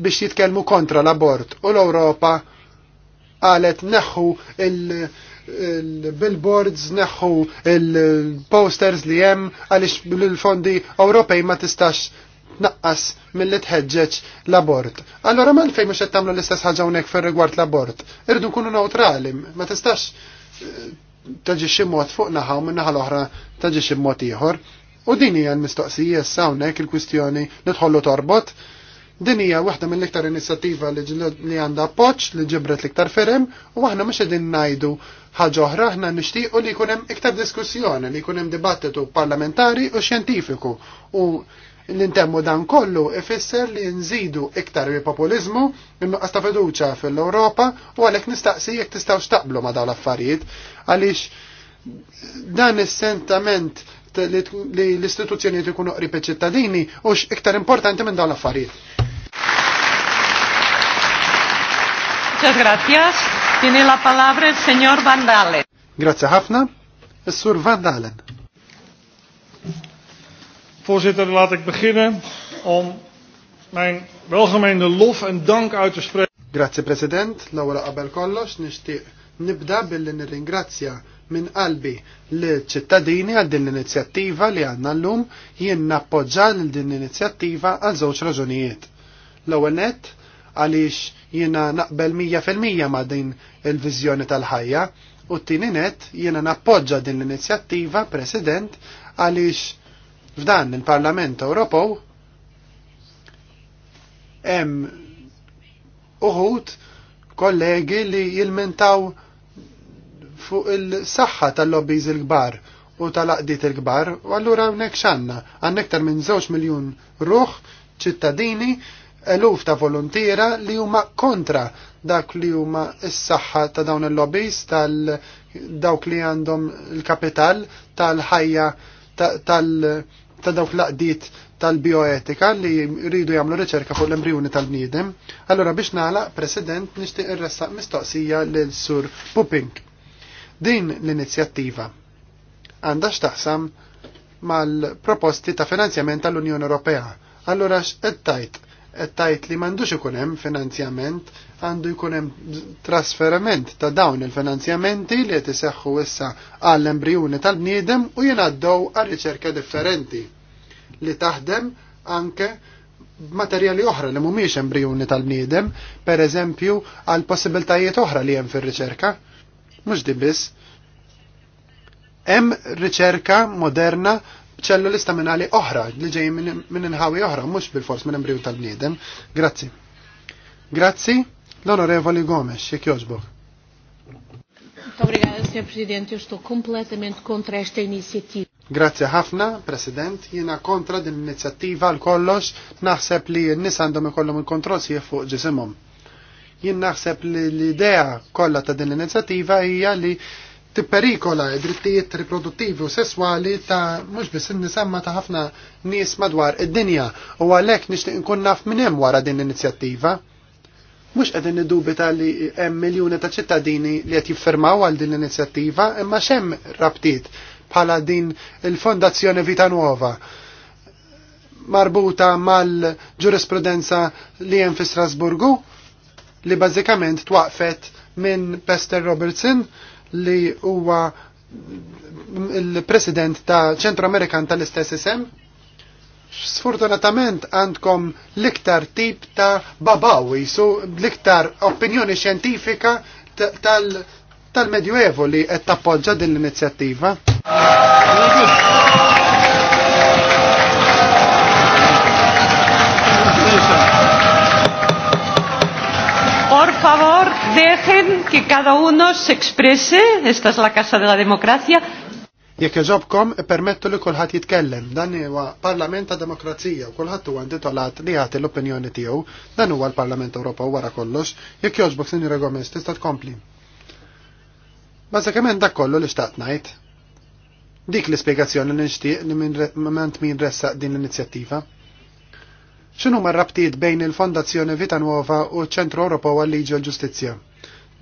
Speaker 2: biex jitkellmu kontra l-abort u l-Ewropa qalet neħħu il-billboards, neħħu il-posters li hemm għaliex l-fondi Ewropej ma tistax naqqas mill-li tħeġġeġ l-abort. Allora man fej mhux qed tagħmlu l-istess ħaġa hawnhekk fir-rigward l-abort. Irdu kunu neutrali, ma tistax eh, taġi xi fuq naħa u minnaħa l-oħra taġi ximot mod ieħor. U din hija l-mistoqsija issa hawnhekk il-kwistjoni li tħollu torbot Din hija waħda mill-iktar inizjattiva li għandha appoġġ li ġibret l-iktar ferem u aħna mhux qegħdin ngħidu ħaġa oħra aħna nixtiequ li jkun hemm iktar diskussjoni, li jkun hemm dibattitu parlamentari u xjentifiku u li ntemmu dan kollu ifisser li nżidu iktar bi populizmu innuqqas ta' fiduċa fil-Ewropa u għalhekk nistaqsi jekk tistgħu xtaqblu ma' dawn l-affarijiet għaliex dan is-sentament li l-istituzzjoni ikunu qrib ċittadini u iktar importanti minn dawn l-affarijiet.
Speaker 1: Muchas gracias. Tiene la palabra el señor Van Dalen.
Speaker 2: Grazie ħafna. Is-sur Van Dalen. Voorzitter, laat ik beginnen om mijn welgemeende lof en dank uit te spreken. Grazie president, l-ewwel qabel kollox nixtieq nibda billi nirringrazzja minn qalbi l-ċittadini għal din l-inizjattiva li għanna l-lum jien nappoġġa l din l-inizjattiva għal żewġ raġunijiet. L-ewwel nett għaliex jiena naqbel 100% ma' din il-viżjoni tal-ħajja u t-tieni nett jiena nappoġġa din l-inizjattiva President għaliex f'dan il-Parlament Ewropew hemm uħud kollegi li jilmentaw fuq il-saħħa tal-lobbies il-kbar u tal-aqdiet il-kbar, u allura hawnhekk x'għandna għandna iktar minn żewġ miljun ruħ ċittadini eluf ta' volontira li huma kontra dak li huma s-saħħa ta' dawn il-lobbies tal dawk li għandhom il-kapital tal-ħajja tal ta' dawk laqdiet tal-bioetika li rridu jagħmlu riċerka fuq l embrijuni tal-bniedem. Allora biex nagħlaq President nixtieq irressaq mistoqsija lil Sur Pupink. Din l-inizjattiva għandha taħsam mal-proposti ta' finanzjament tal-Unjoni Ewropea. Allura x'qed tajt? tajt li m'għandux ikun hemm finanzjament, għandu jkun hemm trasferiment ta' dawn il-finanzjamenti li qed iseħħu issa għall-embrjuni tal-bniedem u jingħaddew għal riċerka differenti li taħdem anke materjali oħra li mhumiex embrjuni tal-bniedem, per eżempju għal possibiltajiet oħra li hemm fir-riċerka. Mhux di biss. Hemm riċerka moderna b'ċelluli staminali oħra li ġej minn inħawi oħra, mhux bil-fors minn embriju tal-bniedem. Grazzi. Grazzi l-Onorevoli Gomes, jekk jogħġbu.
Speaker 1: Obrigada, Sr. Presidente, eu estou completamente contra esta iniciativa.
Speaker 2: Grazie ħafna, President. Jiena kontra din l-inizjattiva l-kollox naħseb li n-nis għandhom ikollhom il-kontroll si fuq ġisimhom. Jien naħseb li l-idea kollha ta' din l-inizjattiva hija li tipperikola drittijiet riproduttivi u sesswali ta' mhux biss nisemma ta' ħafna nies madwar id-dinja u għalhekk nixtieq nkun naf minn hemm wara din l-inizjattiva. Mhux qegħdin nidubita li hemm miljuni ta' ċittadini li qed jiffirmaw għal din l-inizjattiva imma xemm rabtiet bħala din il-Fondazzjoni Vita Nuova marbuta mal-ġurisprudenza li hemm fi Strasburgu li bażikament twaqfet minn Pester Robertson li huwa il-president ta' ċentru Amerikan tal-istess isem. Sfortunatament għandkom l-iktar tip ta' babawi, su l-iktar opinjoni xjentifika tal-medjuevo li qed tappoġġa din l-inizjattiva.
Speaker 1: Por favor, dejen que cada uno se exprese. Esta es la Casa de la Democracia.
Speaker 2: Jekk iġobkom, permettu li kulħadd jitkellem. Dan huwa Parlament ta' Demokrazija u kulħadd huwa intitolat li jagħti l-opinjoni tiegħu. Dan huwa l-Parlament Ewropa wara kollox. Jekk jogħġbok Sinjura Gomez tista' tkompli. Bażikament dak kollu li xtaqt ngħid. Dik l-ispjegazzjoni li nixtieq li minn min ressaq din l-inizjattiva. X'inhu rabtiet bejn il-Fondazzjoni Vita Nuova u ċ-Ċentru Ewropew għal-Liġi għal ġustizzja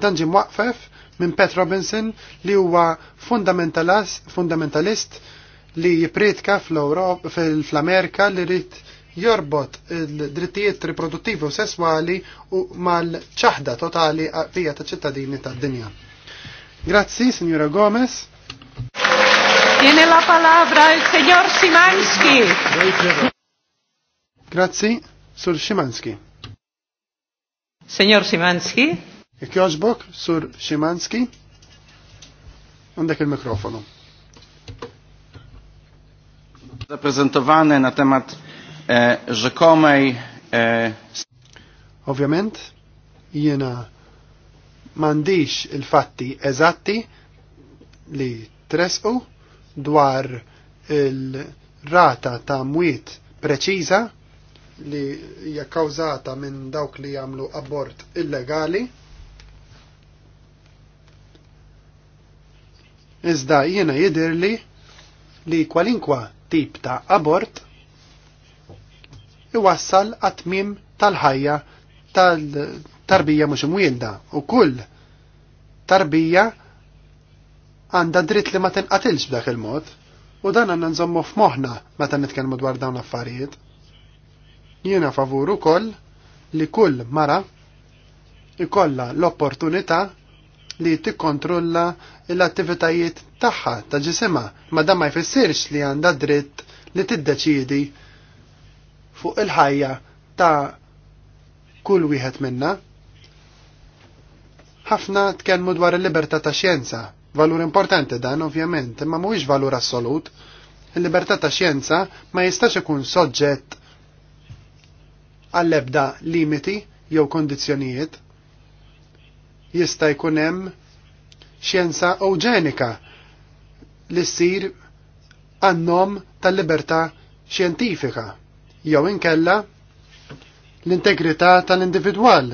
Speaker 2: Dan ġim waqfef minn Pat Robinson li huwa fundamentalist li jipredka fl-Amerika li rrit jorbot il-drittijiet riproduttivi u sessuali u mal-ċaħda totali fija ta' ċittadini ta' dinja. Grazzi, signora Gomez. Tiene la palabra il signor Simanski. Grazzi, Sur Szymanski. Signor Szymanski. Ik joġbok, Sur Szymanski. Għandek il-mikrofonu.
Speaker 3: Zaprezentowane na temat
Speaker 2: e, rzekomej... E... Ovvjament, jena mandiċ il-fatti eżatti li tresqu dwar il-rata ta' mwiet preċiza li hija kawzata minn dawk li jagħmlu abort illegali. Iżda jiena jidirli li kwalinkwa tip ta' abort iwassal għat-tmim tal-ħajja tal-tarbija mhux imwielda u kull tarbija għandha dritt li ma tinqatilx b'dak il-mod u dan għandna nżommu f'moħħna meta nitkellmu dwar dawn l-affarijiet. Jiena favur ukoll li kull mara ikolla l-opportunità li tikkontrolla l-attivitajiet tagħha ta' ġisima, ma dan ma jfissirx li għandha dritt li tiddeċiedi fuq il-ħajja ta' kull wieħed minna. Ħafna tkellmu dwar il-libertà ta' xjenza, valur importanti dan ovvjament, imma mhuwiex valur assolut. Il-libertà ta' xjenza ma jistax ikun soġġett għall-ebda limiti jew kondizjonijiet. Jista' jkun hemm xjenza oġenika li ssir għannom tal-libertà xjentifika jew inkella l-integrità tal-individwal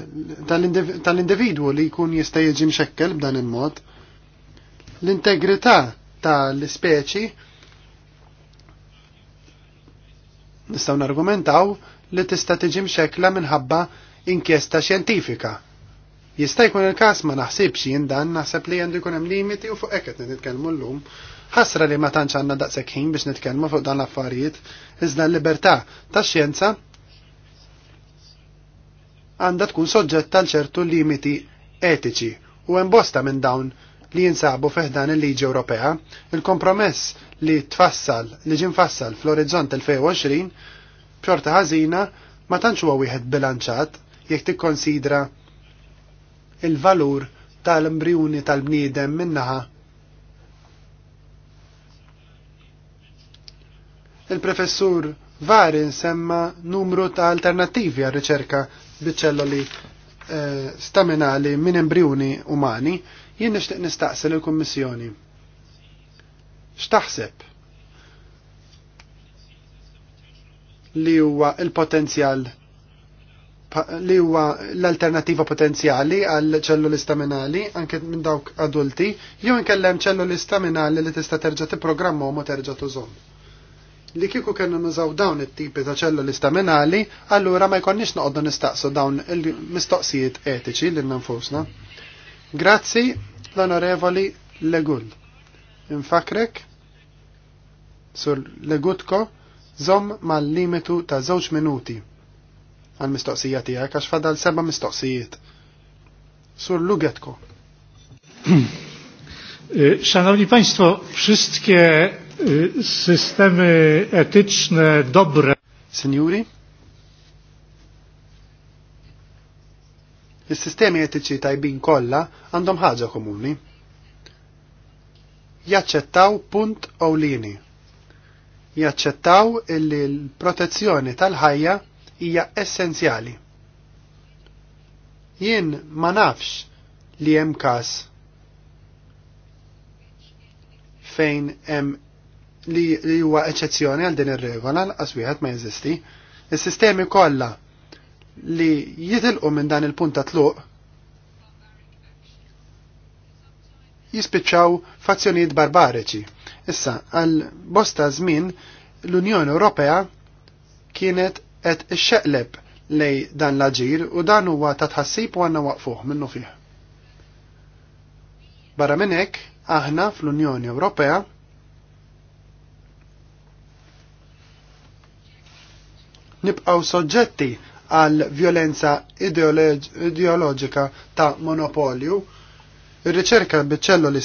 Speaker 2: tal-individwu li jkun jista' jiġi mxekkel b'dan il-mod. L-integrità tal-speċi nistgħu nargumentaw li tista' tiġi mxekla minħabba inkjesta xjentifika. Jista' jkun il-każ ma naħsibx jien dan naħseb li għandu jkun hemm limiti u fuq hekk qed nitkellmu llum. Ħasra li ma tantx għandna daqshekk ħin biex nitkellmu fuq dan l-affarijiet, iżda l-libertà tax-xjenza għandha tkun soġġetta għal ċertu limiti etiċi u hemm bosta minn dawn li jinsabu feħdan il-liġi Ewropea, il-kompromess li tfassal, li ġinfassal fl-orizzont 2020 pjorta ħażina ma tantx huwa wieħed bilanċat jekk tikkonsidra il-valur tal-embrjuni tal-bniedem minnaħa. Il-professur Vari semma numru ta' alternattivi għal riċerka biċelloli eh, staminali minn embrjuni umani, jien nixtieq nistaqsel il-Kummissjoni. X'taħseb? li huwa il-potenzjal li huwa l-alternativa potenzjali għal ċelluli staminali anke minn dawk adulti, jew inkellem ċelluli staminali li tista' terġa' tipprogramma u ma terġa' tużhom. Li kieku kienu nużaw dawn it-tipi ta' ċelluli staminali, allura ma jkollniex noqogħdu nistaqsu dawn il-mistoqsijiet etiċi lil nfusna. Grazzi l-onorevoli Legul Infakrek sur Legutko Zom mal-limitu ta' żewġ minuti għal-mistoqsija tiegħek għax fadal seba' mistoqsijiet. Sur Lugetko.
Speaker 1: E, Szanowni Państwo,
Speaker 2: wszystkie e, systemy etyczne dobre. Seniori? Is-sistemi etiċi tajbin kollha għandhom ħaġa komuni. Jaċċettaw punt ewlieni jaċċettaw illi l-protezzjoni tal-ħajja hija essenzjali. Jien ma nafx li hemm każ fejn hemm li huwa eċċezzjoni għal din ir-regola lanqas wieħed ma jeżisti. Is-sistemi kollha li jitilqu minn dan il-punt ta' tluq jispiċċaw fazzjonijiet barbariċi Issa, għal bosta żmien l-Unjoni Ewropea kienet qed ixxeqleb lej dan l-aġir u dan huwa ta' tħassib u għandna waqfuh minnu fih. Barra minn hekk, aħna fl-Unjoni Ewropea nibqgħu soġġetti għal violenza ideoloġika ta' monopolju, ir-riċerka biċ-ċelluli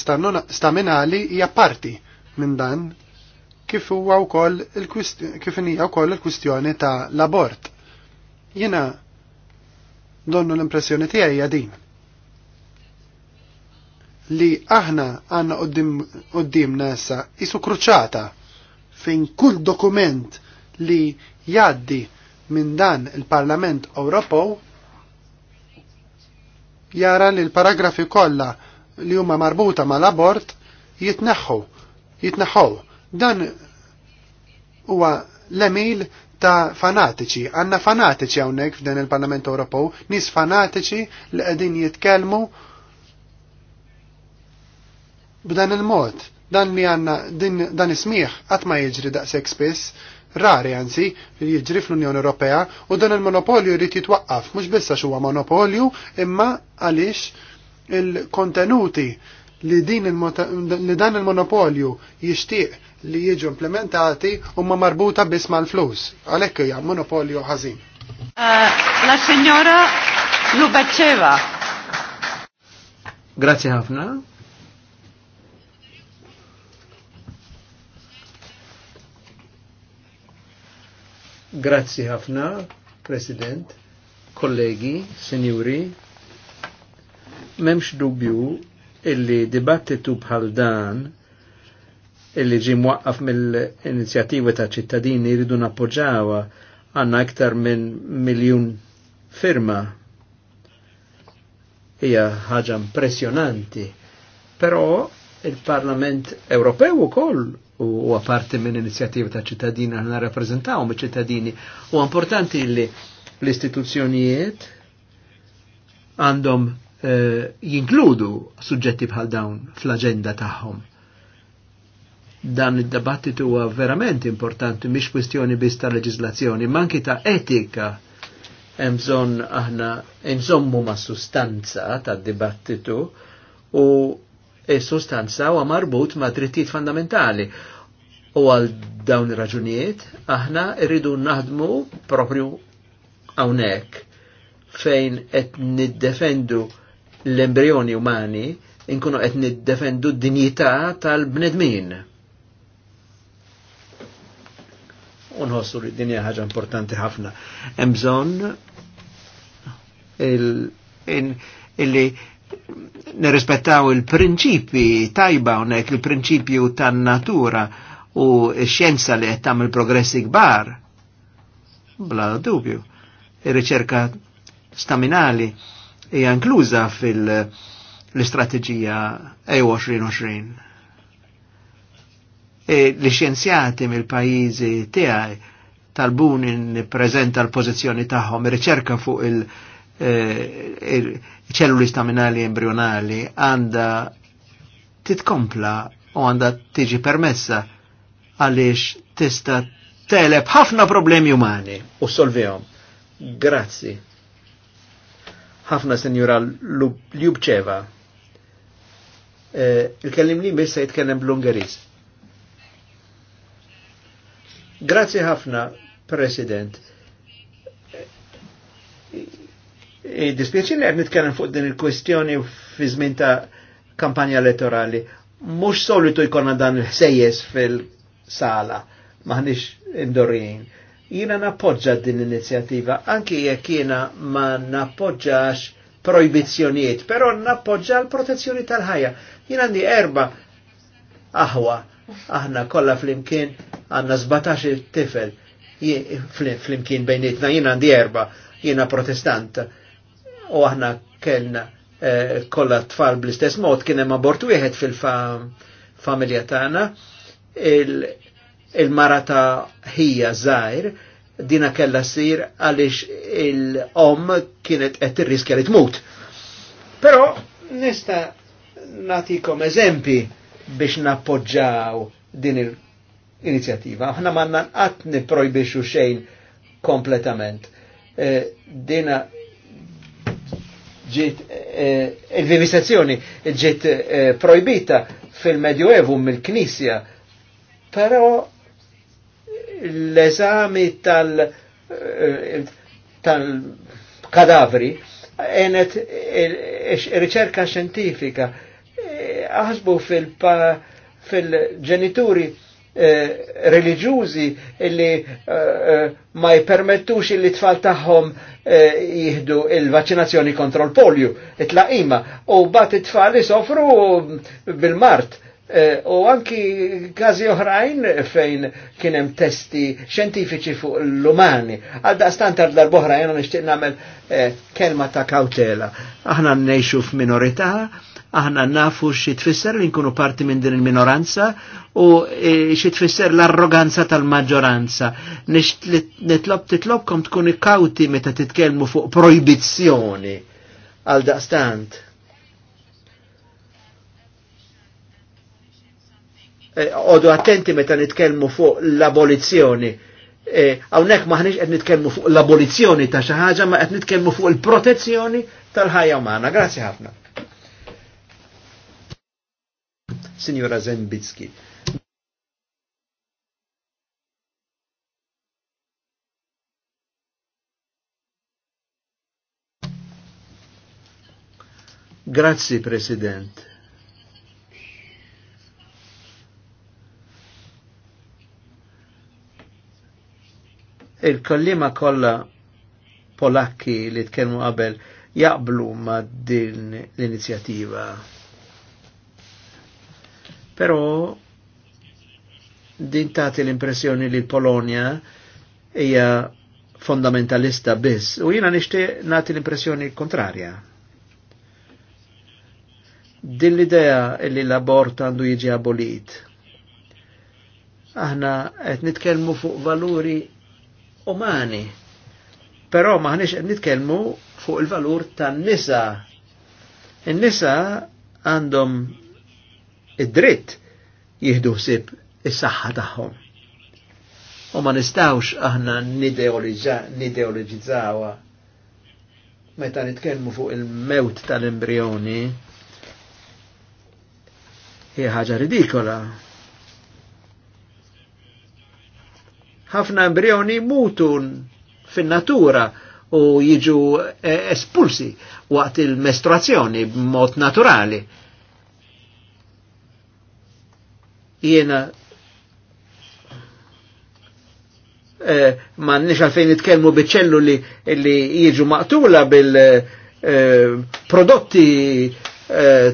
Speaker 2: staminali hija parti minn dan kif huwa wkoll kif hija wkoll il-kwistjoni ta' l-abort. Jiena donnu l-impressjoni tiegħi hija din. Li aħna għandna qoddimna issa isu kruċata fejn kull dokument li jaddi minn dan il-Parlament Ewropew jara li l-paragrafi kollha li huma marbuta mal-abort jitneħħu jitnaħħow. Dan huwa l-emil ta' fanatiċi. Għanna fanatiċi hawnhekk f'dan il-Parlament Ewropew, nies fanatiċi li qegħdin jitkellmu b'dan il-mod. Dan li għanna dan ismiħ qatt ma jiġri daqshekk spiss, rari anzi, jiġri fl-Unjoni Ewropea u dan il-monopolju jrid jitwaqqaf, mhux bissa huwa monopolju imma għaliex il-kontenuti il kontenuti li, din li dan il-monopolju jixtieq li jiġu implementati huma marbuta biss mal-flus. Għalhekk hija monopolju ħażin. Eh, la signora Lubaceva.
Speaker 3: Grazie ħafna. Grazzi ħafna, President, kollegi, senjuri. Memx dubju illi dibattitu bħal dan illi ġi mwaqqaf mill-inizjattiva ta' ċittadini jridu nappoġġawa għanna iktar minn miljun firma. Hija ħaġa impressjonanti. Però il-Parlament Ewropew ukoll u għaparti minn inizjattiva ta' ċittadini għanna rappresentaw me ċittadini. U importanti li l-istituzzjonijiet għandhom Eh, jinkludu suġġetti bħal dawn fl-agenda tagħhom. Dan id-dibattitu huwa verament importanti mhix kwistjoni biss ta' leġislazzjoni, manki ta' etika hemm bżonn aħna nżommu ma' sustanza tad-dibattitu u s-sustanza huwa marbut ma' drittijiet fundamentali. U għal dawn ir-raġunijiet aħna rridu naħdmu propju hawnhekk fejn qed niddefendu l-embrioni umani inkunu qed niddefendu d-dinjità tal-bnedmin. Unħossu li d dinja ħaġa importanti ħafna. Emżon il-li nirrispettaw il-prinċipi tajba unek il-prinċipju tan-natura u x-xjenza li qed tagħmel progressi kbar. Bla dubju. Ir-riċerka staminali hija inkluża fil-istrateġija EU 2020. E, e li xjenzjati mill-pajjiżi tiegħi talbun prezenta l-pożizzjoni tagħhom riċerka fuq il-ċelluli e, staminali embrionali għandha titkompla u għandha tiġi permessa għaliex tista' teleb ħafna problemi umani u solvijom. Grazzi ħafna senjura Ljubċeva. Eh, il-kellim li missa jitkellem bl-Ungeriz. Grazie ħafna, President. Eh, eh, Dispieċin li għed nitkellem fuq din il-kwestjoni fi żmien ta' kampanja elettorali. Mhux solitu jkollna dan il-ħsejjes fil-sala, maħniex indorrijin. Jina nappoġġa din l inizjativa anki jekk jiena ma nappoġġax projbizzjonijiet, però nappoġġa l-protezzjoni tal-ħajja. Jien għandi erba aħwa, aħna kollha flimkien għandna 17 tifel flimkien bejnietna, jina għandi erba, jiena protestant u aħna kellna eh, kollha tfal bl-istess mod kien hemm abort wieħed fil-familja tagħna il marata hija żgħir dina kella sir għaliex il-om kienet qed tirriskja li tmut. Però nista' natikom eżempi biex nappoġġaw din il inizjativa Aħna manna qatt niprojbixu xejn kompletament. Eh, dina ġiet eh, il-vivisazzjoni ġiet eh, projbita fil-Medjuevu mill-Knisja, però l-eżami tal- eh, tal-kadavri enet eh, eh, riċerka xjentifika għasbu fil-ġenituri religjuzi illi ma jpermettux illi tfal tagħhom jihdu il-vaccinazzjoni kontro l-polju, it-laqima, u bat it-tfal jisofru bil-mart Eh, u anki kazi oħrajn fejn kienem testi xentifiċi fuq l-umani. Għadda standard darboħra jena nishtiq namel eh, kelma ta' kautela. Aħna nnejxu f'minorità, aħna nafu xi li nkunu parti minn din il-minoranza u eh, xi tfisser l-arroganza tal-maġġoranza. Nitlob titlobkom tkun ikkawti meta titkellmu fuq proibizzjoni għal daqstant għodu eh, attenti meta nitkellmu fuq l-abolizzjoni. Eh, hawnhekk e, maħniex qed nitkellmu fuq l-abolizzjoni ta' xi ħaġa ma qed nitkellmu fuq il-protezzjoni tal-ħajja umana. Grazzi ħafna. Signora Zembicki. Grazzi President Il-kollima kollha Polakki li tkellmu qabel jaqblu ma' din l-inizjattiva. Però din tagħti l-impressjoni li l-Polonja hija fondamentalista biss u jiena nixtieq nagħti l-impressjoni kontrarja. Din l-idea li l-abort għandu jiġi abolit. Aħna qed nitkellmu fuq valuri umani. Però maħniex qed nitkellmu fuq il-valur tan-nisa. In-nisa għandhom id-dritt jihdu sib is-saħħa tagħhom. U ma nistawx aħna nideologizzawa meta nitkellmu fuq il-mewt tal-embrjoni hija ħaġa ridikola ħafna embrioni mutu fin-natura u jiġu eh, espulsi waqt il-mestruazzjoni b'mod naturali. Jiena eh, ma nix għalfejn nitkellmu biċellu li, li jiġu maqtula bil-prodotti eh,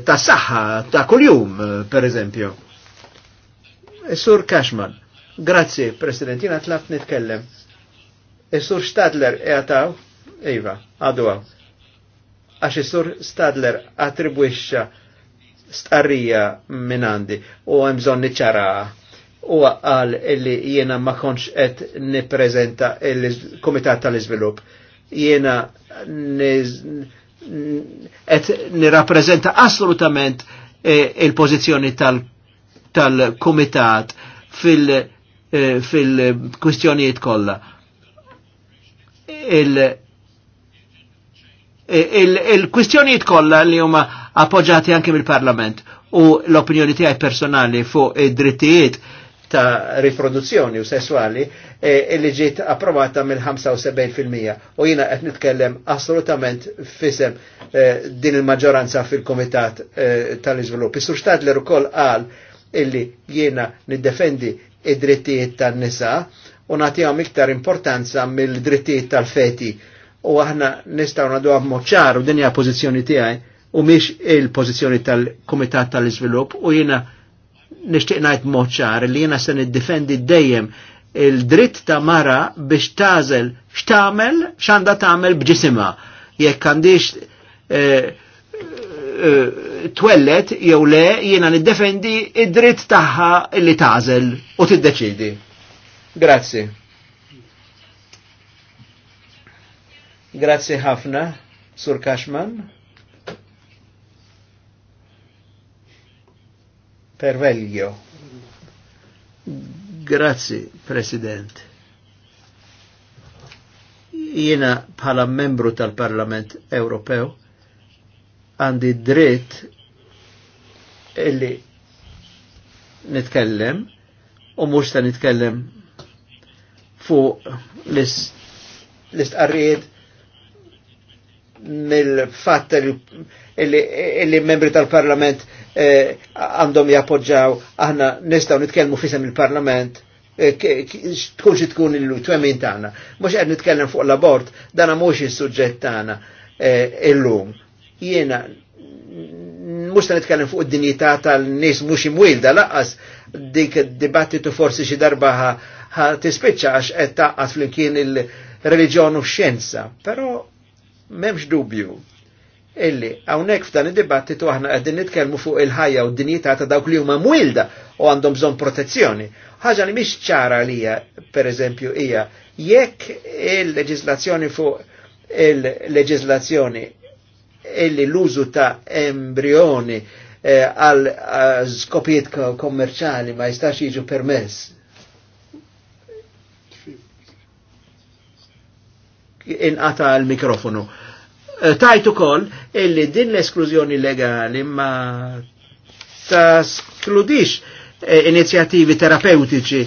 Speaker 3: ta' saħħa ta' kuljum, per eżempju. Sur Cashman Grazie, President, jina tlaft nitkellem. Is-sur e Stadler għataw? E iva, għadu għaw. Għax is-sur e Stadler attribuisċa starrija Minandi, u hemm bżonn niċċara u għal illi jiena ma konx qed niprezenta il-Kumitat tal izvilup Jiena qed nirrapprezenta assolutament eh, il-pożizzjoni tal komitat fil- Eh, fil-kwistjonijiet kollha. Il-kwistjonijiet kollha li huma appoġġati anke mill-Parlament u l-opinjoni tiegħi personali fuq id-drittijiet ta' riproduzzjoni u sessuali illi eh, li ġiet approvata mill-75% u jina qed nitkellem assolutament fisem eh, din il-maġġoranza fil kumitat tal-Iżvilupp. Is-Sur Stadler ukoll qal illi jiena niddefendi id-drittijiet tan-nisa u nagħtihom iktar importanza mill-drittijiet tal-feti u aħna nistgħu nagħdu b'mod ċar u din hija pożizzjoni tiegħi u mhix il-pożizzjoni tal-Kumitat tal-Iżvilupp u jiena nixtieq ngħid mod ċar li jiena se niddifendi dejjem il-dritt ta' mara biex tażel x'tagħmel x'għandha tagħmel bġisimha jekk għandix eh, Eh, twellet jew le jiena niddefendi id-dritt tagħha li tażel u tiddeċidi. Grazzi. Grazzi ħafna, Sur Kaxman. Perveglio. Grazzi, President. Jiena bħala membru tal-Parlament Ewropew għandi dritt illi nitkellem u mux ta' nitkellem fuq l istqarriet mill-fatt illi membri tal-parlament eh, għandhom jappoġġaw aħna nistaw nitkellmu fisem il-parlament eh, tkun xi tkun il-twemmin tagħna. Mhux qed nitkellem fuq l-abort, dana mhux is-suġġett tagħna eh, illum. Jiena mux ta' nitkellem fuq id-dinjità tal-nies mhux imwielda laqqas dik dibattitu forsi xi darba ħa tispiċċa għax qed taqqas flimkien il-reliġjon u x-xjenza. Però m'hemmx dubju illi hawnhekk f'dan id-dibattitu aħna qegħdin nitkellmu fuq il-ħajja u d-dinjità ta' dawk li huma mwilda u għandhom bżonn protezzjoni. Ħaġa li mhix ċara għalija pereżempju, hija jekk il-leġislazzjoni fuq il-leġislazzjoni illi l-użu ta' embrioni eh, għal eh, skopiet kommerċali ma jistax jiġu permess. Inqata l-mikrofonu. Eh, Tajtu kol illi din l-esklużjoni legali ma ta' skludix inizjativi terapeutiċi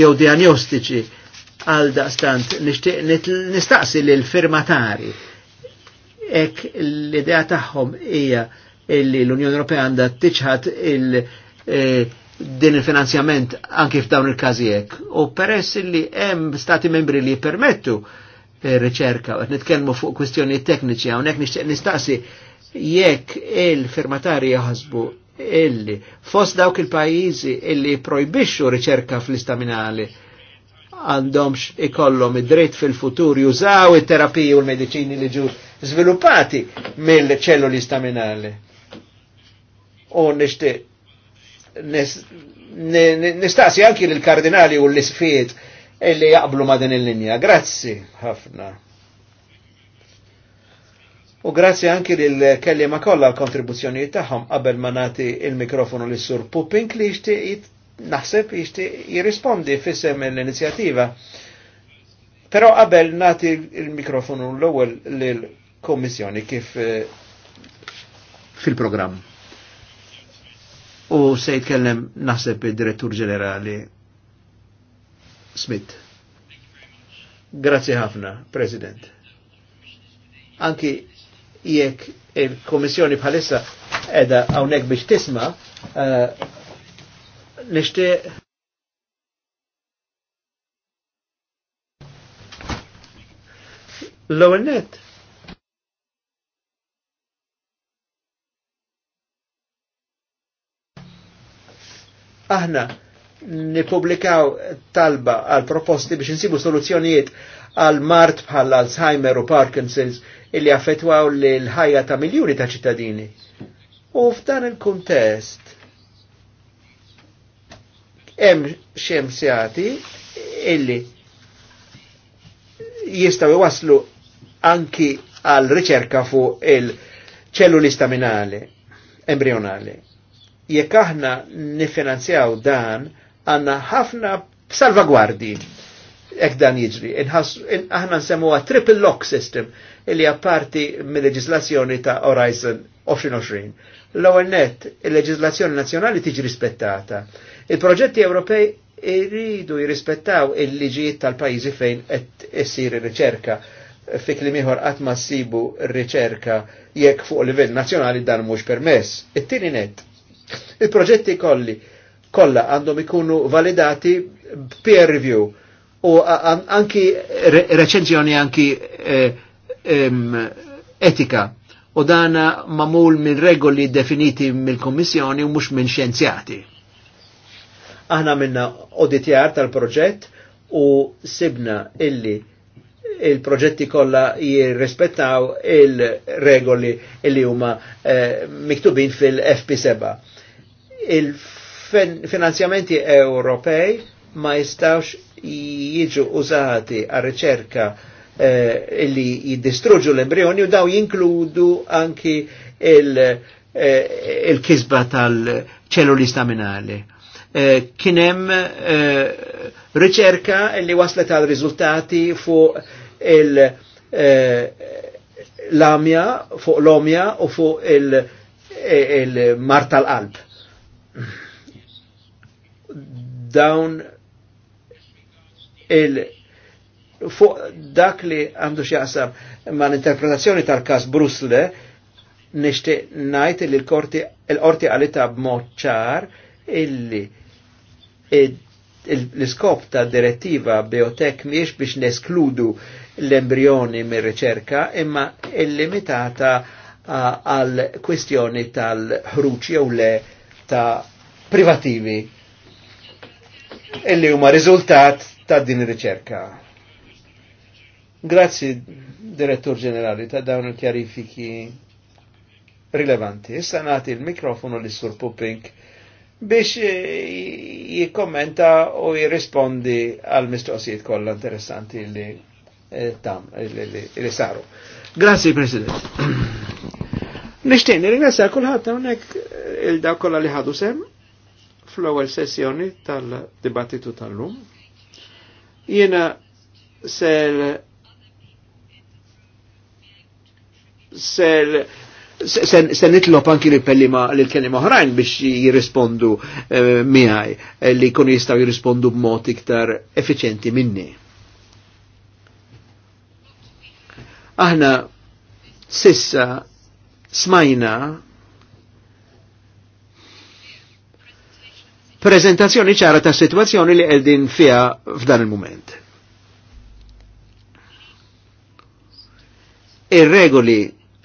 Speaker 3: jew diagnostiċi għal daqstant nistaqsi l-firmatari ek l-idea tagħhom hija illi l-Unjoni Ewropea għandha tiċħat il e, din il-finanzjament anki f'dawn il-każijek. U peress illi hemm stati membri li permettu e, riċerka, għet nitkelmu fuq kwestjoni tekniċi, għonek nishtiq nistaqsi jekk il-firmatari jaħsbu illi fost dawk il-pajizi illi projbixxu riċerka fl-istaminali għandhomx ikollhom id-dritt fil-futur jużaw it-terapiji u l medicini li ġu sviluppati mill-ċelluli staminali. U nishtiq nistaqsi anki l-kardinali u l sfid illi jaqblu ma din il-linja. Grazzi ħafna. U grazzi anki l ma kolla l-kontribuzzjoni tagħhom qabel ma nagħti il-mikrofonu lis sur Pupink li jixtieq naħseb jixtieq jirrispondi fissem l inizjativa Però qabel nagħti il-mikrofonu l-ewwel lil kommissjoni kif eh, fil-programm. U se jitkellem naħseb il direttur ġenerali Smith. Grazie ħafna, President. Anki jekk il-Komissjoni bħalissa edha hawnhekk biex tisma, uh, nixtieq l-ewwel net aħna nipublikaw talba għal proposti biex nsibu soluzzjonijiet għal mart bħal Alzheimer u Parkinson's illi affettwaw l-ħajja ta' miljoni ta' ċittadini. U f'dan il-kuntest hemm xemsjati illi jistaw waslu anki għal riċerka fuq il-ċelluli staminali, embrionali jekk aħna nifinanzjaw dan għandna ħafna salvagwardi ek dan jiġri. Aħna nsemmuha triple lock system illi apparti mill-leġislazzjoni ta' Horizon 2020. L-ewwel net, il-leġislazzjoni nazzjonali tiġi rispettata. Il-proġetti Ewropej iridu jirrispettaw il-liġijiet tal-pajjiżi fejn qed issir ir-riċerka fi klim ieħor qatt ma ssibu r-riċerka jekk fuq livell nazzjonali dan mhux permess. It-tieni net, Il-proġetti kolli kollha għandhom ikunu validati peer review u anki recenzjoni anki eh, etika u dana mamul minn regoli definiti mill-Kommissjoni u mhux minn xjenzjati. Aħna minna auditjar tal-proġett u sibna illi il-proġetti kollha jirrispettaw il-regoli li huma eh, miktubin fil-FP7 il-finanzjamenti Ewropej ma jistawx jiġu użati għal riċerka eh, li jiddistruġu l-embrioni u daw jinkludu anki eh, il-kisba eh, il tal-ċelluli staminali. Eh, kienem eh, riċerka li waslet għal rizultati fuq il eh, l-amja, fuq l-omja u fuq eh, il-mar il, il tal qalb dawn il fuq dak li għandu xjaqsam ma l-interpretazzjoni tal-kas Brusle nishti najt li l-orti korti l għalita b-moċċar illi l-iskop ta' direttiva biotek miex biex neskludu l-embrioni mir riċerka imma il-limitata għal kwistjoni tal ħruċi u le ta' privativi illi huma riżultat ta' din ir-riċerka. Grazzi, Direttur Ġenerali, ta' dawn il-kjarifiki rilevanti. Issa nagħti il-mikrofonu li sur Pupink biex eh, jikkommenta u jirrispondi għal mistoqsijiet kollha interessanti li eh, tam li saru. Grazie, Presidente. Nishtin, ringrazzja kullħat hawnhekk eh, il-daw kolla li ħadu sem fl-ewwel sessjoni tal-dibattitu tal-lum. Jiena ser ser se nitlob anki li ma li l-kelima oħrajn biex jirrispondu eh, miħaj eh, li kun jistaw jirrispondu b'mod iktar efficienti minni. Aħna sissa smajna prezentazzjoni ċara ta' situazzjoni li qegħdin fija f'dan il moment Ir-regoli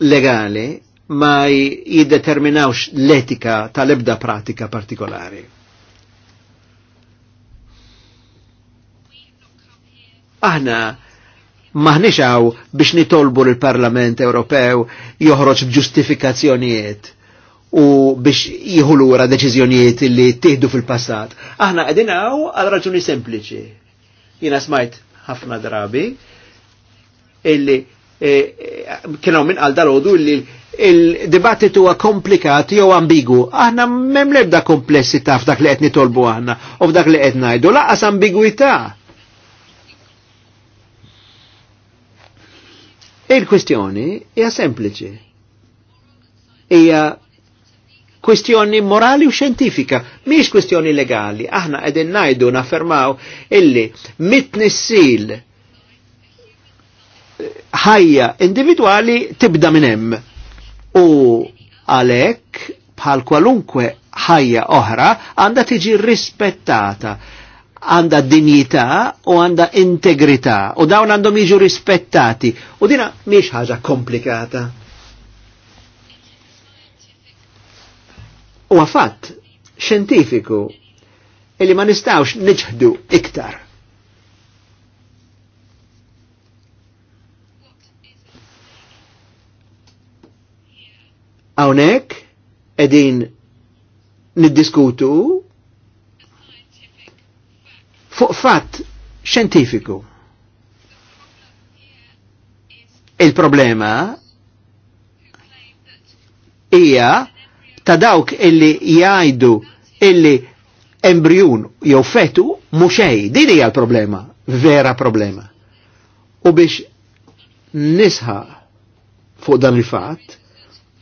Speaker 3: legali ma jiddeterminawx l-etika tal-ebda pratika partikolari. Aħna maħniex għaw biex nitolbu l-Parlament Ewropew joħroġ b'ġustifikazzjonijiet u biex jieħu lura deċiżjonijiet li tieħdu fil-passat. Aħna qegħdin hawn għal raġuni sempliċi. Jiena smajt ħafna drabi illi e, e, kienu minn għal dal-ħodu illi il-dibattitu huwa komplikat jew ambigu. Aħna m'hemm l-ebda komplessità f'dak li qed nitolbu aħna u f'dak li qed ngħidu, laqas ambigwità Il-kwistjoni hija sempliċi. Hija kwistjoni morali u xjentifika, mhix kwistjoni legali. Aħna qegħdin ngħidu naffermaw illi mitnissil ħajja individwali tibda minn hemm. U għalhekk bħal kwalunkwe ħajja oħra għandha tiġi rispettata għanda dinjità u għanda integrità u dawn għandhom jiġu rispettati u dina miex ħaġa komplikata. U għafat xentifiku illi ma nistawx nġħdu iktar. Għawnek edin niddiskutu fuq fatt xentifiku. Il-problema hija ta' dawk illi jajdu illi embrjun jew fetu muxej, din hija l-problema, vera problema. U biex nisħa fuq dan il fat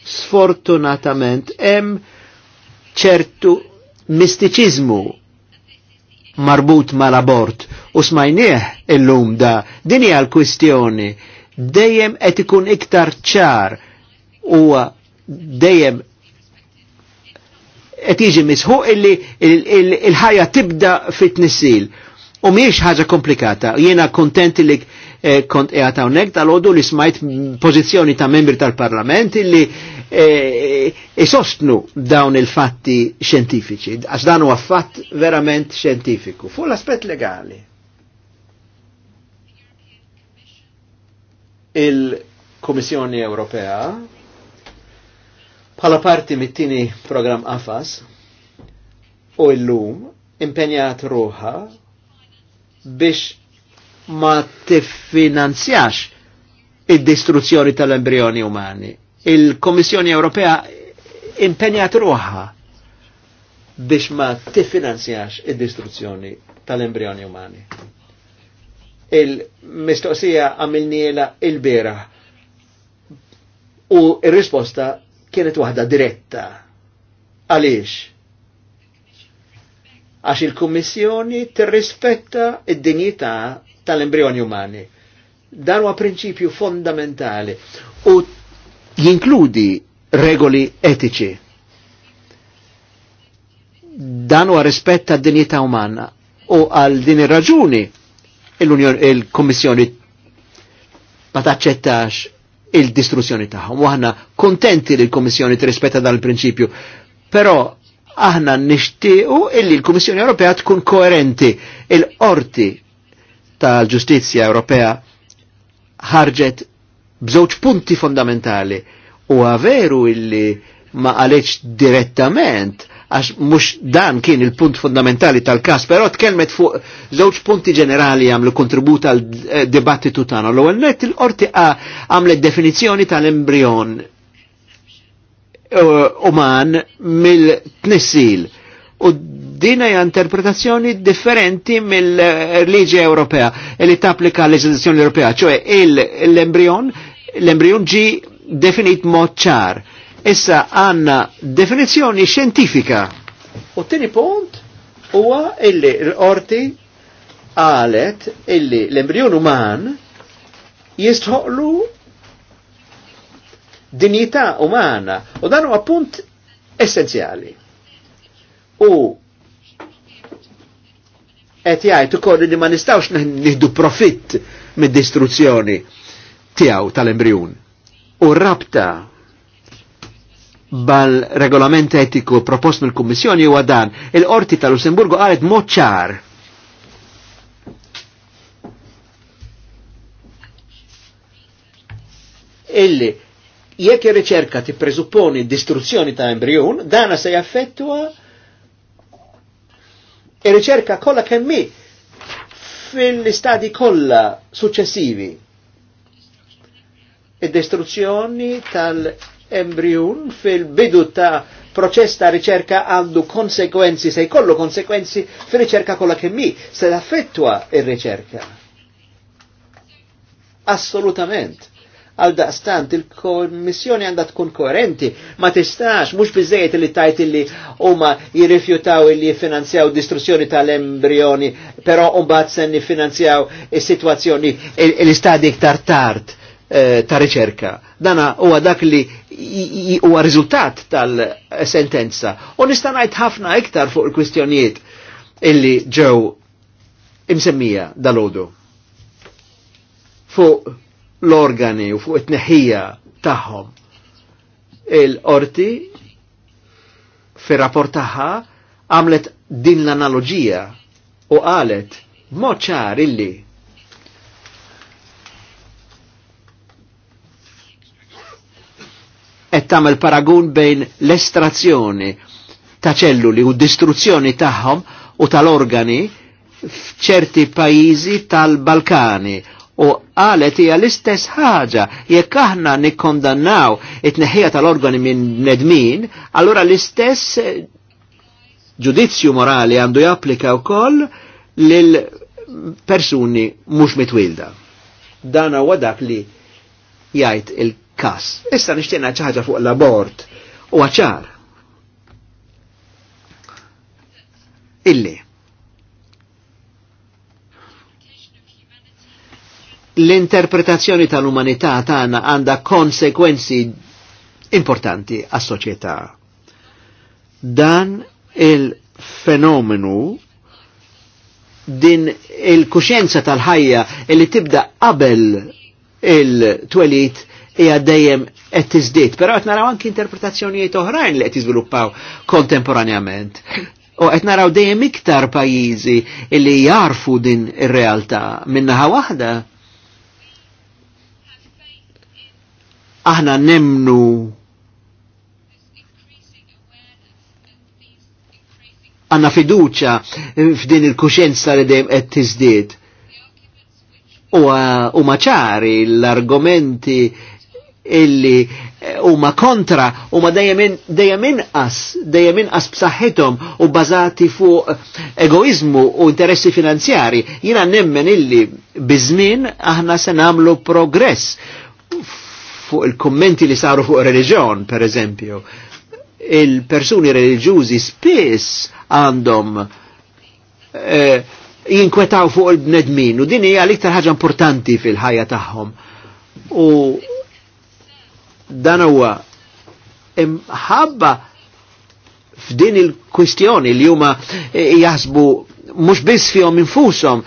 Speaker 3: sfortunatament hemm ċertu mistiċizmu marbut mal-abort u smajnieħ illum da din hija l-kwistjoni dejjem qed ikun iktar ċar u dejjem qed jiġi misħuq illi il-ħajja tibda fit-tnissil u miex ħaġa komplikata jiena kontent li eh, kont qiegħed hawnhekk tal-għodu li smajt pożizzjoni ta' membri tal-Parlament illi isostnu eh, e, e dawn il-fatti xentifiċi, għax dan huwa fatt verament xjentifiku. Fuq l-aspett legali. Il-Komissjoni Ewropea bħala parti mit-tieni programm AFAS u llum impenjat ruħa biex ma tiffinanzjax id-distruzzjoni tal-embrioni umani il-Komissjoni Ewropea impenjat ruħa biex ma tifinanzjax il distruzzjoni tal-embrioni umani. Il-mistoqsija għamilniela il bira u il-risposta kienet waħda diretta. Għaliex? Għax il-Kommissjoni tirrispetta id-dinjità tal-embrioni umani. Dan huwa prinċipju fondamentali u jinkludi regoli etiċi. Dan huwa rispett għad dinjità umana u għal din ir-raġuni il-Kommissjoni ma taċċettax il-distruzzjoni tagħhom. U aħna kontenti li l-Kommissjoni tirrispetta dan il-prinċipju, però aħna nixtiequ illi l-Kummissjoni Ewropea tkun koerenti il-qorti tal-Ġustizzja Ewropea ħarġet bżewġ punti fondamentali. U għaveru illi ma għaleċ direttament, għax mux dan kien il-punt fondamentali tal-kas, pero tkelmet fuq żewġ punti ġenerali għamlu kontribut għal eh, dibattitu tagħna. L-ewwel net il-qorti għamlet definizzjoni tal embrion eh, uman mill tnessil U dina interpretazzjoni differenti mill-liġi Ewropea li tapplika l-leġiżlazzjoni Ewropea, il l embrion l-embrion ġi definit mod ċar. Issa għanna definizjoni xjentifika. U t-tini punt huwa illi l-orti għalet illi l-embrion uman jistħoqlu dinjità umana u dan huwa punt essenzjali. U qed jgħid ukoll li ma nistgħux nieħdu profitt mid-distruzzjoni tiegħu tal-embrjun. U rabta bal-regolament etiku propost mill-Kummissjoni huwa dan. Il-qorti tal-Lussemburgu qalet mod ċar illi jekk ir-riċerka tippreżupponi distruzzjoni ta' embrjon, dana se jaffettwa ir-riċerka kollha kemm fil-istadi kollha suċċessivi id destruzzjoni tal-embrjun fil-bidu ta' proċess ta' riċerka għandu konsekwenzi, se jkollu konsekwenzi fil-riċerka kolla kemmi, se affettwa il riċerka Assolutament għal daqstant il-kommissjoni għandha tkun koerenti, ma tistax, mhux biżejjed li tajt li huma jirrifjutaw li finanzjaw distruzzjoni tal-embrjoni, però mbagħad se nifinanzjaw is-sitwazzjoni l-istadi iktar tard. Eh, ta' riċerka. Dana huwa dak li huwa riżultat tal-sentenza. U nista' ngħid ħafna iktar fuq il-kwistjonijiet illi ġew imsemmija dal-ħodu. Fuq l-organi u fuq it-neħija tagħhom. Il-qorti fir-rapport tagħha għamlet din l-analogija u qalet mod ċar illi qed tagħmel paragun bejn l-estrazzjoni ta' ċelluli u distruzzjoni tagħhom u tal-organi f'ċerti pajjiżi tal-Balkani u qalet hija l-istess ħaġa jekk aħna nikkondannaw it tneħħija tal-organi minn nedmin, allura l-istess eh, ġudizzju morali għandu japplika wkoll lil persuni mhux mitwilda. Dan huwa dak li jgħid il kas. Issa nishtiqna ċaħġa fuq l-abort u għacħar. Illi. L-interpretazzjoni tal-umanità tagħna għandha konsekwenzi importanti għas-soċjetà. Dan il-fenomenu din il-kuxenza tal-ħajja li tibda qabel il-twelit hija dejjem qed tiżdied, però qed naraw anki interpretazzjonijiet oħrajn li qed jiżviluppaw kontemporanjament. U qed naraw dejjem iktar pajjiżi li jarfu din ir-realtà minnaħa waħda. Aħna nemnu għanna fiduċa f'din il-kuxenza li dejjem qed tiżdied. U uh, maċari l-argumenti illi eh, huma kontra huma dejjem inqas dejjem inqas b'saħħithom u bażati fuq eh, egoizmu u interessi finanzjari. Jiena nemmen illi biżmien aħna se nagħmlu progress fuq il kummenti li saru fuq reliġjon, per eżempju. Il-persuni reliġjużi spiss għandhom eh, jinkwetaw fuq il-bnedmin u din hija l-iktar ħaġa importanti fil-ħajja tagħhom. U dan huwa imħabba f'din il-kwistjoni li huma jaħsbu mhux biss fihom infushom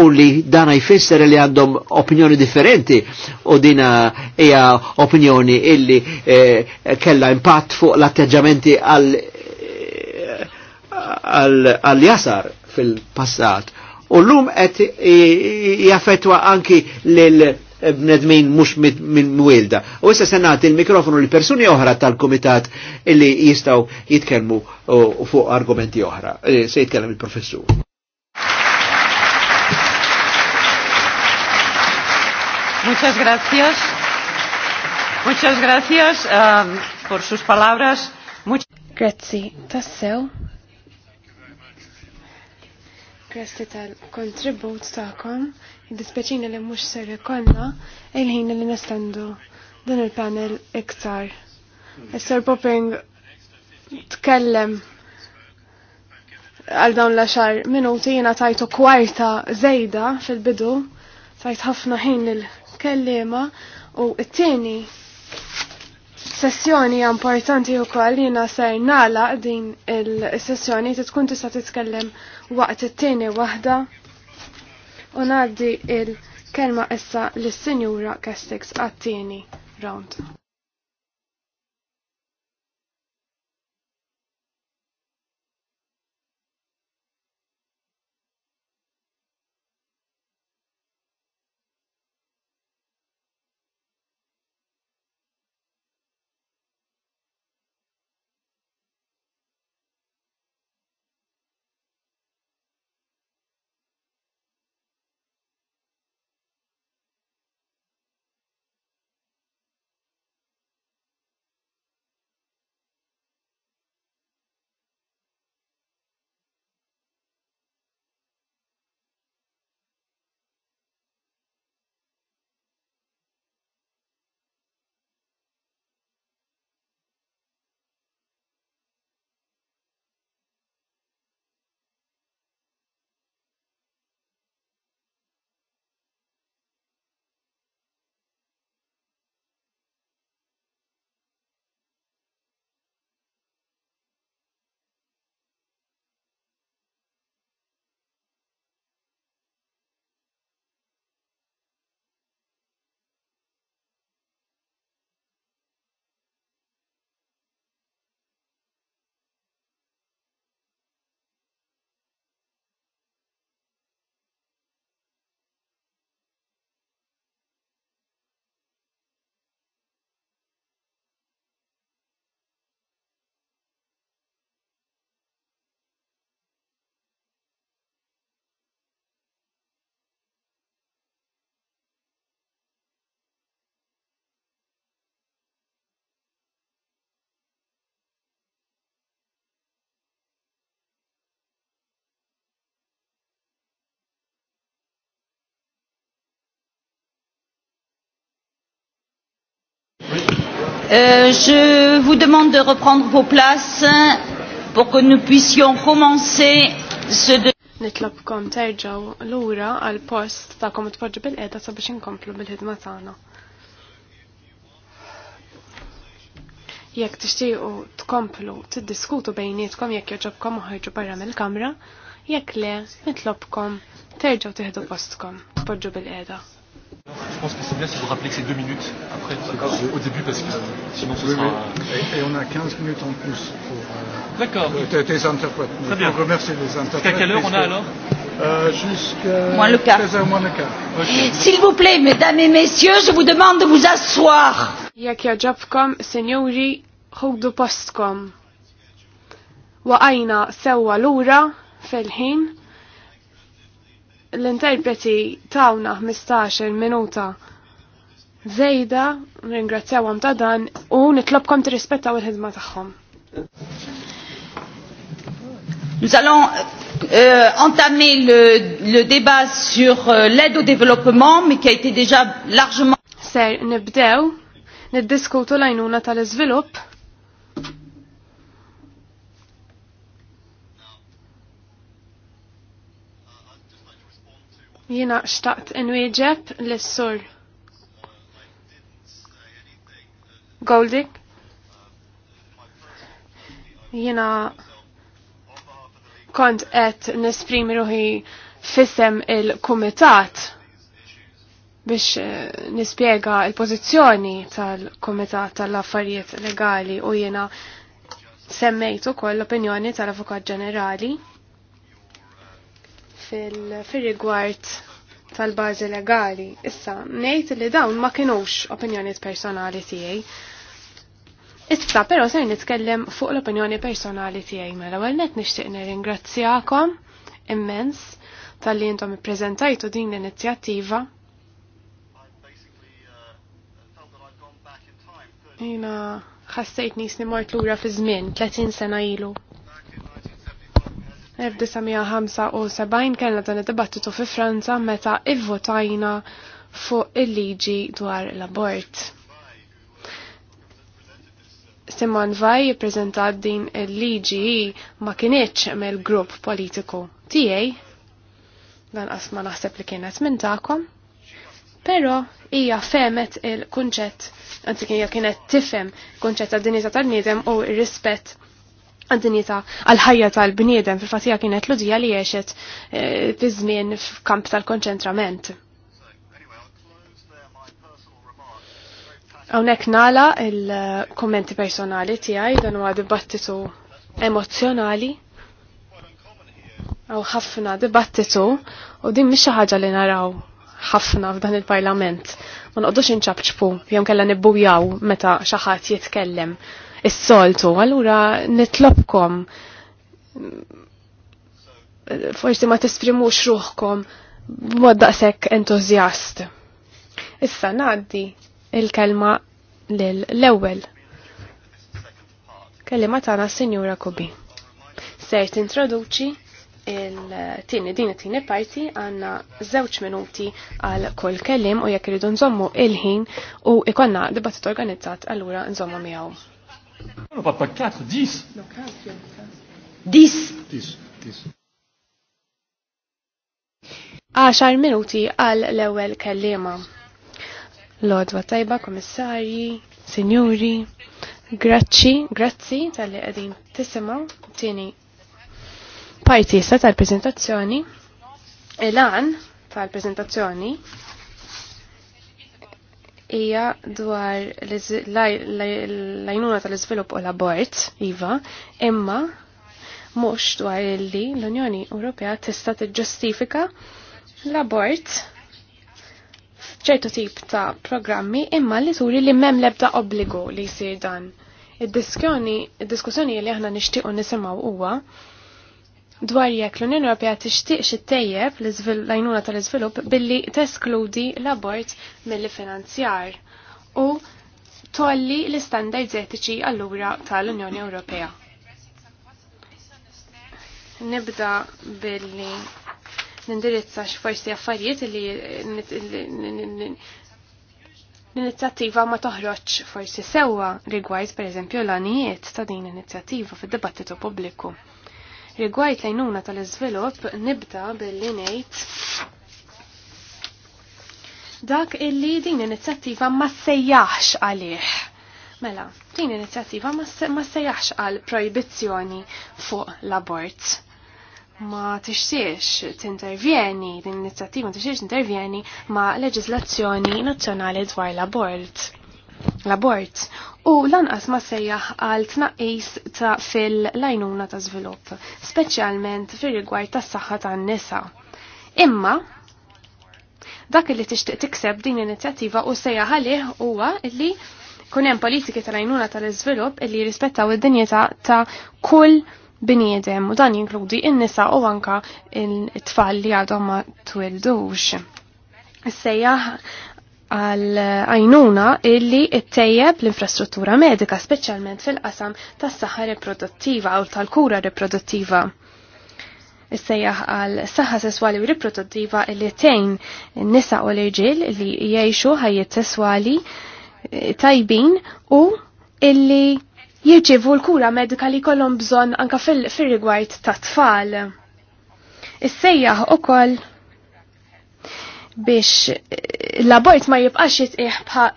Speaker 3: u li dana jfisser li għandhom opinjoni differenti u dina hija opinjoni illi eh, kella impatt fuq l-atteġġamenti għal-jasar fil-passat. U l-lum għet jaffetwa anki lil bnedmin mux minn wilda. U issa senat il-mikrofonu li persuni oħra tal-komitat illi jistaw jitkelmu fuq argumenti oħra. Eh, se jitkelmu il-professur.
Speaker 1: Muchas gracias. Muchas gracias um, por sus palabras. Much Grazzi, tassew.
Speaker 4: Grazzi tal-kontribut ta'kom. Ta id-dispeċina li mhux ser konna, il-ħin li nestendu din il-panel iktar. Is-Sir Popping tkellem għal dawn l-axar minuti jiena tajtu kwarta zejda fil-bidu tajt ħafna ħin il-kellima u t-tieni sessjoni importanti u koll jina ser nala din il-sessjoni tkun tista titkellem waqt it-tieni waħda u naddi il-kelma issa l-Sinjura Castex għattini round.
Speaker 5: Euh, je vous demande de reprendre vos places pour que nous
Speaker 4: puissions commencer ce de... Nitlobkom terġaw l-ura għal-post ta' kom tpoġġu bil-qeda sabiex inkomplu bil-ħidma tagħna. Jekk tixtiequ tkomplu tiddiskutu bejnietkom jekk joġobkom uħarġu barra mill-kamra, jekk le nitlobkom terġaw tieħdu postkom tpoġġu bil-qeda.
Speaker 2: Je pense que c'est bien si vous rappelez que c'est deux minutes après, au début, parce que sinon ce sera... Et, on a 15 minutes en plus pour euh, tes interprètes. Très bien. remercie les interprètes. Jusqu'à quelle heure on a alors
Speaker 1: euh, Jusqu'à... Moins le quart. moins le quart.
Speaker 5: S'il
Speaker 4: vous plaît, mesdames et messieurs, je vous demande de vous asseoir. Jekk jaġabkom, senjuri, ħudu postkom. Waqajna sewa lura fil-ħin l-interpreti tawna 15 minuta zejda, għam ta' dan, u nitlobkom tirrispettaw il-ħidma tagħhom.
Speaker 5: Nous allons euh, entamer le, le débat sur euh, l'aide au développement, mais qui a été déjà largement.
Speaker 4: Ser, nibdew, niddiskutu l-għajnuna tal-izvilupp Jina xtaqt inwieġeb l-sur Golding. Jina kont qed nesprimi ruħi fissem il-kumitat biex eh, nispiega il-pozizjoni tal-kumitat tal-affarijiet legali u jina semmejtu koll l-opinjoni tal-Avukat Ġenerali fil-rigward tal-bazi legali. Issa, nejt li dawn ma kienux opinjoni personali tiegħi. Issa, pero ser nitkellem fuq l-opinjoni personali tiegħi mela għal net nixtieq nirringrazzjakom immens tal-li intom prezentajtu din l-inizjattiva. Jina ħassejt nisni mort lura fi żmien 30 sena ilu. 1975 kellna dan id-dibattitu fi Franza meta ivvotajna fuq il-liġi dwar l-abort. Simon Vaj jippreżenta din il-liġi ma kienieċ mill grupp politiku tiegħi dan asma naħseb li kienet minn takom, pero hija femet il-kunċett, anzi kienet tifhem kunċett tad-dinjità tal-niedem u r-rispett għad-dinjità għal-ħajja tal-bniedem fil-fatija kienet ludija li għexet eh, fi żmien f'kamp tal-konċentrament. Hawnhekk nala il-kommenti personali tiegħi dan huwa dibattitu emozjonali għaw ħafna dibattitu u din mhix xi ħaġa li naraw ħafna f'dan il-parlament. Ma nqoddux inċabċpu, jom kellha nibbujaw meta xi ħadd jitkellem is-soltu. Allura nitlobkom forsi ma tesprimux ruħkom b'mod daqshekk entużjast. Issa ngħaddi il-kelma l-ewwel. Kelliema tagħna Sinjura Kubi. Ser introduċi il-tini din it-tini parti għanna zewċ minuti għal kol kellim u jekk irridu nżommu il-ħin u ikonna dibattit organizzat allura nżommu miegħu. Non va pas 4,
Speaker 3: 10.
Speaker 5: 10. 10. 10.
Speaker 4: 10 minuti għal l ewel kellima. Lodwa tajba, komissari, sinjuri, grazzi, grazzi tal-li għedin tisimgħu tini parti tal prezentazzjoni Il-għan tal prezentazzjoni hija dwar l-għajnuna tal-iżvilupp u l-abort, iva, imma mhux dwar li l-Unjoni Ewropea tista' tiġġustifika l-abort ċertu tip ta' programmi imma li turi li mem lebda obbligu li jsir dan. Id-diskussjoni li aħna nixtiequ nisimgħu huwa dwar jekk l-Unjoni Ewropea tixtieq tejjeb l-għajnuna tal-iżvilupp billi teskludi l-abort mill-finanzjar u tolli l-istandards etiċi allura tal-Unjoni Ewropea. Nibda billi nindirizza x'forsi affarijiet li l-inizjattiva ma toħroġ forsi sewwa rigward pereżempju l-għanijiet ta' din l-inizjattiva fid-dibattitu pubbliku. Rigward lejnuna tal-iżvilupp nibda billi ngħid dak illi din inizjattiva ma sejjaħx għalih. Mela, din inizjattiva ma sejjaħx għal proibizzjoni fuq l-abort ma tixtiex t-intervjeni, din l-inizjattiva ma tixtiex t-intervjeni ma leġislazzjoni nazzjonali dwar l-abort l-abort u lanqas ma sejjaħ għal tnaqqis ta' fil-lajnuna ta' żvilupp, speċjalment fir-rigward tas-saħħa tan-nisa. Imma dak li tixtieq tikseb din l-inizjattiva u sejjaħ għalih huwa li kun hemm politiki tal-għajnuna tal-iżvilupp li jirrispettaw id-dinjeta ta' kull bniedem u dan jinkludi n nisa u anka il tfal li għadhom ma twildux. Sejjaħ għal għajnuna illi ittejjeb l-infrastruttura medika, speċjalment fil-qasam tas saħħa riproduttiva u tal-kura riproduttiva. Issejjaħ għal saħħa sesswali u riproduttiva illi tejn nisa u l-irġil li jgħixu ħajjiet sesswali eh, tajbin u illi jirċivu l-kura medika li kollhom bżonn anka fil-rigward tat-tfal. Issejjaħ ukoll biex eh, l-abort ma jibqax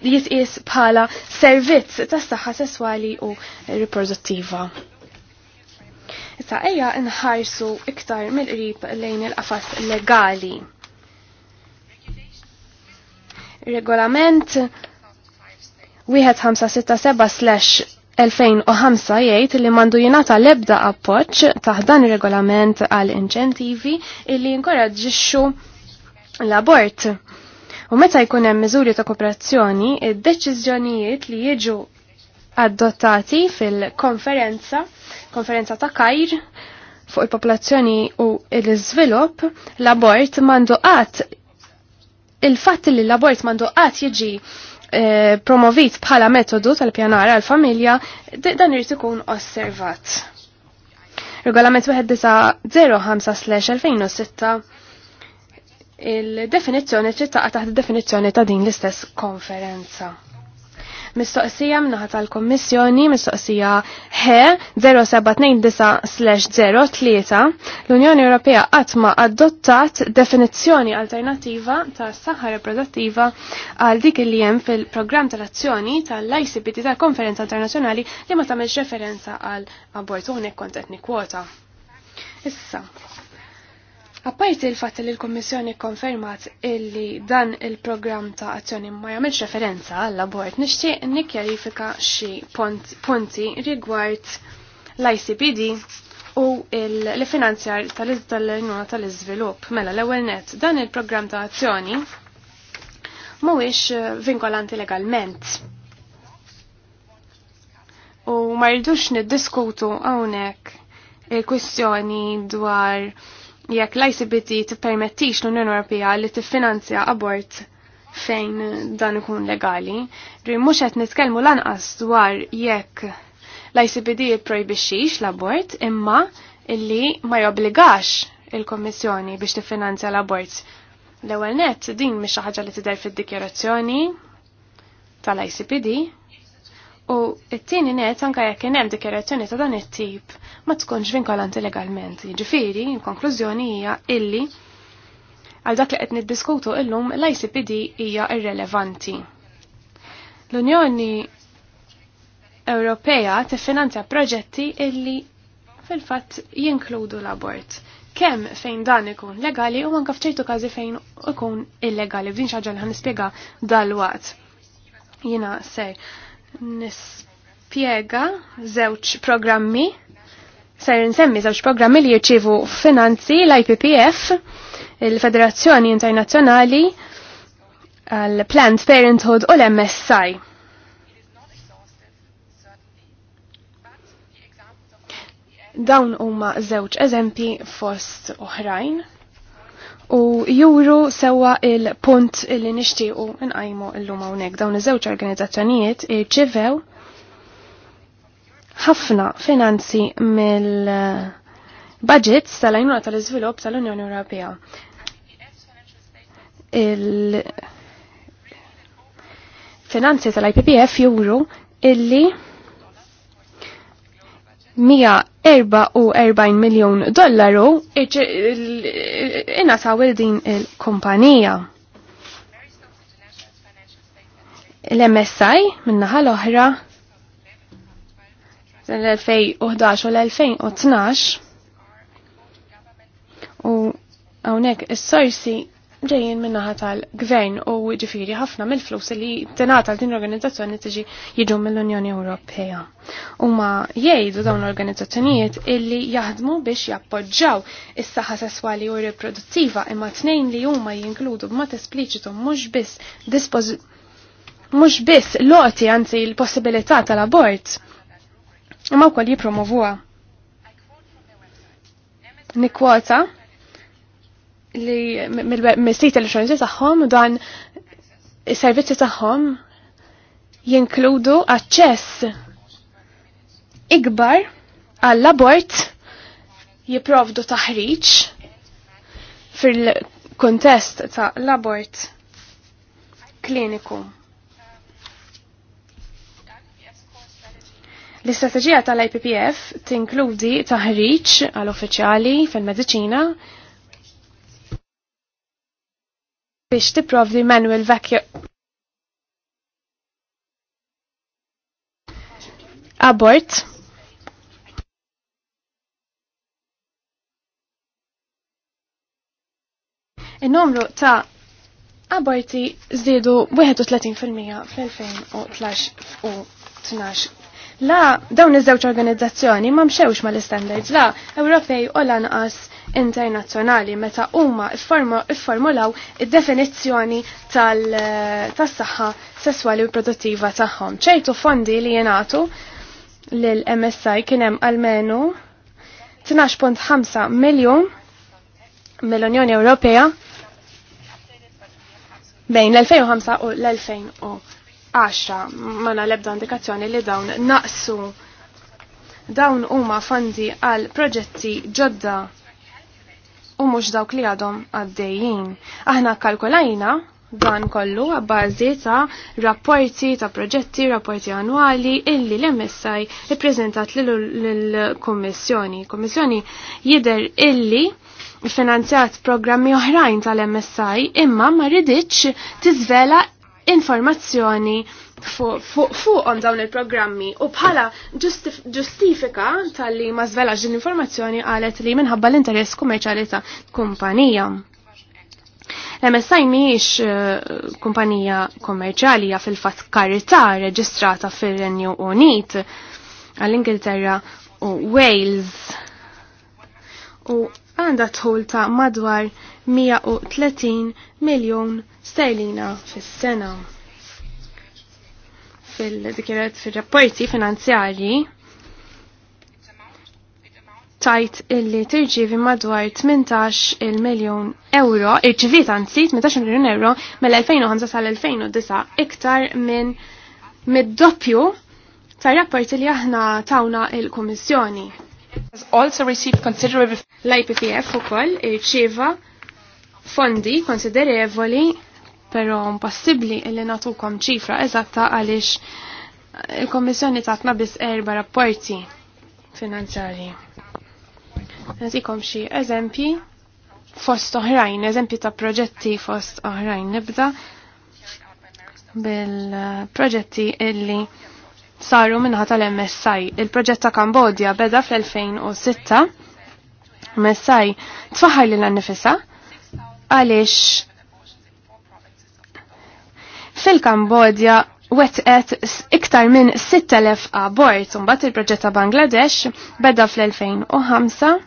Speaker 4: jitqis bħala servizz tas saħħa sesswali u riproduttiva. Issa ejja nħarsu iktar mill-qrib lejn il-qafas legali. Regolament 1567-2005 jgħid li mandu jingħata l-ebda appoġġ taħdan ir-regolament għal inċentivi illi jinkoraġġixxu l-abort. U meta jkun hemm miżuri ta' kooperazzjoni, id-deċiżjonijiet li jiġu adottati fil-konferenza, konferenza ta' Kajr, fuq il-popolazzjoni u l-iżvilupp, l-abort mandu qatt il-fatt li l-abort mandu qatt jiġi eh, promovit bħala metodu tal-pjanar għal-familja, dan irid ikun osservat. Regolament 1905/2006 il-definizzjoni trid taqa' taħt definizzjoni ta' din l-istess konferenza. Mistoqsija mnaħa tal-Kommissjoni, mistoqsija he 0729-03 l-Unjoni Ewropea qatt ma' adottat definizzjoni alternativa ta' saħħa reproduttiva għal dik li hemm fil-programm tal-azzjoni tal-ICPT tal-Konferenza Internazzjonali li ma tagħmilx referenza għal abortu u hawnhekk kont kwota. Issa, Apparti il fat li l-Kommissjoni konfermat illi dan il-programm ta' azzjoni ma jagħmilx referenza għall-abort, nixtieq nikkjarifika xi punti rigward l-ICPD u l-finanzjar tal nuna tal-Iżvilupp. Mela l-ewwel net dan il-programm ta' azzjoni mhuwiex eh, vinkolanti legalment. U ma rridux niddiskutu hawnhekk il-kwistjoni dwar jekk l-ICBT tippermettix l-Unjoni Ewropea li tiffinanzja abort fejn dan ikun legali, ri mhux qed nitkellmu lanqas dwar jekk l-ICBD jipprojbixxix l-abort imma illi ma jobbligax il-Kommissjoni biex tiffinanzja l-abort. L-ewwel nett din mish ħaġa li tidher fid-dikjarazzjoni tal-ICPD U it-tieni net anke jekk kien hemm dikjerazzjoni ta' dan it-tip ma tkunx vinkolanti legalment. Ġifieri, l-konklużjoni hija illi għal dak li qed niddiskutu illum l-ICPD hija irrelevanti. L-Unjoni Ewropea tiffinanzja proġetti illi fil-fatt jinkludu l-abort. Kemm fejn dan ikun legali u anke f'ċertu każi fejn ikun illegali, b'din xi ħaġa li ħanispjega dal-waqt. Jina sej nispjega żewġ programmi ser nsemmi żewġ programmi li jirċivu finanzi l-IPPF, il-Federazzjoni Internazzjonali għal Planned Parenthood u l-MSI. Dawn huma żewġ eżempji fost oħrajn u juru sewa il-punt li nishtiqu nqajmu illum hawnhekk dawn iż-żewġ organizzazzjonijiet irċivew ħafna finanzi mill-budgets tal-għajnuna tal-iżvilupp tal-Unjoni Ewropea. Il-finanzi tal-IPPF juru illi 144 miljon dollaru inna sawil din il-kumpanija. L-MSI minna l-oħra l-2011 u l-2012 u għonek il-sorsi ġejjin minnaħa tal-gvern u ġifiri ħafna mill-flus li tenata din l-organizzazzjoni tiġi jiġu mill-Unjoni Ewropea. Huma jgħidu dawn l-organizzazzjonijiet illi jaħdmu biex jappoġġaw is-saħħa sesswali u riproduttiva imma tnejn li huma jinkludu b'mod espliċitu mhux biss dispoz mhux biss loti anzi l-possibilità tal-abort imma wkoll jippromovuha. Nikwota li mill-sit elettroniċi tagħhom dan is-servizzi tagħhom jinkludu aċċess ikbar għall-abort jipprovdu taħriġ fil kuntest ta' l-abort kliniku. L-istrateġija tal-IPPF tinkludi taħriġ għal-uffiċjali fil-medicina biex tipprovdi Manuel Vecchio abort Il-numru ta' aborti zidu 31% fil 2013 u 12. La, dawn iż-żewġ organizzazzjoni ma mxewx mal-istandards la Ewropej u lanqas internazzjonali meta huma formulaw id-definizzjoni eh, tas-saħħa sesswali u produttiva tagħhom. ċertu fondi li jingħatu lill MSI kien hemm almenu 12.5 miljun mill-Unjoni Ewropea bejn l-2005 u l-2000. 10 ma lebda indikazzjoni li dawn naqsu dawn huma fondi għal proġetti ġodda u mhux dawk li għadhom għaddejjin. Aħna kalkolajna dan kollu għabbażi ta' rapporti ta' proġetti, rapporti annwali illi l-MSI ippreżentat lill-Kummissjoni. Kommissjoni jider illi finanzjat programmi oħrajn tal-MSI imma ma ridiċ tiżvela informazzjoni fuqhom dawn il-programmi u bħala ġustifika tal-li ma żvelax din l-informazzjoni qalet li minħabba l-interess kummerċjali ta' kumpanija. MSI miex eh, kumpanija kommerċjali fil-fat karità reġistrata fil-Renju Unit għall-Ingilterra u Wales u għandha tħul ta' madwar 130 miljon sterlina fis-sena. fil dikirat fil-rapporti finanzjali, tajt illi tirġivi madwar 18 il-miljon euro, irċivit anzi 18 miljon euro mill-2005 sal-2009 iktar minn mid-doppju tar rapport li aħna tawna il-Kummissjoni. Also received considerable l-IPPF ukoll irċieva fondi konsiderevoli, pero impossibbli illi kom ċifra eżatta għaliex il-Kommissjoni tatna biss erba rapporti finanzjari. Natikom xi eżempji fost oħrajn, eżempji ta' proġetti fost oħrajn. Nibda bil-proġetti illi saru minnħat tal-MSI. Il-proġett ta' Kambodja beda fl-2006. MSI tfaħar li l-annifisa għaliex fil-Kambodja wetqet iktar minn 6000 abort, mbagħad il-proġett ta' Bangladesh beda fl-2005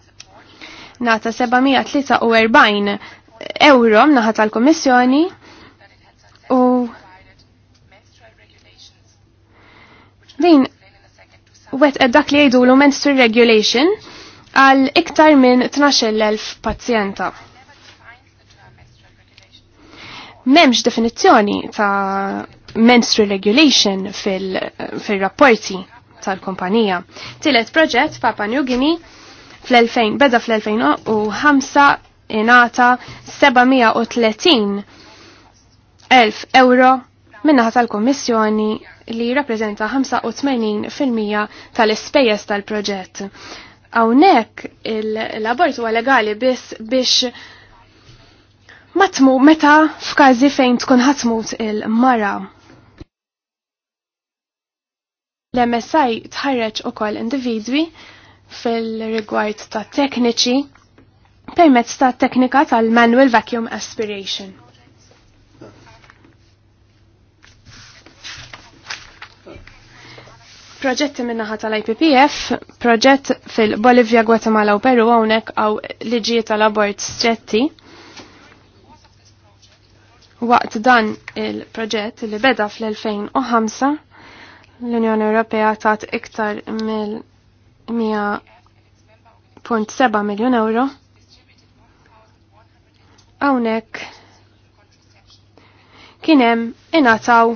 Speaker 4: nata 743 euro mnaħa tal-Kommissjoni u din wetqet dak li jgħidu l-menstrual regulation għal iktar minn 12,000 pazjenta. Memx definizzjoni ta' menstrual regulation fil-rapporti fil tal-kompanija. Tilet proġett Papa New Guinea fl-2000 beda fl-2005 inata 730 elf euro minnaħat tal-Kommissjoni li rappresenta 85% tal-ispejjeż tal-proġett. Hawnhekk l-abort huwa legali biss biex matmu meta f'każi fejn tkun ħatmut il-mara. L-MSI tħarreġ ukoll individwi fil-rigward ta' tekniċi permezz ta' teknika tal-manual vacuum aspiration. Proġetti minnaħa tal-IPPF, proġett fil-Bolivja, Guatemala u Peru għonek għaw liġijiet tal-abort stretti Waqt dan il-proġett li beda fl-2005 l-Unjoni Ewropea tat iktar mill 100.7 miljon euro kien kienem inataw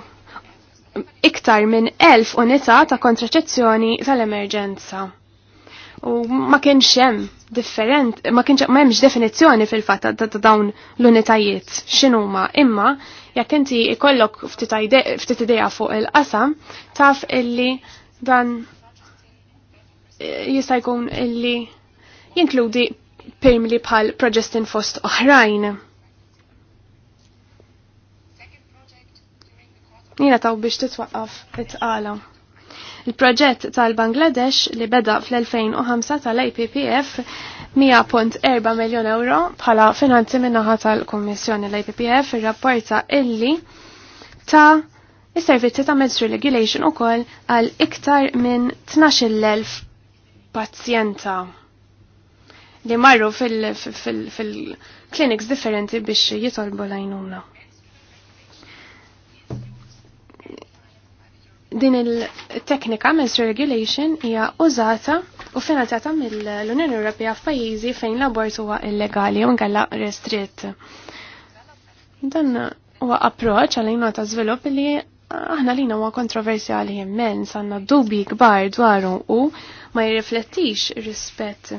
Speaker 4: iktar minn 1000 unità ta' kontraċezzjoni tal-emerġenza. U ma kienx hemm different, ma kienx ma hemmx definizzjoni fil-fatt ta' dawn l-unitajiet x'inhuma, imma jekk inti ikollok ftit idea fuq il-qasam, taf illi dan eh, jista' jkun illi jinkludi pejmli bħal proġestin fost oħrajn. Jina taw biex titwaqqaf it-tqala. Il-proġett tal-Bangladesh li beda fl-2005 tal-APPF 100.4 miljon euro bħala finanzi minnaħa tal-Kommissjoni l-APPF il-rapporta illi ta' is-servizzi ta' Meds Regulation u koll għal iktar minn 12.000 pazjenta li marru fil-clinics differenti biex jitolbu lajnuna. din il-teknika Men's Regulation hija użata u finanzjata mill-Unjoni Ewropea f'pajjiżi fejn l-abort huwa illegali u nkella restritt. Dan huwa approċċ għal ta' żvilupp li aħna lina huwa kontroversjali immens għandna dubi kbar dwaru u ma jirriflettix rispett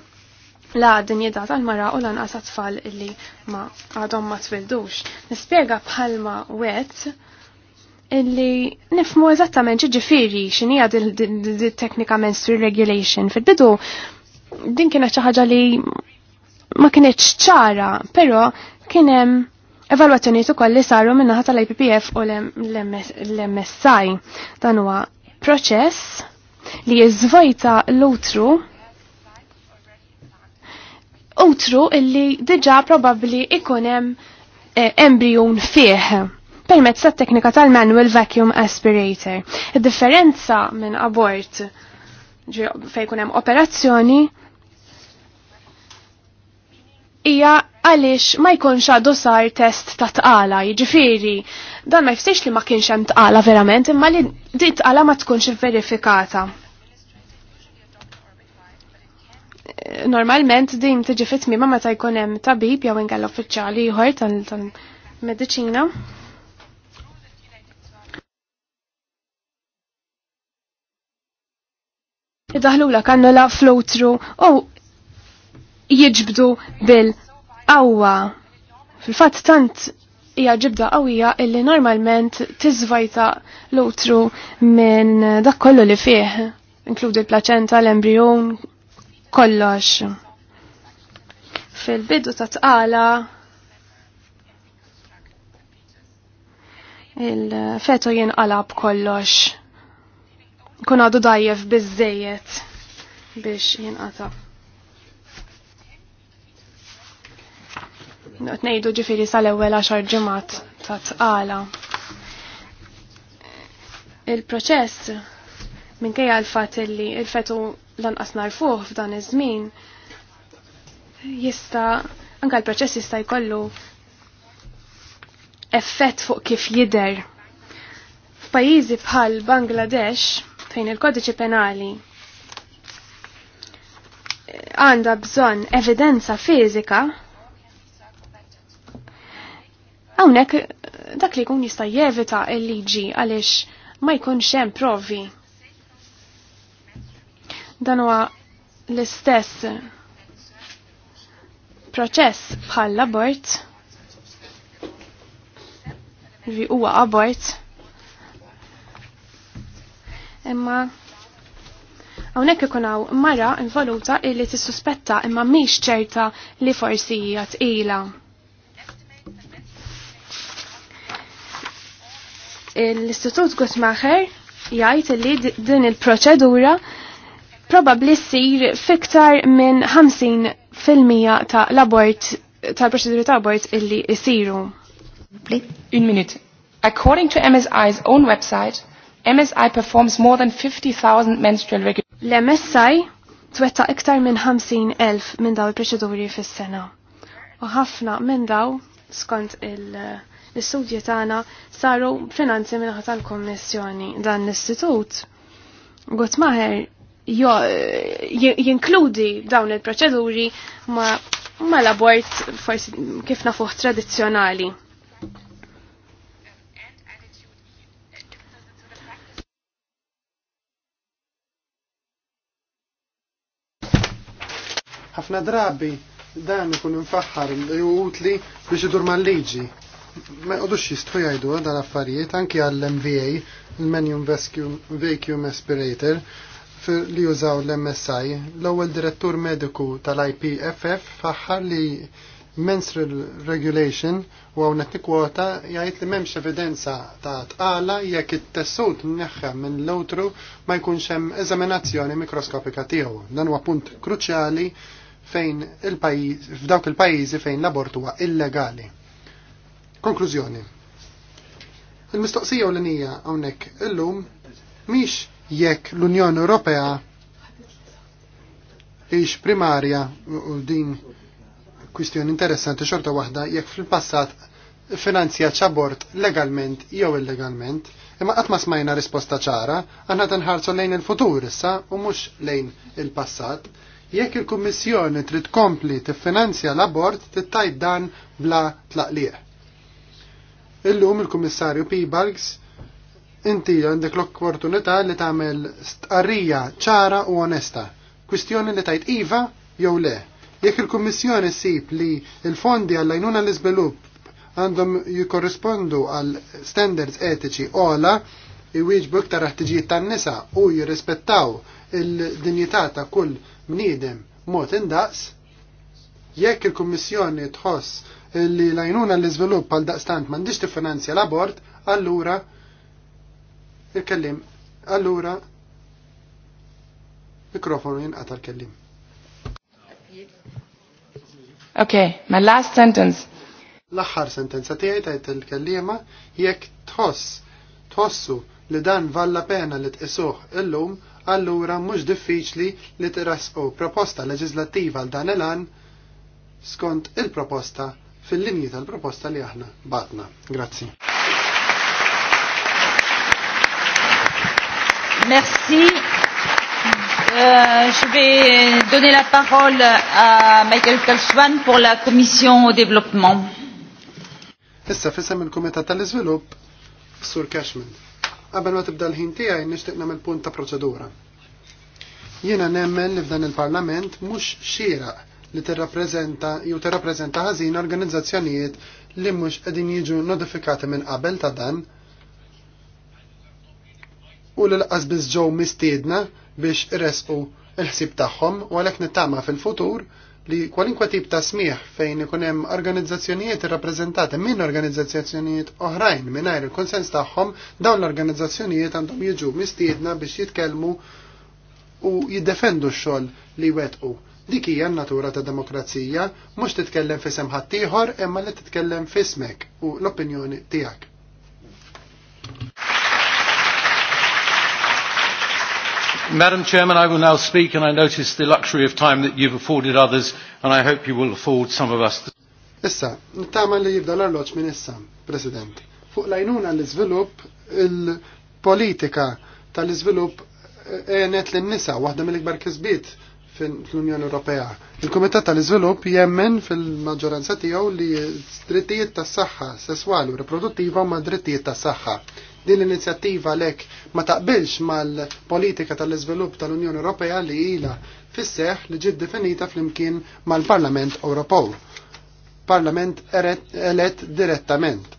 Speaker 4: la dinjità tal-mara u lanqas tfal li ma għadhom ma twildux. Nispjega bħalma wet illi nifmu eżattament ġiġifiri xinija teknika menstrual regulation. Fil-bidu, din kienet xi ħaġa li ma kienieċ ċara, pero kienem evalwazzjoni ukoll li saru minnaħa tal-IPPF u l-MSI. Dan huwa proċess li jiżvojta l-utru utru illi diġa probabli ikunem eh, embryon fih permezz tat-teknika tal-manual vacuum aspirator. il differenza minn abort fejn hemm operazzjoni hija għaliex ma jkunx għadu sar test ta' tqala, jiġifieri dan ma jfsirx li ma kienx hemm tqala verament, imma li di tqala ma tkunx verifikata. Normalment din tiġi fit-tmima meta jkun hemm tabib jew inkella uffiċjali ieħor tal-mediċina. tal medicina tal la kannola flowtru u jiġbdu bil awwa Fil-fatt tant hija ġibda qawwija illi normalment tiżvajta l-utru minn dak kollu li fih, inkludi l-plaċenta, l-embryon, kollox. Fil-bidu ta' tqala il-feto jinqalab kollox kun għadu dajjef bizzejiet biex jinqata. Nejdu ġifiri sal-ewel għaxar ġimat ta' tqala. Il-proċess minkejja l-fat li il-fetu lanqas narfuħ f'dan iż-żmien jista' anka l-proċess jista' jkollu effett fuq kif jider. F'pajjiżi bħal Bangladesh fejn il-kodiċi penali għanda bżon evidenza fizika għawnek dak li kun jista jevita il-liġi għalix ma jkun xem provi. Dan huwa l-istess proċess bħal l-abort, huwa abort, imma Hawnhekk ikun mara involuta illi tissuspetta imma mhix ċerta li forsi jgħat tqila. L-Istitut Guttmacher jgħid li din il-proċedura probabbli ssir fiktar minn 50% ta' l-abort tal-proċeduri ta' abort illi jsiru. Un minut. According to MSI's own website, MSI performs more than 50,000 menstrual regulations. L-MSI twetta iktar minn 50,000 minn daw il-proċeduri fis-sena. U ħafna minn daw, skont il-studji tagħna, saru finanzi minn ħadd tal-Kommissjoni dan l-istitut. maħer jinkludi dawn il-proċeduri ma l-abort kif nafuħ tradizzjonali.
Speaker 2: Ħafna drabi dan ikun infaħħar utli biex idur mal-liġi. Ma jqodux jistħu jgħidu dan affarijiet anki għall-MVA, il-Menium Vacuum Aspirator, li jużaw l-MSI. L-ewwel direttur mediku tal-IPFF faħħar li menstrual regulation u għawnet nikwota jgħajt li memx evidenza ta' tqala jekk it-tessut nneħħa minn l-outru ma jkunx hemm eżaminazzjoni mikroskopika tiegħu. Dan huwa punt kruċjali fejn il pajiz f'dawk il-pajjiżi fejn l-abort huwa illegali. Konklużjoni. Il-mistoqsija u l-nija hawnhekk illum mhix jekk l-Unjoni Ewropea ix primarja u din kwistjoni interessanti xorta waħda jekk fil-passat finanzja ċabort legalment jew illegalment, imma qatt ma smajna risposta ċara, aħna tinħarsu lejn il-futur issa u mhux lejn il-passat. il passat Jekk il-Kummissjoni trid kompli tiffinanzja l-abort, tittajt dan bla tlaqliq. Illum il-Kummissarju Pibalgs inti għandek l-opportunità li tagħmel stqarrija ċara u onesta. Kwistjoni li tajt iva jew le. Jekk il-Kummissjoni sib li il-fondi għall-għajnuna l-iżvilupp għandhom jikorrispondu għal standards etiċi ola iwieġbu iktar ħtiġijiet tan-nisa u jirrispettaw il-dinjità ta' kull bniedem mod indaqs, jekk il-Kummissjoni tħoss li lajnuna l-iżvilupp għal daqstant m'għandix tiffinanzja l-abort, allura il-kellim, allura mikrofonu jinqata' l-kellim.
Speaker 4: Ok, my last sentence.
Speaker 2: L-aħħar sentenza tiegħi tajt il-kellima jekk tħoss tħossu li dan valla pena li tqisuh illum allura mhux diffiċli li tirasqu proposta leġislattiva għal dan il-għan skont il-proposta fil-linji tal-proposta li aħna batna. Grazzi.
Speaker 5: Merci. Euh, je vais donner la parole à Michael Kalschwan pour la Commission au développement.
Speaker 2: Issa fissam il-Komitat tal-Izvilup, Sur Cashman. Qabel ma tibda l-ħin tiegħi nixtieq nagħmel punt ta' proċedura. Jiena nemmen li f'dan il-Parlament mhux xieraq li tirrappreżenta jew tirrappreżenta ħażin organizzazzjonijiet li mhux qegħdin jiġu notifikati minn qabel ta' dan u l biss ġew mistiedna biex irresqu il-ħsib tagħhom u għalhekk nittama fil-futur li kwalinkwa tip ta' smieħ fejn ikun hemm organizzazzjonijiet irrappreżentati minn organizzazzjonijiet oħrajn mingħajr il-konsens tagħhom dawn l-organizzazzjonijiet għandhom jiġu mistiedna biex jitkellmu u jiddefendu x-xogħol li wetqu. Dik hija natura ta' demokrazija, mhux titkellem fisem ħaddieħor imma li titkellem fismek u l-opinjoni tiegħek.
Speaker 1: Madam Chairman, I will now speak and I notice the luxury of time that you've afforded others and I hope you will afford some of us. To...
Speaker 2: Issa, nittama li jibda l-arloċ minn issa, President. Fuq lajnuna l-izvilup, il-politika tal-izvilup eh, enet l-nisa, wahda mill-ikbar kisbiet fil unjoni Ewropea. Il-Kumitat tal izvilup jemmen fil-maġġoranza tiegħu li drittijiet tas-saħħa sesswali u riproduttiva ma' drittijiet tas-saħħa. Din l-inizjattiva lek ma taqbilx mal-politika tal-iżvilupp tal-Unjoni Ewropea li ila fis li ġiet definita flimkien mal-Parlament Ewropew. Parlament elett direttament.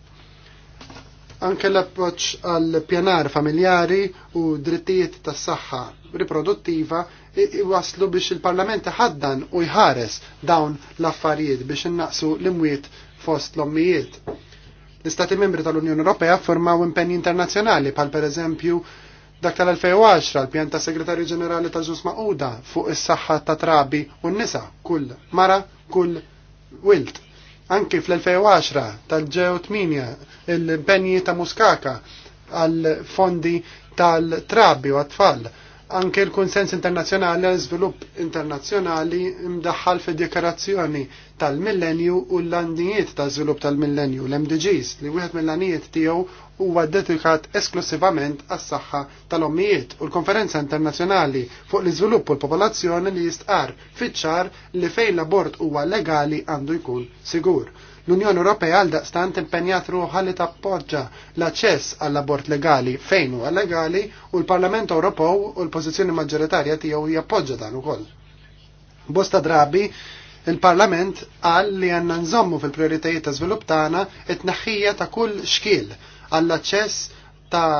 Speaker 2: Anke l-approċ għal pjanar familjari u drittijiet tas saħħa riproduttiva waslu biex il-Parlament ħaddan u jħares dawn l-affarijiet biex innaqsu l-imwiet fost l-ommijiet L-Istati membri tal-Unjoni Ewropea formaw impenni internazzjonali per pereżempju dak tal-2010 l-pjan ta' Segretarju Ġenerali ta' Ġus Uda fuq is-saħħa ta' trabi u n-nisa kull mara kull wilt. Anki fl-2010 tal-ġew 8 l penji ta' Muskaka għal fondi tal-trabi u għat-tfal anke l-konsens internazzjonali għal żvilupp internazzjonali imdaħħal fid dikarazzjoni tal-millenju u l-għandijiet ta' żvilupp tal-millenju, l-MDGs, li wieħed mill-għandijiet tiegħu huwa dedikat esklusivament għas saħħa tal-ommijiet u l-konferenza internazzjonali fuq l-iżvilupp u l-popolazzjoni li jistqar fiċ-ċar li fejn l-abort huwa legali għandu jkun sigur. L-Unjoni Ewropea għal daqstant impenjat ruħa li tappoġġa l-aċċess għall-abort legali fejn huwa legali u l-Parlament Ewropew u l-pożizzjoni maġġoritarja tiegħu jappoġġa dan ukoll. Bosta drabi il-Parlament qal li għandna nżommu fil-prioritajiet ta' żvilupp tagħna t tnaħħija ta' kull xkiel għall-aċċess ta'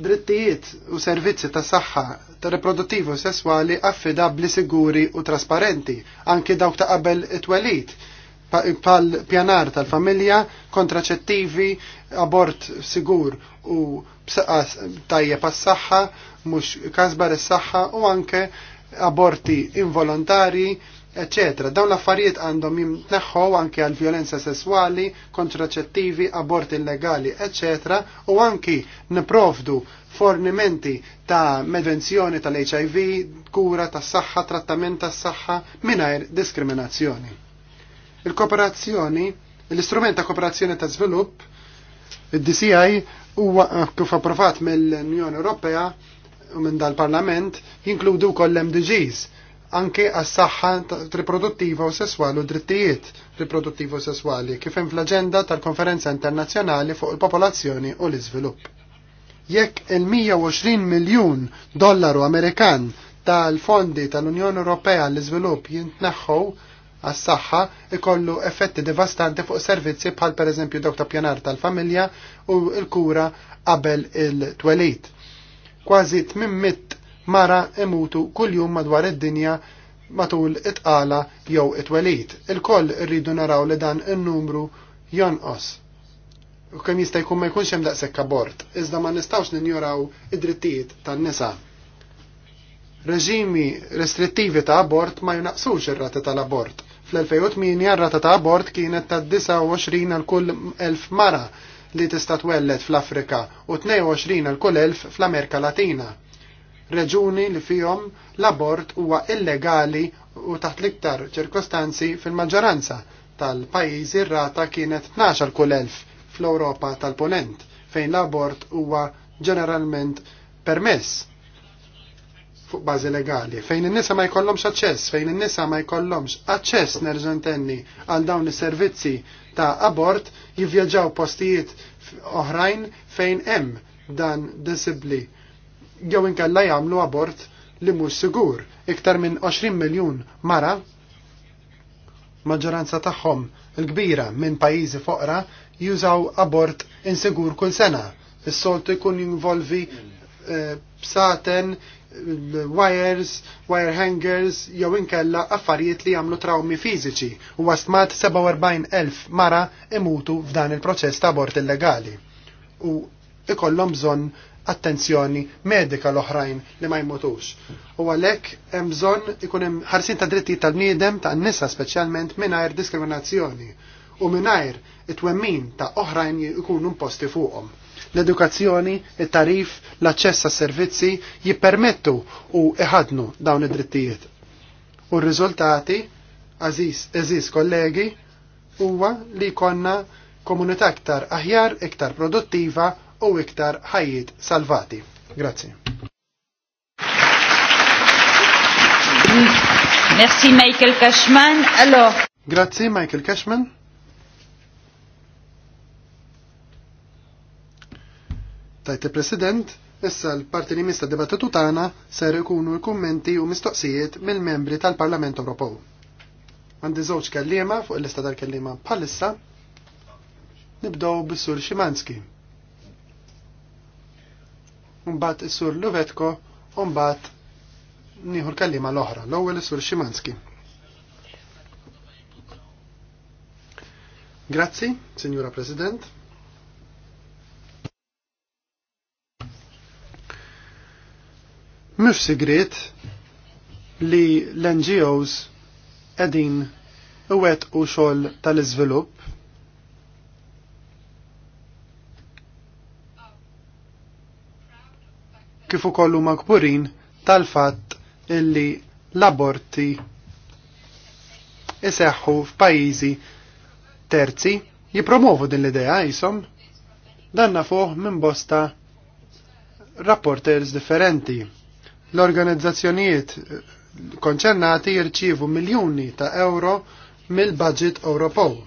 Speaker 2: drittijiet u servizzi ta' saħħa ta' reproduttivu sesswali affidabli siguri u trasparenti, anki dawk ta' qabel it-twelid, pal pjanar tal-familja, kontraċettivi, abort sigur u tajja pas saħħa mux kasbar is saħħa u anke aborti involontari eccetera. Dawn l-affarijiet għandhom jimtneħħu anke għal violenza sessuali, kontraċettivi, aborti illegali, eccetera, u anki niprofdu fornimenti ta' medvenzjoni tal-HIV, kura tas saħħa, trattament tas saħħa mingħajr diskriminazzjoni. Il-kooperazzjoni, l-istrument ta' kooperazzjoni ta' svilupp, id-DCI, huwa kif approvat mill-Unjoni Ewropea u minn dal-Parlament jinkludu koll MDGs anke għas-saħħa riproduttiva u sesswali u drittijiet riproduttiva u sesswali kif hemm fl-aġenda tal-Konferenza Internazzjonali fuq il-Popolazzjoni u l-Iżvilupp. Jekk il-120 miljun dollaru Amerikan tal-fondi tal-Unjoni Ewropea l-Iżvilupp jintneħħu għas-saħħa ikollu effetti devastanti fuq servizzi bħal pereżempju dawk ta' pjanar tal-familja u l-kura qabel il-twelid. Kważi 800 mara emutu kuljum madwar id-dinja matul it-qala jew it welit Il-koll rridu naraw li dan in-numru jonqos. U kemm jista' jkun ma jkunx hemm daqshekk abort, iżda ma nistgħux ninjuraw id-drittijiet tan-nisa. Reġimi restrittivi ta' abort ma jnaqsux ir-rata tal-abort. Fl-2008 ir rata ta' abort kienet ta' 29 għal kull 1000 mara li tista' twellet fl-Afrika u 22 għal kull 1000 fl-Amerika Latina reġuni li fihom l-abort huwa illegali u taħt l-iktar ċirkostanzi fil-maġġoranza tal-pajjiżi r-rata kienet 12 kull elf fl-Ewropa tal-Ponent fejn l-abort huwa ġeneralment permess fuq bażi legali, fejn in-nisa ma jkollhomx aċċess, fejn in-nisa ma jkollhomx aċċess nerġentenni għal dawn is-servizzi ta' abort jivvjaġġaw postijiet oħrajn fejn hemm dan disibli jew inkella jagħmlu abort li mhux sigur. Iktar minn 20 miljun mara maġġoranza tagħhom il-kbira minn pajjiżi foqra jużaw abort insigur kull sena. Is-soltu jkun jinvolvi psaten, eh, wires, wire hangers, jew inkella affarijiet li jagħmlu traumi fiżiċi u wastmat 47,000 mara imutu f'dan il-proċess ta' abort illegali. U ikollhom bżonn attenzjoni medika l-oħrajn li ma jmutux. U għalek hemm bżonn ikun hemm ħarsin ta' dritti tal-bniedem ta' nisa speċjalment mingħajr diskriminazzjoni u mingħajr it-twemmin ta' oħrajn ikunu imposti fuqhom. L-edukazzjoni, it-tarif, l-aċċess għas servizzi jippermettu u iħadnu dawn id-drittijiet. U r-riżultati, aziz, aziz kollegi, huwa li konna komunità iktar aħjar, iktar produttiva u iktar ħajjiet salvati. Grazzi.
Speaker 5: Merci Michael
Speaker 2: Cashman. Allo. Grazzi Michael Cashman. Tajte President, issa l-parti li mista debattitu tagħna ser ikunu l-kummenti u mistoqsijiet mill-membri tal-Parlament Ewropew. Għandi żewġ kellima fuq l lista tal-kellima bħalissa. Nibdew bis-Sur Ximanski unbat is-sur Luvetko unbat mbagħad nieħu l-kallima l-oħra, l-ewwel is-sur Ximanski. Grazzi, Signora President. Mhux sigriet li l-NGOs edin uwet u xol tal iżvilupp kif ukoll huma kburin tal-fatt illi l-aborti iseħħu f'pajjiżi terzi jipromovu din l-idea jisom danna fuq minn bosta rapporters differenti. L-organizzazzjonijiet konċernati jirċivu miljoni ta' euro mill-budget Ewropew.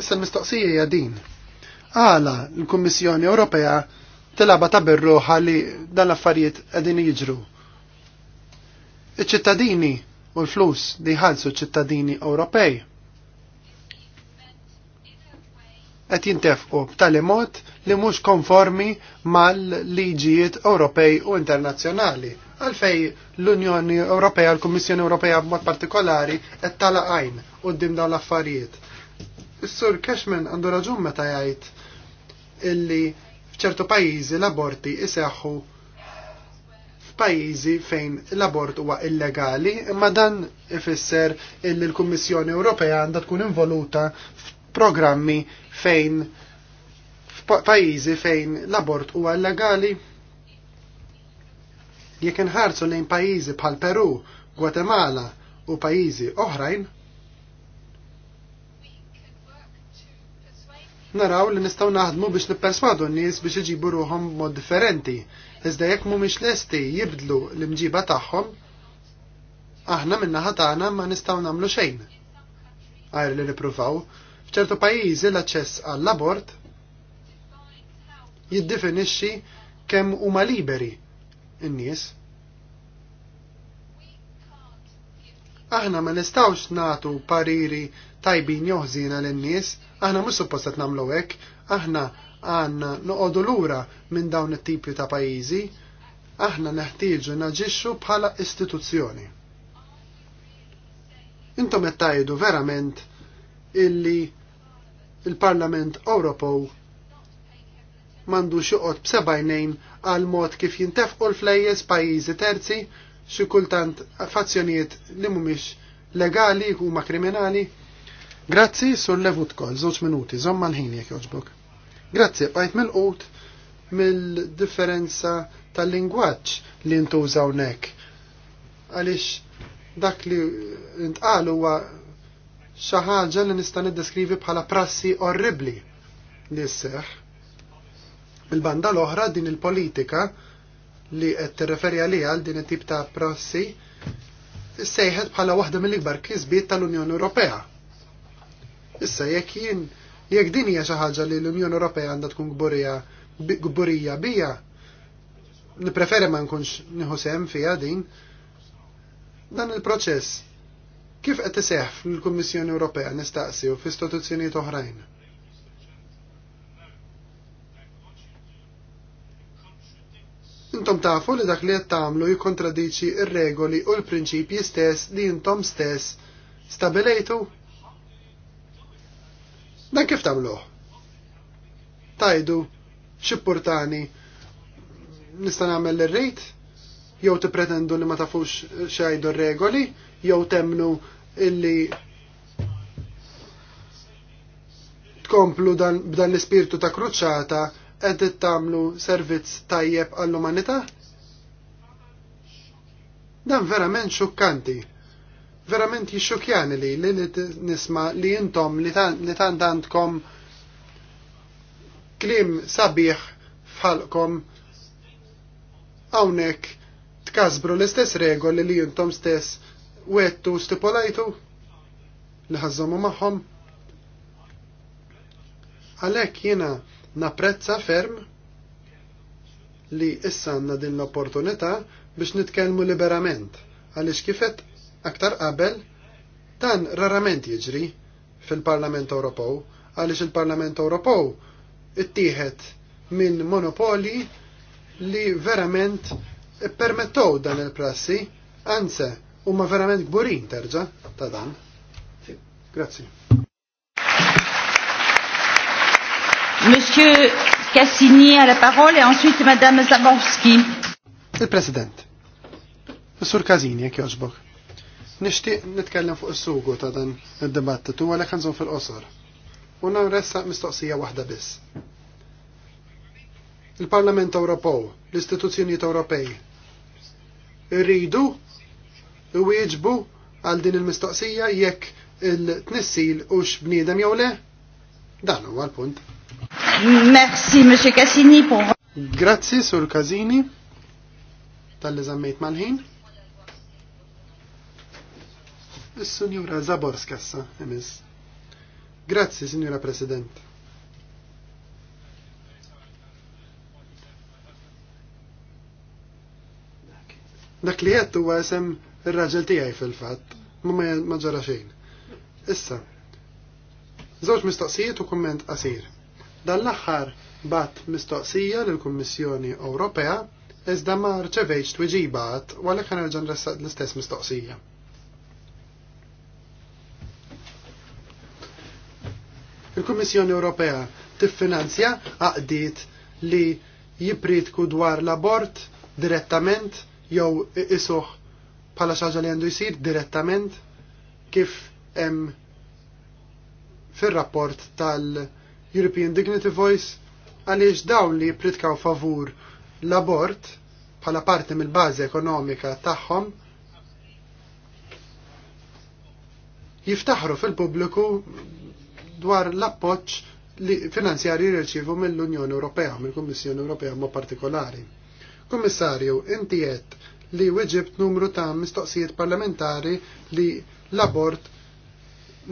Speaker 2: Issa l-mistoqsija hija din. Għala l-Kummissjoni Ewropea tilaba ta' berruħa li dan l-affarijiet qegħdin jiġru. Iċ-ċittadini u l-flus li jħallsu ċittadini Ewropej qed jintefqu b'tali mod li mhux konformi mal-liġijiet Ewropej u internazzjonali għalfej l-Unjoni Ewropea, l-Kummissjoni Ewropea b'mod partikolari qed tala għajn qudiem dawn l-affarijiet. Is-Sur Cashman għandu raġun meta jgħid illi f'ċertu pajjiżi l-aborti iseħħu f'pajjiżi fejn l-abort huwa illegali, imma dan ifisser illi l-Kummissjoni Ewropea għandha tkun involuta f'programmi fejn f'pajjiżi fejn l-abort huwa illegali. Jekk inħarsu lejn pajjiżi bħal Peru, Gwatemala u pajjiżi oħrajn, naraw li nistgħu naħdmu biex nipperswadu n-nies biex iġibu ruhom mod differenti. Iżda jekk mhumiex lesti jibdlu l-imġiba tagħhom, aħna min-naħa tagħna ma nistgħu nagħmlu xejn. Għajr li nippruvaw, f'ċertu pajjiżi l-aċċess għall-abort jiddefinixxi kemm huma liberi n nies Aħna ma nistgħux nagħtu pariri tajbin joħzina l-nies, aħna mhux suppost qed nagħmlu hekk, aħna għandna noqogħdu lura minn dawn it-tipju ta' pajjiżi, aħna neħtieġu naġixxu bħala istituzzjoni. Intom qed tajdu verament illi il-Parlament Ewropew mandu xoqot b'sebajnejn għal mod kif jintefqu l-flejjes pajjiżi terzi xi kultant fazzjonijiet li mhumiex legali huma kriminali Grazzi sur levut kol, zoċ minuti, zomma l-ħin jek joġbok. Grazzi, bajt mill-qut mill-differenza tal-lingwaċ li ntużaw nek. Għalix dak li ntqalu huwa xi ħaġa li nista' niddeskrivi bħala prassi orribli li sseħħ. Il-banda l-oħra din il-politika li qed tirreferi għalija għal din it-tip ta' prassi sejħet bħala waħda mill-ikbar kisbiet tal-Unjoni Ewropea Issa jekk jien jekk din hija xi ħaġa li l-Unjoni Ewropea għandha tkun gburija gburija bija, nipreferi ma nkunx nieħu sehem fiha din. Dan il-proċess kif qed iseħħ fil-Kummissjoni Ewropea nistaqsi u f'istituzzjonijiet oħrajn? Intom tafu li dak li qed tagħmlu jikkontradiċi r-regoli u l-prinċipji stess li intom stess stabilejtu? Dan kif tagħmluh? Tajdu purtani? nista' nagħmel ir-rejt jew tippretendu li ma tafux xajdu r-regoli jew temnu illi tkomplu b'dan l-ispirtu ta' kruċċata qed tagħmlu servizz tajjeb għall-umanità? Dan verament xukkanti verament jixxukjani li li nisma li intom li tant għandkom klim sabiħ fħalkom għawnek tkasbru l-istess regoli li intom stess wettu stipolajtu li ħazzomu maħħom. Għalek jina naprezza ferm li issa għanna din l-opportunità biex nitkelmu liberament għalix kifet Aktar qabel, dan rarament jiġri fil-Parlament Ewropew, għaliex il-Parlament Ewropew ittieħed minn monopoli li verament permettow dan il-prassi, anse, huma verament gburin terġa ta' dan. Grazzi.
Speaker 5: Monsieur Cassini a la parole et ensuite Madame Zaborski.
Speaker 2: Il-President. Sur Casini, jek joġbok. Nixtieq nitkellem fuq is-sugu ta' dan id-dibattitu għalhekk ħanżon fil-qosor. U nressaq mistoqsija waħda biss. Il-Parlament Ewropew, l-istituzzjonijiet Ewropej irridu iwieġbu għal din il-mistoqsija jekk il-tnissil u x'bniedem jew le? Dan huwa l-punt. Merci, Monsieur Cassini, pour... Grazzi, Sur Casini, tal-li zammejt mal-ħin. Is-Sinjura Zaborska issa emis. Grazzi, Sinjura President. Dak li qed huwa isem ir-raġel tiegħi fil-fatt, ma ma ġara xejn. Issa, żewġ mistoqsijiet u kumment qasir. Dan l-aħħar bat mistoqsija lill-Kummissjoni Ewropea iżda ma rċevejx tweġibat u għalhekk ħanerġa' nressaq l-istess mistoqsija. Il-Kummissjoni Ewropea tiffinanzja għaqdiet li jipritku dwar l-abort direttament jew isuħ bħala xaġa li għandu jisir direttament kif hemm fir-rapport tal-European Dignity Voice għaliex dawn li jipritkaw favur l-abort bħala parti mill-bażi ekonomika tagħhom jiftaħru fil-pubbliku dwar l-appoġġ li finanzjari jirċivu mill-Unjoni Ewropea, mill-Kummissjoni Ewropea ma' partikolari. Kummissarju, inti qed li weġibt numru ta' mistoqsijiet parlamentari li l-abort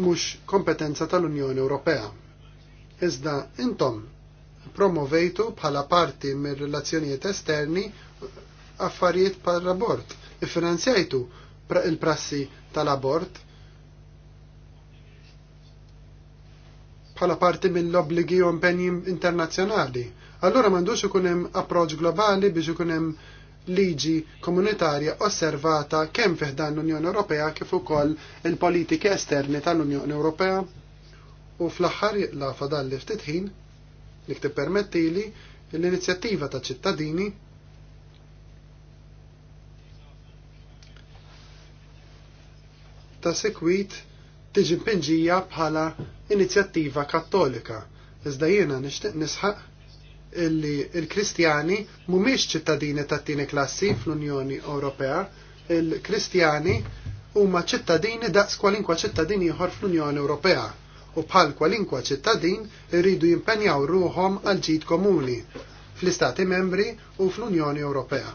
Speaker 2: mhux kompetenza tal-Unjoni Ewropea. Iżda intom promovejtu bħala parti mir relazzjonijiet esterni affarijiet pal abort Iffinanzjajtu il-prassi tal-abort bħala parti mill-obbligi u impenji internazzjonali. Allura m'għandux ikun hemm approċċ globali biex ikun hemm liġi komunitarja osservata kemm fih dan l-Unjoni Ewropea kif ukoll il-politiki esterni tal-Unjoni Ewropea. U fl-aħħar fadal li ftit ħin li tippermettili l-inizjattiva ta' ċittadini ta' sekwit tiġi mpinġija bħala inizjattiva kattolika. Iżda jiena nixtieq nisħaq illi il-Kristjani mhumiex ċittadini ta' tieni klassi fl-Unjoni Ewropea, il-Kristjani huma ċittadini daqs kwalinkwa ċittadini ieħor fl-Unjoni Ewropea u bħal kwalinkwa ċittadin irridu jimpenjaw ruhom għal ġid komuni fl-Istati membri u fl-Unjoni Ewropea.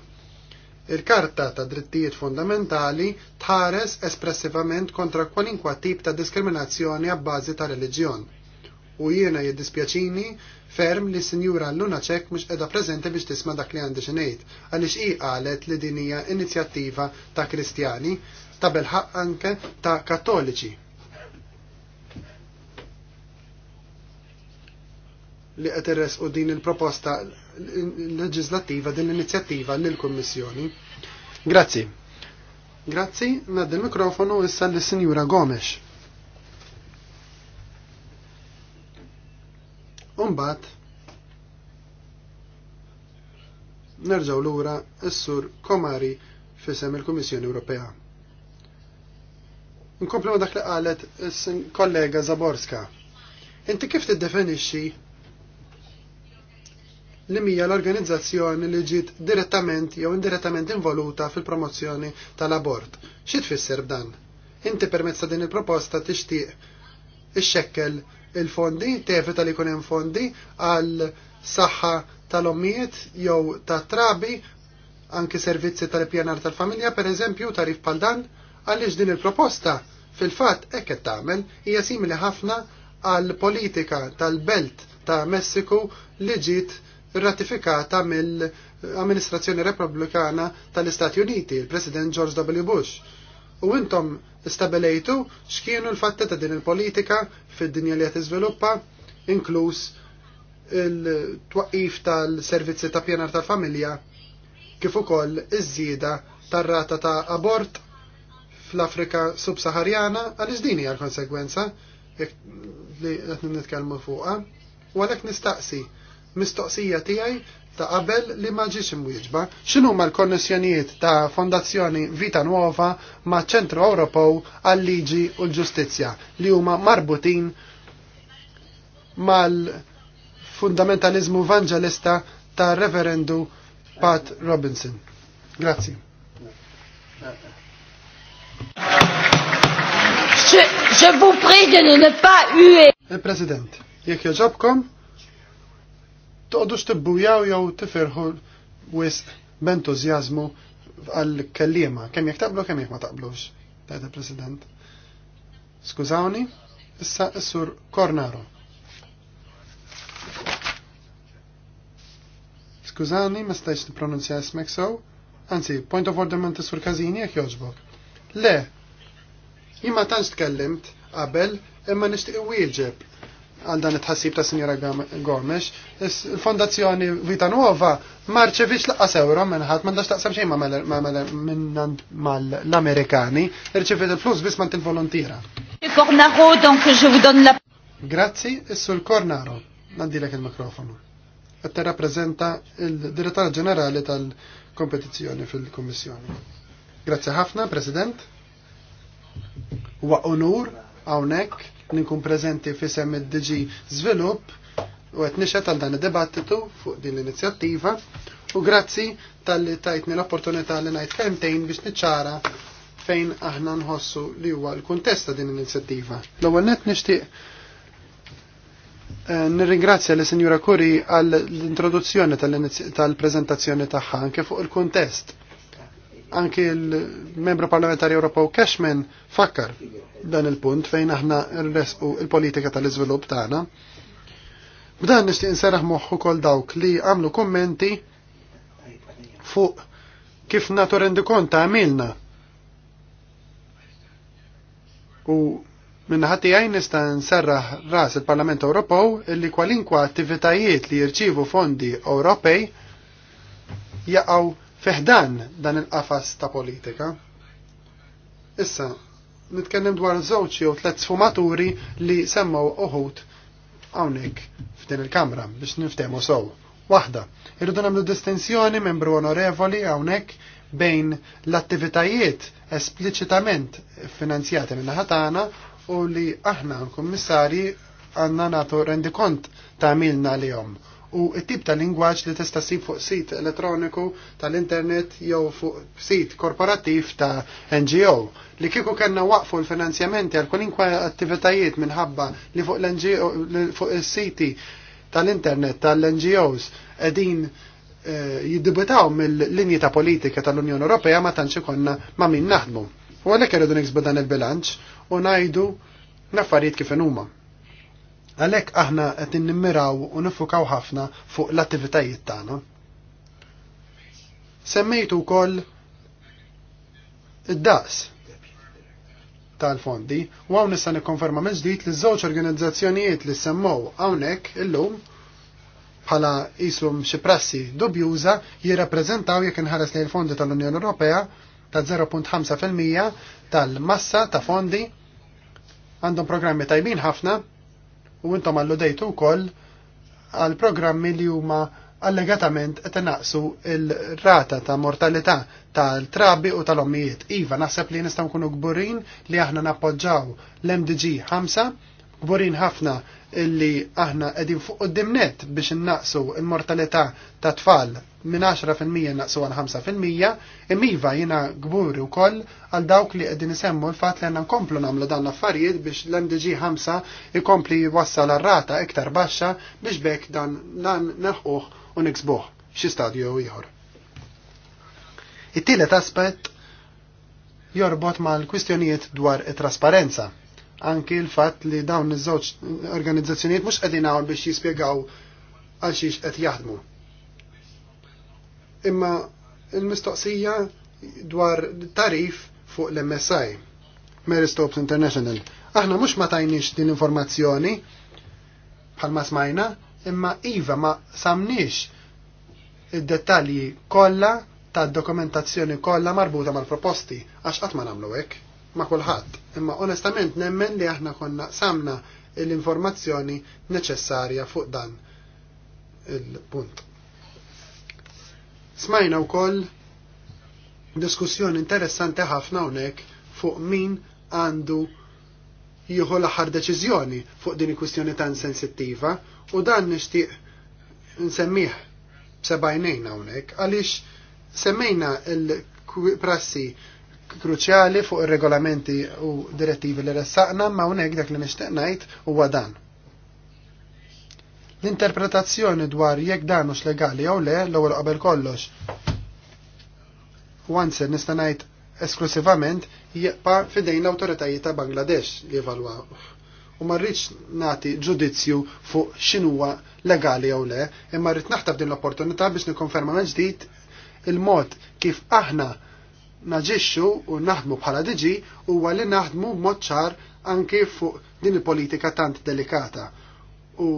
Speaker 2: Il-Karta ta' Drittijiet Fundamentali tħares espressivament kontra kwalinkwa tip ta' diskriminazzjoni għabbażi ta' reliġjon. U jiena jiddispjaċini ferm li sinjura ċek mhux qiegħda preżenti biex tisma' dak li għandi xinejt, għaliex i qalet li din hija inizjattiva ta' Kristjani ta' belħaq anke ta' Kattoliċi li qed irresqu din il-proposta leġislattiva din l-inizjattiva lill-Kummissjoni. Grazzi. Grazzi, nad il-mikrofonu issa lis-Sinjura Gomes. Umbat, nerġaw lura s-sur Komari fisem il-Komissjoni Ewropea. Nkomplu dak li qalet kollega Zaborska. Inti kif tiddefinixxi li mija l-organizzazzjoni li ġiet direttament jew indirettament involuta fil-promozzjoni tal-abort. Xi tfisser b'dan? Inti permezz ta' din il-proposta tixtieq ixxekkel il-fondi, tevita li jkun hemm fondi għal saħħa tal-ommijiet jew ta' trabi anki servizzi tal-pjanar tal-familja per eżempju tarif pal dan għaliex din il-proposta fil-fatt hekk qed tagħmel hija simili ħafna għal politika tal-belt ta' Messiku li ġiet ratifikata mill-amministrazzjoni Repubblikana tal-Istati Uniti, il-President George W. Bush. U intom stabilejtu x'kienu l fatta ta' din il-politika fid-dinja li qed izviluppa, inkluż il-twaqqif tal-servizzi ta' pjanar tal-familja, kif ukoll iż-żieda tar-rata ta' abort fl-Afrika subsaharjana għaliex din hija l-konsegwenza li qed nitkellmu fuqha. U għalhekk nistaqsi mistoqsija tiegħi ta' qabel li ma ġiex imwieġba, x'inhu l-konnessjonijiet ta' Fondazzjoni Vita Nuova ma' Ċentru Ewropew għal-Liġi u l-Ġustizzja li huma marbutin mal-fundamentalizmu vanġelista ta' Reverendu Pat Robinson. Grazzi. Je, je vous prie de ne pas huer. Il-President, eh, jekk joġobkom, toqdux tibbujaw jew tifirħu wisq b'entużjażmu għall kellima kemm jekk taqblu kemm jekk ma taqblux, tajda President. Skużawni, issa issur Kornaro. Skużani, ma stajx nipronunzja ismek sew, anzi, point of order minn Sur Kazini jek joġbok. Le, jimma ma tantx tkellimt qabel imma nixtieq wieġeb għal dan it-ħassib ta' Sinjora Gomes, il-Fondazzjoni Vita Nuova marċevix laqqas euro minnħat, mandax taqsam xejn mal-Amerikani, irċevit il-flus biss ma' il volontira Grazzi, sul Cornaro, nandilek il-mikrofonu. Għatta rappresenta il direttore Ġenerali tal-Kompetizzjoni fil-Kommissjoni. Grazzi ħafna, President. Wa onur, għawnek nkun preżenti fisem id-DG Zvilupp u għet nixed għal dan id debattitu fuq din l-inizjattiva u grazzi tal-li tajtni l-opportunità li ngħid kemtejn biex niċċara fejn aħna nħossu li huwa l-kuntest ta' din l-inizjattiva. L-ewwel nett nixtieq eh, Nirringrazzja li Sinjura Kuri għall introduzzjoni tal-prezentazzjoni tagħha anke fuq il-kuntest anki il-membru parlamentari Ewropew Cashman fakkar dan il-punt fejn aħna resqu il-politika tal-iżvilupp tagħna. B'dan nixtieq inserraħ moħħ ukoll dawk li għamlu kummenti fuq kif natu rendi ta' għamilna. U minnaħati għaj nista nserraħ ras il-Parlament Ewropew illi kwalinkwa attivitajiet li jirċivu fondi Ewropej jaqgħu Feħdan dan il-qafas ta' politika. Issa, nitkellem dwar żewġ jew tliet sfumaturi li semmaw uħud hawnhekk f'din il-kamra biex niftehmu sew. Waħda, irridu nagħmlu distinzjoni membru onorevoli hawnhekk bejn l-attivitajiet espliċitament finanzjati minn ħatana u li aħna l-kummissarji għandna nagħtu rendikont ta' għamilna li jom u t-tip ta' lingwaġġ li tista' ssib fuq sit elettroniku tal-internet jew fuq sit korporattiv ta' NGO li kieku kellna waqfu l-finanzjamenti għal kulinkwa attivitajiet minħabba li fuq l-NGO fuq is-siti tal-internet tal-NGOs qegħdin eh, jiddubitaw mill-linji ta' politika tal-Unjoni Ewropea ma tantx ikonna ma' min naħdmu. U għalhekk irridu niksbu dan il-bilanċ u ngħidu l-affarijiet kif huma. Għalhekk aħna qed nimmiraw u nifukaw ħafna fuq l-attivitajiet tagħna. Semmejtu wkoll id-daqs tal-fondi u hawn nista' nikkonferma minn ġdid li żewġ organizzazzjonijiet li semmow hawnhekk illum bħala isum xi prassi dubjuża jirrappreżentaw jekk inħares lejn fondi tal-Unjoni Ewropea ta' 0.5% tal-massa ta' fondi għandhom programmi tajbin ħafna u intom dejtu wkoll għal programmi li huma allegatament qed naqsu il-rata ta' mortalità tal-trabi u tal-ommijiet. Iva, naħseb li nistgħu nkunu gburin li aħna nappoġġaw l-MDG 5, gburin ħafna illi aħna qegħdin fuq qudiemnet biex innaqsu l-mortalità ta' tfal minn 10% naqsu għal 5% immiva jiena gburi wkoll għal dawk li qegħdin isemmu l-fatt li għandna nkomplu nagħmlu dan l-affarijiet biex l-MDG 5 ikompli jwassal ar-rata iktar baxxa biex bekk dan naħquh u niksbuh xi stadju ieħor. It-tielet aspett jorbot mal-kwistjonijiet dwar it-trasparenza anki l-fatt li dawn iż-żewġ organizzazzjonijiet mhux qegħdin hawn biex jispjegaw għal xiex qed jaħdmu. Imma l-mistoqsija dwar tarif fuq l-MSI, Mary Stopes International. Aħna mhux ma tajniex din informazzjoni ma smajna, imma iva ma samniex id-dettalji kollha tad dokumentazzjoni kollha marbuta mal-proposti għax qatt ma nagħmlu hekk ma' kulħadd, imma onestament nemmen li aħna konna samna l-informazzjoni neċessarja fuq dan il-punt. Smajna wkoll diskussjoni interessanti ħafna hawnhekk fuq min għandu jieħu l-aħħar deċiżjoni fuq din il-kwistjoni tan sensittiva u dan nixtieq nsemmih b'sebajnejn hawnhekk għaliex semmejna l-prassi kruċjali fuq ir-regolamenti u direttivi li ressaqna ma unek dak li nixtieq ngħid huwa dan. L-interpretazzjoni dwar jekk dan hux legali jew le l-ewwel qabel kollox. Wanser nista' ngħid esklusivament jibqa' fidejn l-awtoritajiet ta' Bangladesh li evalwaw. U ma rridx nagħti ġudizzju fuq x'inhuwa legali jew le, imma rrid naħtab din l-opportunità biex nikkonferma ġdid il-mod kif aħna naġixxu u naħdmu bħala diġi huwa li naħdmu moċċar ċar anki fuq din il-politika tant delikata u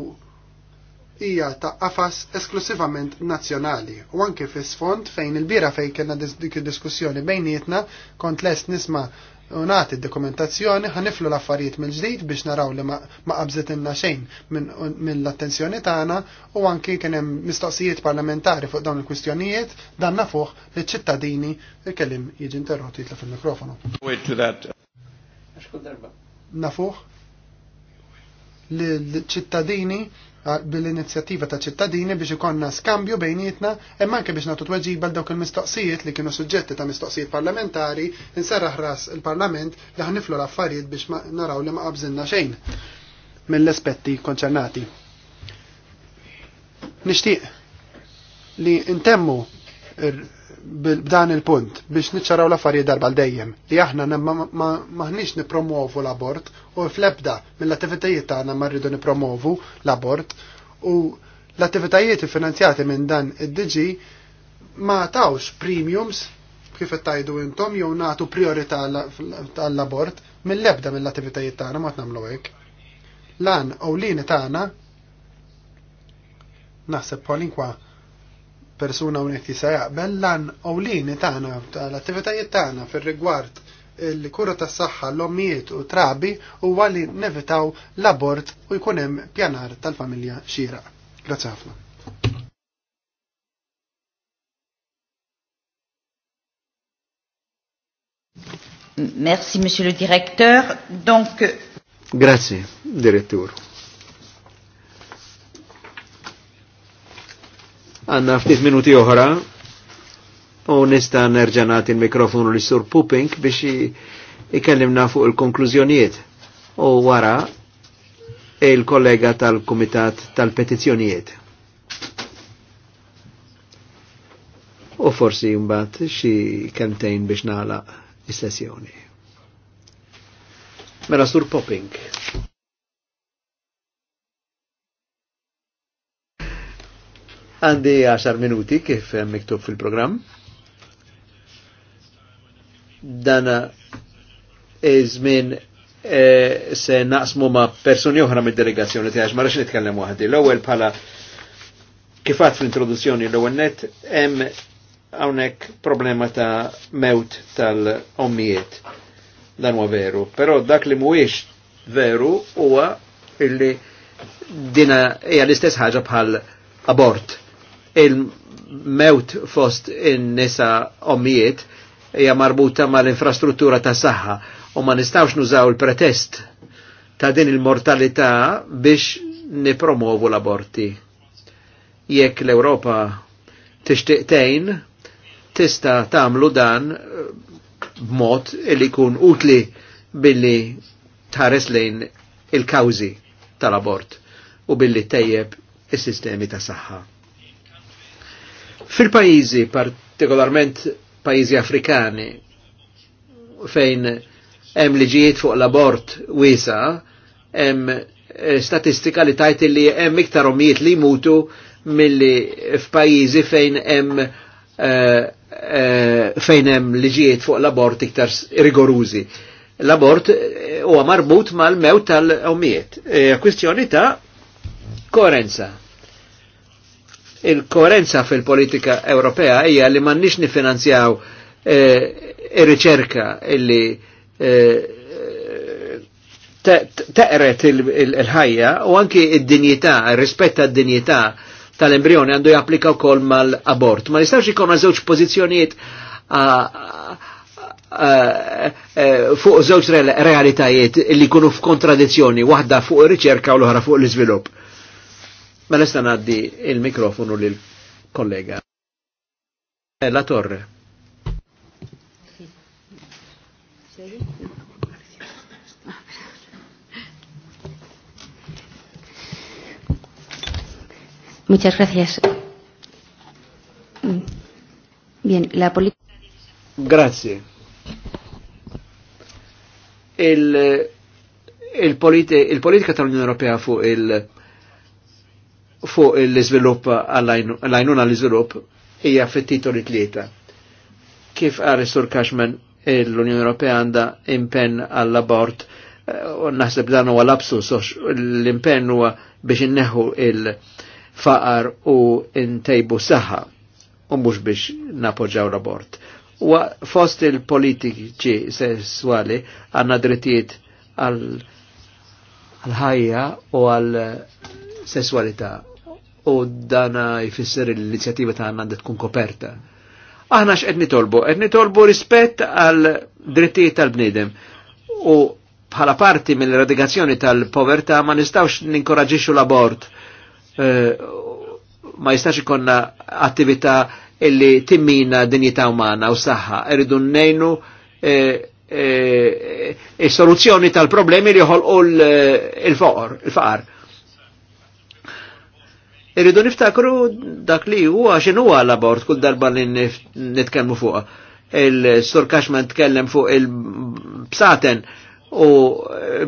Speaker 2: hija ta' qafas esklusivament nazzjonali u anke fis-sfond fejn il-bira fejn kellna dik id-diskussjoni bejnietna kont lest nisma' u id dokumentazzjoni ħaniflu l-affarijiet mill-ġdid biex naraw li ma qabżet inna xejn minn l-attenzjoni tagħna u anki kien hemm mistoqsijiet parlamentari fuq dawn il-kwistjonijiet dan nafuh li ċittadini il-kelim jiġi interrotti jitla fil-mikrofonu.
Speaker 3: Wait to that.
Speaker 2: Nafuh li l-ċittadini bil-inizjattiva ta' ċittadini biex ikonna skambju bejnietna imma anke biex natu tweġiba l dawk il-mistoqsijiet li kienu suġġetti ta' mistoqsijiet parlamentari inserraħ ras il-Parlament li ħniflu l-affarijiet biex naraw li ma qabżinna xejn mill-aspetti konċernati. Nixtieq li intemmu b'dan il-punt biex niċċaraw l-affarijiet darba dejjem li aħna maħniex nipromovu l-abort u fl-ebda mill-attivitajiet tagħna ma rridu nipromovu l-abort u l-attivitajiet finanzjati minn dan id-DG ma tawx premiums kif tajdu intom jew nagħtu priorità tal-abort mill-ebda mill-attivitajiet tagħna ma tnamlu hekk. Lan u lini tagħna naħseb kwalinkwa persuna unik tisa jaqbel lan ewlieni tagħna l attivitajiet tagħna fil rigward il-kura tas saħħa l-ommijiet u trabi u għalli nevitaw l-abort u jkunem pjanar tal-familja xira. Grazie ħafna.
Speaker 5: Merci, monsieur le directeur. Donc...
Speaker 3: Grazie, direttore. Għanna ftit minuti oħra u nista nerġanat il-mikrofonu li sur Pupink biex ikellimna fuq il-konklużjonijiet. U wara il-kollega tal-Kumitat tal-Petizzjonijiet. U forsi mbagħad xi kemtejn biex nagħlaq is-sessjoni. Mela sur Popping. Għandi 10 minuti kif miktub fil-programm. Dana iż-żmien e, se naqsmu ma' persuni oħra mid-delegazzjoni tiegħek ma rridx nitkellem waħdi. L-ewwel bħala kif għad fl-introduzzjoni l-ewwel net hemm hawnhekk problema ta' mewt tal-ommijiet. Dan huwa veru, però dak li mhuwiex veru huwa illi dina hija l-istess ħaġa bħal abort il-mewt fost in-nisa omijiet hija marbuta mal-infrastruttura ta' saħħa u ma nistawx nużaw il-pretest ta' din il-mortalità biex nipromovu l-aborti. Jekk l-Europa tixtiqtejn, tista' tagħmlu dan eh, b'mod li jkun utli billi tħares lejn il-kawżi tal-abort u billi tejjeb is-sistemi ta' saħħa. Fil-pajizi, partikolarment pajizi afrikani, fejn hemm liġijiet fuq l-abort wisa, hemm eh, statistika li tajt li hemm iktar omijiet li mutu milli f'pajjiżi fejn hemm eh, eh, fejn hemm liġijiet fuq l-abort iktar rigorużi. L-abort huwa marbut mal-mew tal-omijiet. Kwistjoni ta' koerenza il-koerenza fil-politika Ewropea hija li nix nifinanzjaw eh, ir-riċerka illi eh, teqret il-ħajja u anki id-dinjità, rispetta d-dinjità tal embrjoni għandu japplika wkoll mal-abort. Ma nistax ikun żewġ pożizzjonijiet fuq żewġ realitajiet li jkunu f'kontradizzjoni, waħda fuq ir-riċerka u l-oħra fuq l-iżvilupp. Mela sta naddi il-mikrofonu lil kollega. Eh, la Torre.
Speaker 1: Muchas
Speaker 5: gracias. Bien, la política.
Speaker 3: Grazie. Il, il, politi, il politica dell'Unione Europea fu il fuq l-izvilupp għal għajnuna l-izvilupp hija fit-titoli tlieta. Kif għar Sur Kashman l-Unjoni Ewropea għandha impenn għall-abort eh, u naħseb dan huwa lapsu l-impenn huwa biex inneħu il-faqar u intejbu saħħa u mhux biex napoġġaw l-abort. U fost il-politiċi sessuali għanna drittijiet għal ħajja u għal sessualità u dana jfisser l-inizjativa ta' għanna tkun koperta. Aħna x'qed nitolbu? Qed nitolbu rispett għal drittijiet tal-bniedem u bħala parti mill eradikazzjoni tal-povertà ma nistgħux ninkoraġixxu l-abort eh, ma jistax ikonna attività illi timmina dinjità umana u saħħa. Irridu nnejnu is-soluzzjoni eh, eh, tal-problemi li joħolqu il-foqor, il-faqar. Irridu niftakru dak li huwa x'in huwa l-abort kull darba li nitkellmu fuq. Il-Sur Kaxman tkellem fuq il psaten u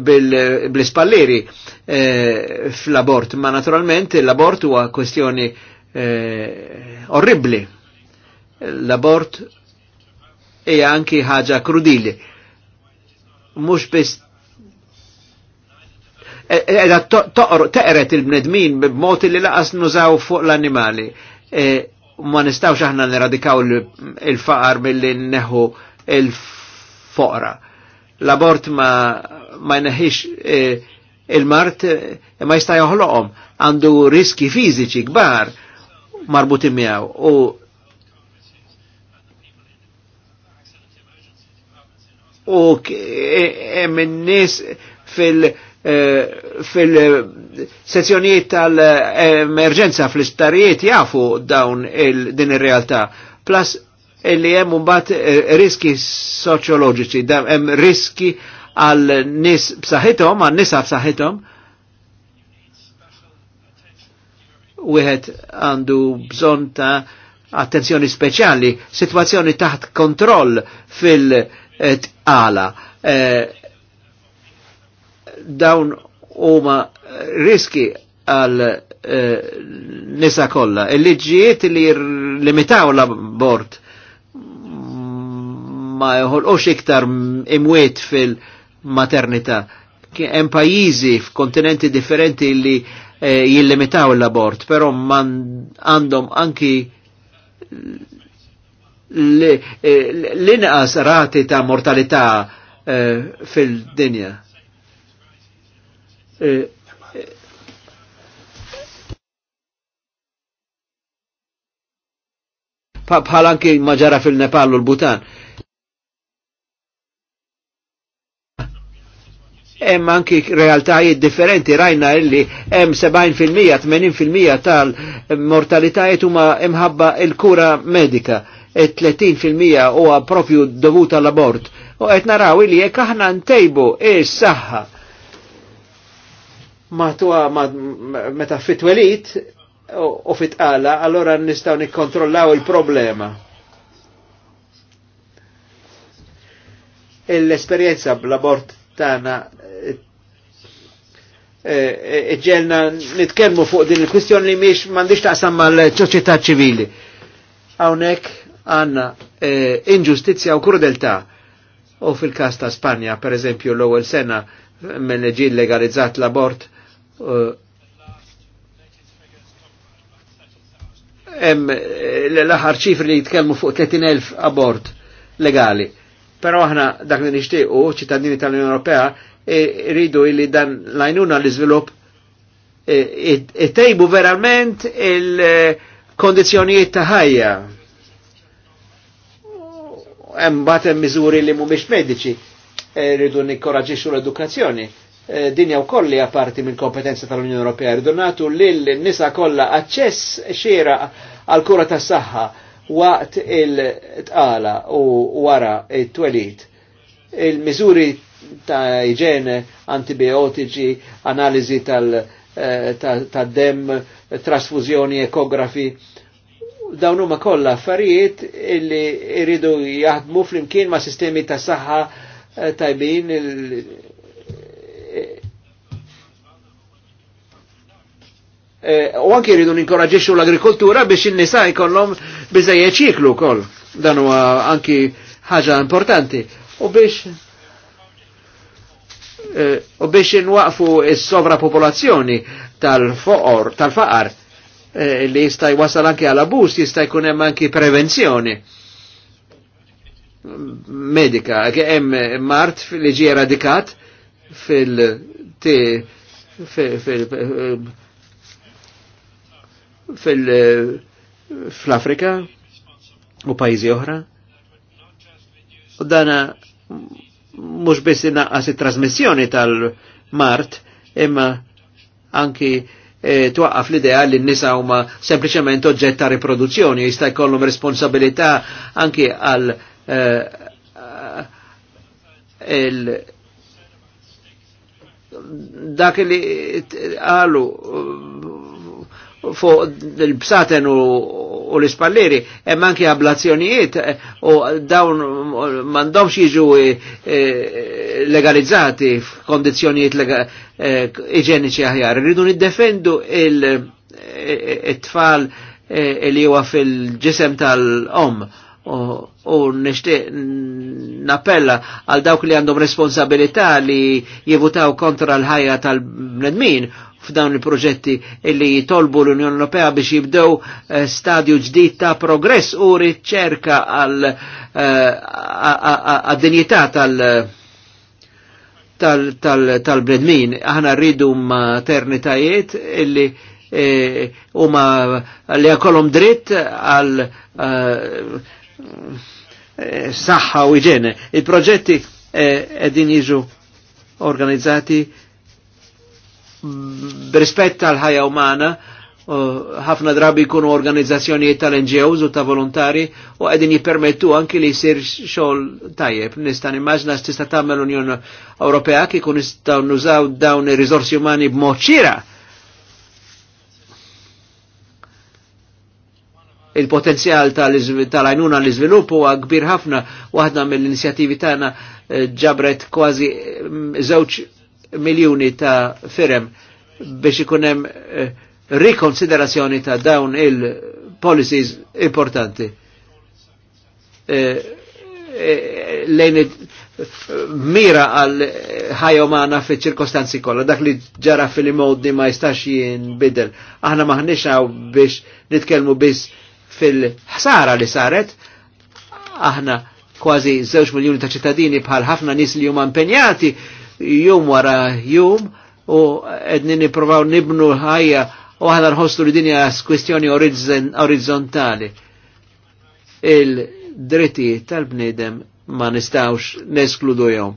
Speaker 3: bil-spalliri eh, fl-abort, ma naturalment l-abort huwa kwestjoni eh, orribli. L-abort hija anki ħaġa krudili. Mhux biss edha taqret il-bnedmin b'mod li laqas nużaw fuq l animali e, Ma nistawx aħna neradikaw il-faqar mill-li neħu il-foqra. L-abort ma ma neħix e, il-mart e, ma jista' joħloqhom għandu riski fiżiċi kbar marbuti miegħu u u hemm nies fil- Eh, fil-sezzjonijiet tal-emerġenza fl-istarijiet jafu dawn il din ir-realtà. Plus illi hemm mbagħad eh, riski soċjoloġiċi, hemm riski għal nis b'saħħithom, għal nisa b'saħħithom. Wieħed għandu bżonn ta' attenzjoni speċjali, sitwazzjoni taħt kontroll fil-tqala. Eh, dawn huma riski għal eh, nisa kollha. Il-liġijiet li limitaw l-abort ma jħolqux iktar imwiet fil maternita Hemm pajjiżi f'kontinenti differenti li eh, jillimitaw l-abort, però għandhom anki eh, l-inqas rati ta' mortalità fil-dinja
Speaker 5: bħal
Speaker 3: anki maġara fil-Nepal u l-Butan. Hemm anki realtajiet differenti rajna illi hemm 70% 80% tal-mortalitajiet huma imħabba il-kura medika, e 30 huwa propju dovuta l-abort. U qed naraw illi jekk aħna ntejbu is-saħħa e matuwa meta fitwelit u fitqala, allora nistaw nikkontrollaw il-problema. E l-esperienza bl-abort tana e, e, ġelna e, nitkelmu fuq din il-kwistjoni li miex mandiċ taqsam mal-ċoċieta ċivili. Hawnhekk għanna inġustizja u krudeltà. U fil-kas ta' Spanja, per eżempju, l-ewwel sena minn ġi legalizzat l-abort, Hemm eh, eh, l-aħħar ċifri li jitkellmu fuq 30,000 abort legali. Però aħna dak li nixtiequ ċittadini tal-Unjoni Ewropea e, rridu li dan lajnuna l-iżvilupp it-tejbu e, e, verament il-kondizjonijiet ta' ħajja. Hemm hemm miżuri li mhumiex mediċi rridu nikkoraġixxu l-edukazzjoni Eh, dinja u kolli li minn kompetenza tal-Unjoni Ewropea li lil nisa kollha aċċess xera għal kura tas saħħa waqt il-tqala u wara it-twelit. il mizuri ta' iġene, antibiotiċi, analizi tal-dem, eh, trasfuzjoni, ekografi, dawn huma kollha affarijiet illi jridu jaħdmu flimkien ma' sistemi ta' saħħa eh, tajbin Eh, u anki rridu ninkoraġixxu l-agrikoltura biex il nisa jkollom biżejjed ċiklu kol. Dan huwa anki ħaġa importanti. U biex eh, u biex inwaqfu is-sovrapopolazzjoni tal-foqor, tal-faqar eh, li jistaj wasal anki għal abus, jistaj kunem anki prevenzjoni medika, hemm mart li ġie eradikat fil- fil-Afrika u pajjiżi oħra. U dana mux biss inaqqas it-trasmissjoni tal-Mart, imma anki E, twaqqaf l-idea li n-nisa huma sempliciment oġġett ta' riproduzzjoni, jista' jkollhom responsabilità anki għal e, il dak li qalu fuq il-bsaten u, u l-ispalleri, hemm anke ablazzjonijiet e, u dawn m'għandhomx jiġu e, e legalizzati f'kondizzjonijiet lega, e, iġeniċi aħjar. Ridu niddefendu il-tfal li huwa fil-ġisem tal-om u nishtiq nappella għal dawk li għandhom responsabilità li jivutaw kontra l-ħajja tal-bnedmin f'dawn il-proġetti li jitolbu l-Unjoni Ewropea biex jibdew eh, stadju ġdid ta' progress u riċerka għal eh, dinjità tal- tal-bredmin. Aħna rridu maternitajiet illi eh, huma li għakolom dritt għal saħħa u iġene. Il-proġetti edin jiġu organizzati Mm, rispett tal-ħajja umana, ħafna drabi jkunu organizzazzjonijiet tal-NGOs u ta' volontari u għedin jipermettu anki li jisir xogħol tajjeb. Nista' nimmaġna s'tista' l Unjoni Ewropea kun nistgħu nużaw dawn i rizorsi umani b'moċira. Il-potenzjal tal-għajnuna tal għajnuna tal l izviluppu huwa kbir ħafna waħda mill inizjativi tagħna eh, ġabret kważi mm, żewġ miljuni ta' firem biex ikunem eh, rikonsiderazzjoni ta' dawn il-policies importanti. Eh, eh, lejn mira għal ħajja umana fi ċirkostanzi kollha dak li ġara fil-modi ma jistax jinbidel. Aħna maħniex biex nitkellmu biss fil-ħsara li saret, aħna kważi żewġ miljuni ta' ċittadini bħal ħafna nis li huma impenjati jum wara jom u edni niprovaw nibnu ħajja u ħana nħostu li dinja kwestjoni orizzontali. Il-dritti tal-bnidem ma nistawx neskludu jom.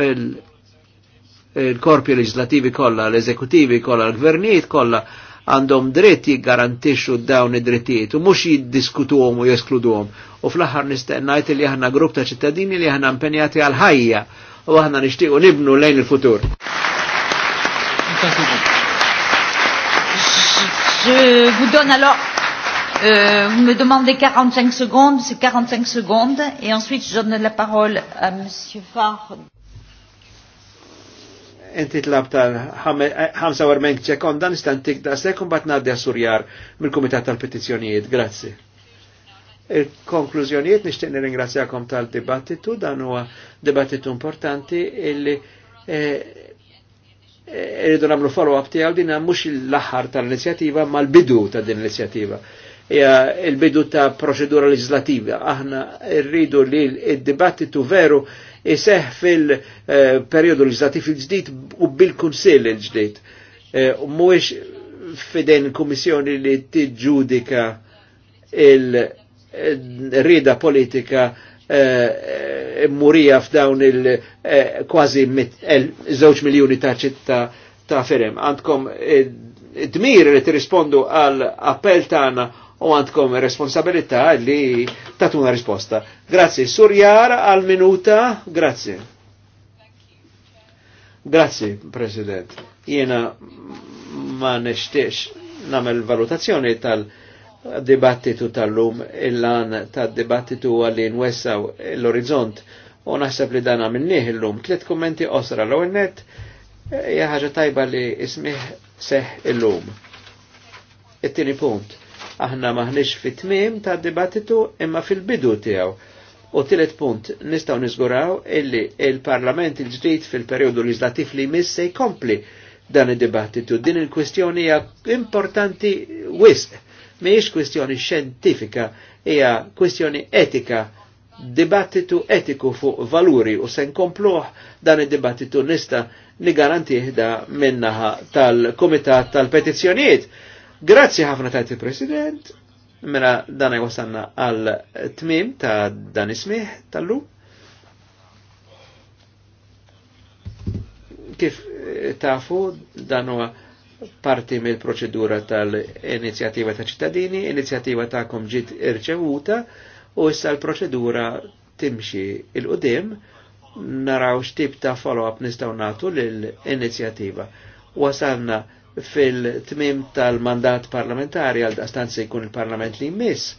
Speaker 3: Il-korpi il leġislativi kolla, l-eżekutivi kolla, l-gvernijiet kolla għandhom dritti jiggarantixxu dawn id-drittijiet u mhux jiddiskutuhom u għom. U fl-aħħar nistennajt li aħna grupp ta' ċittadini li aħna impenjati għal ħajja u aħna nixtiequ nibnu lejn il-futur.
Speaker 1: Je
Speaker 5: vous donne alors, euh, vous me demandez 45 secondes, c'est 45 secondes, et ensuite je donne la parole à Monsieur Farr.
Speaker 3: Inti tlab tal-45 eh, sekonda nistantik da sekund bat nadja surjar mill-Komitat tal-Petizzjonijiet. Grazie. Il-konklużjonijiet nixtieq nirringrazzjakom tal-dibattitu, dan huwa dibattitu importanti illi eh, eh, irridu e, nagħmlu follow-up tiegħu din mhux l-aħħar tal-inizjattiva ma l-bidu ta' din l-inizjattiva. Ja, il bidu ta' proċedura leġislativa. Aħna rridu li d-dibattitu veru iseħ fil-periodu eh, leġislativ il-ġdid u bil-kunsill il-ġdid. Mhuwiex fidejn il-Kummissjoni li tiġġudika il- rida politika eh, eh, murija f'dawn il-kważi eh, żewġ miljuni ta' ċitta ta' ferem. Għandkom dmir li tirrispondu għal appell tagħna u għandkom responsabilità li tatuna risposta. Grazzi. Surjara għal minuta, grazzi. Grazzi, President. Jena ma nishtiqx namel valutazzjoni tal- dibattitu tal-lum il-lan tad-dibattitu għalli nwessaw l-orizzont u naħseb li dan għamilnieh il-lum. Tlet kommenti osra l net jaħġa tajba li ismiħ seħ il-lum. It-tieni punt, aħna maħniex fit-tmiem tad-dibattitu imma fil-bidu tiegħu. U tielet punt, nistaw nizguraw illi il-Parlament il-ġdid fil-periodu legislativ li jmiss se jkompli dan id-dibattitu. Din il-kwestjoni hija importanti wisq miex kwestjoni xjentifika, hija kwestjoni etika, dibattitu etiku fuq valuri u sen komploħ dan id-dibattitu nista li da minnaħa tal-Komitat tal-Petizzjonijiet. Grazzi ħafna tajti President, mela dan wasanna għal tmim ta' dan ismiħ tal-lum. Kif eh, tafu dan huwa parti mill proċedura tal-inizjattiva ta' ċittadini, inizjattiva ta'kom ġiet irċevuta u issa l-proċedura timxi il-qudiem naraw x'tip ta' follow-up nistgħu nagħtu lill-inizjattiva. Wasalna fil-tmim tal-mandat parlamentari għal daqstan se jkun il-parlament li jmiss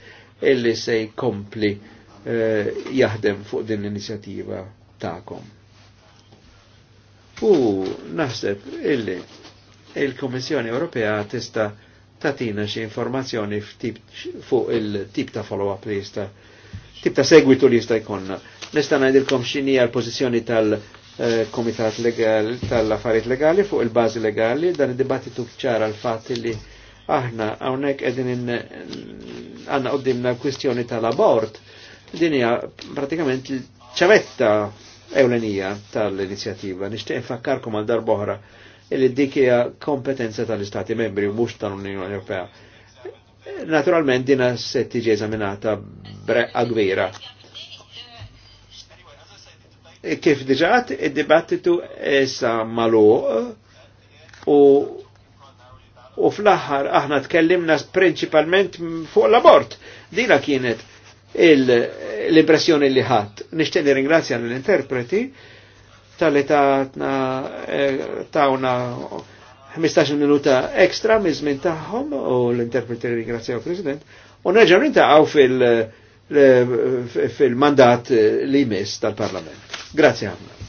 Speaker 3: illi se jkompli eh, jaħdem fuq din l-inizjattiva ta'kom. U naħseb illi il-Kommissjoni Ewropea tista' tatina xi informazzjoni fuq il-tip ta' follow-up li jista' tip ta' segwitu li jista' jkonna. Nista' ngħidilkom x'inhi għal pożizzjoni tal-Komitat eh, Legal tal-Affarijiet Legali fuq il bazi legali dan id-dibattitu ċara l fat li aħna hawnhekk qegħdin għanna għoddimna l-kwistjoni tal-abort din hija pratikament ċavetta ewlenija tal-inizjattiva. Nixtieq infakkarkom għal darboħra oħra li dik hija kompetenza tal-Istati membri u mhux tal-Unjoni Ewropea. Naturalment dina se tiġi eżaminata breqqa kbira. Kif diġat, id-dibattitu issa malu u u fl-aħħar aħna tkellimna principalment fuq l-abort. Dina kienet l-impressjoni li ħadd. Nixtieni ringrazzja l-interpreti tal-li e, tawna 15 minuta ekstra mizmin taħħom u l-interpreti ringrazzjaw President u nerġaw rintaqaw fil-mandat fil li mis tal-Parlament. Grazie għamna.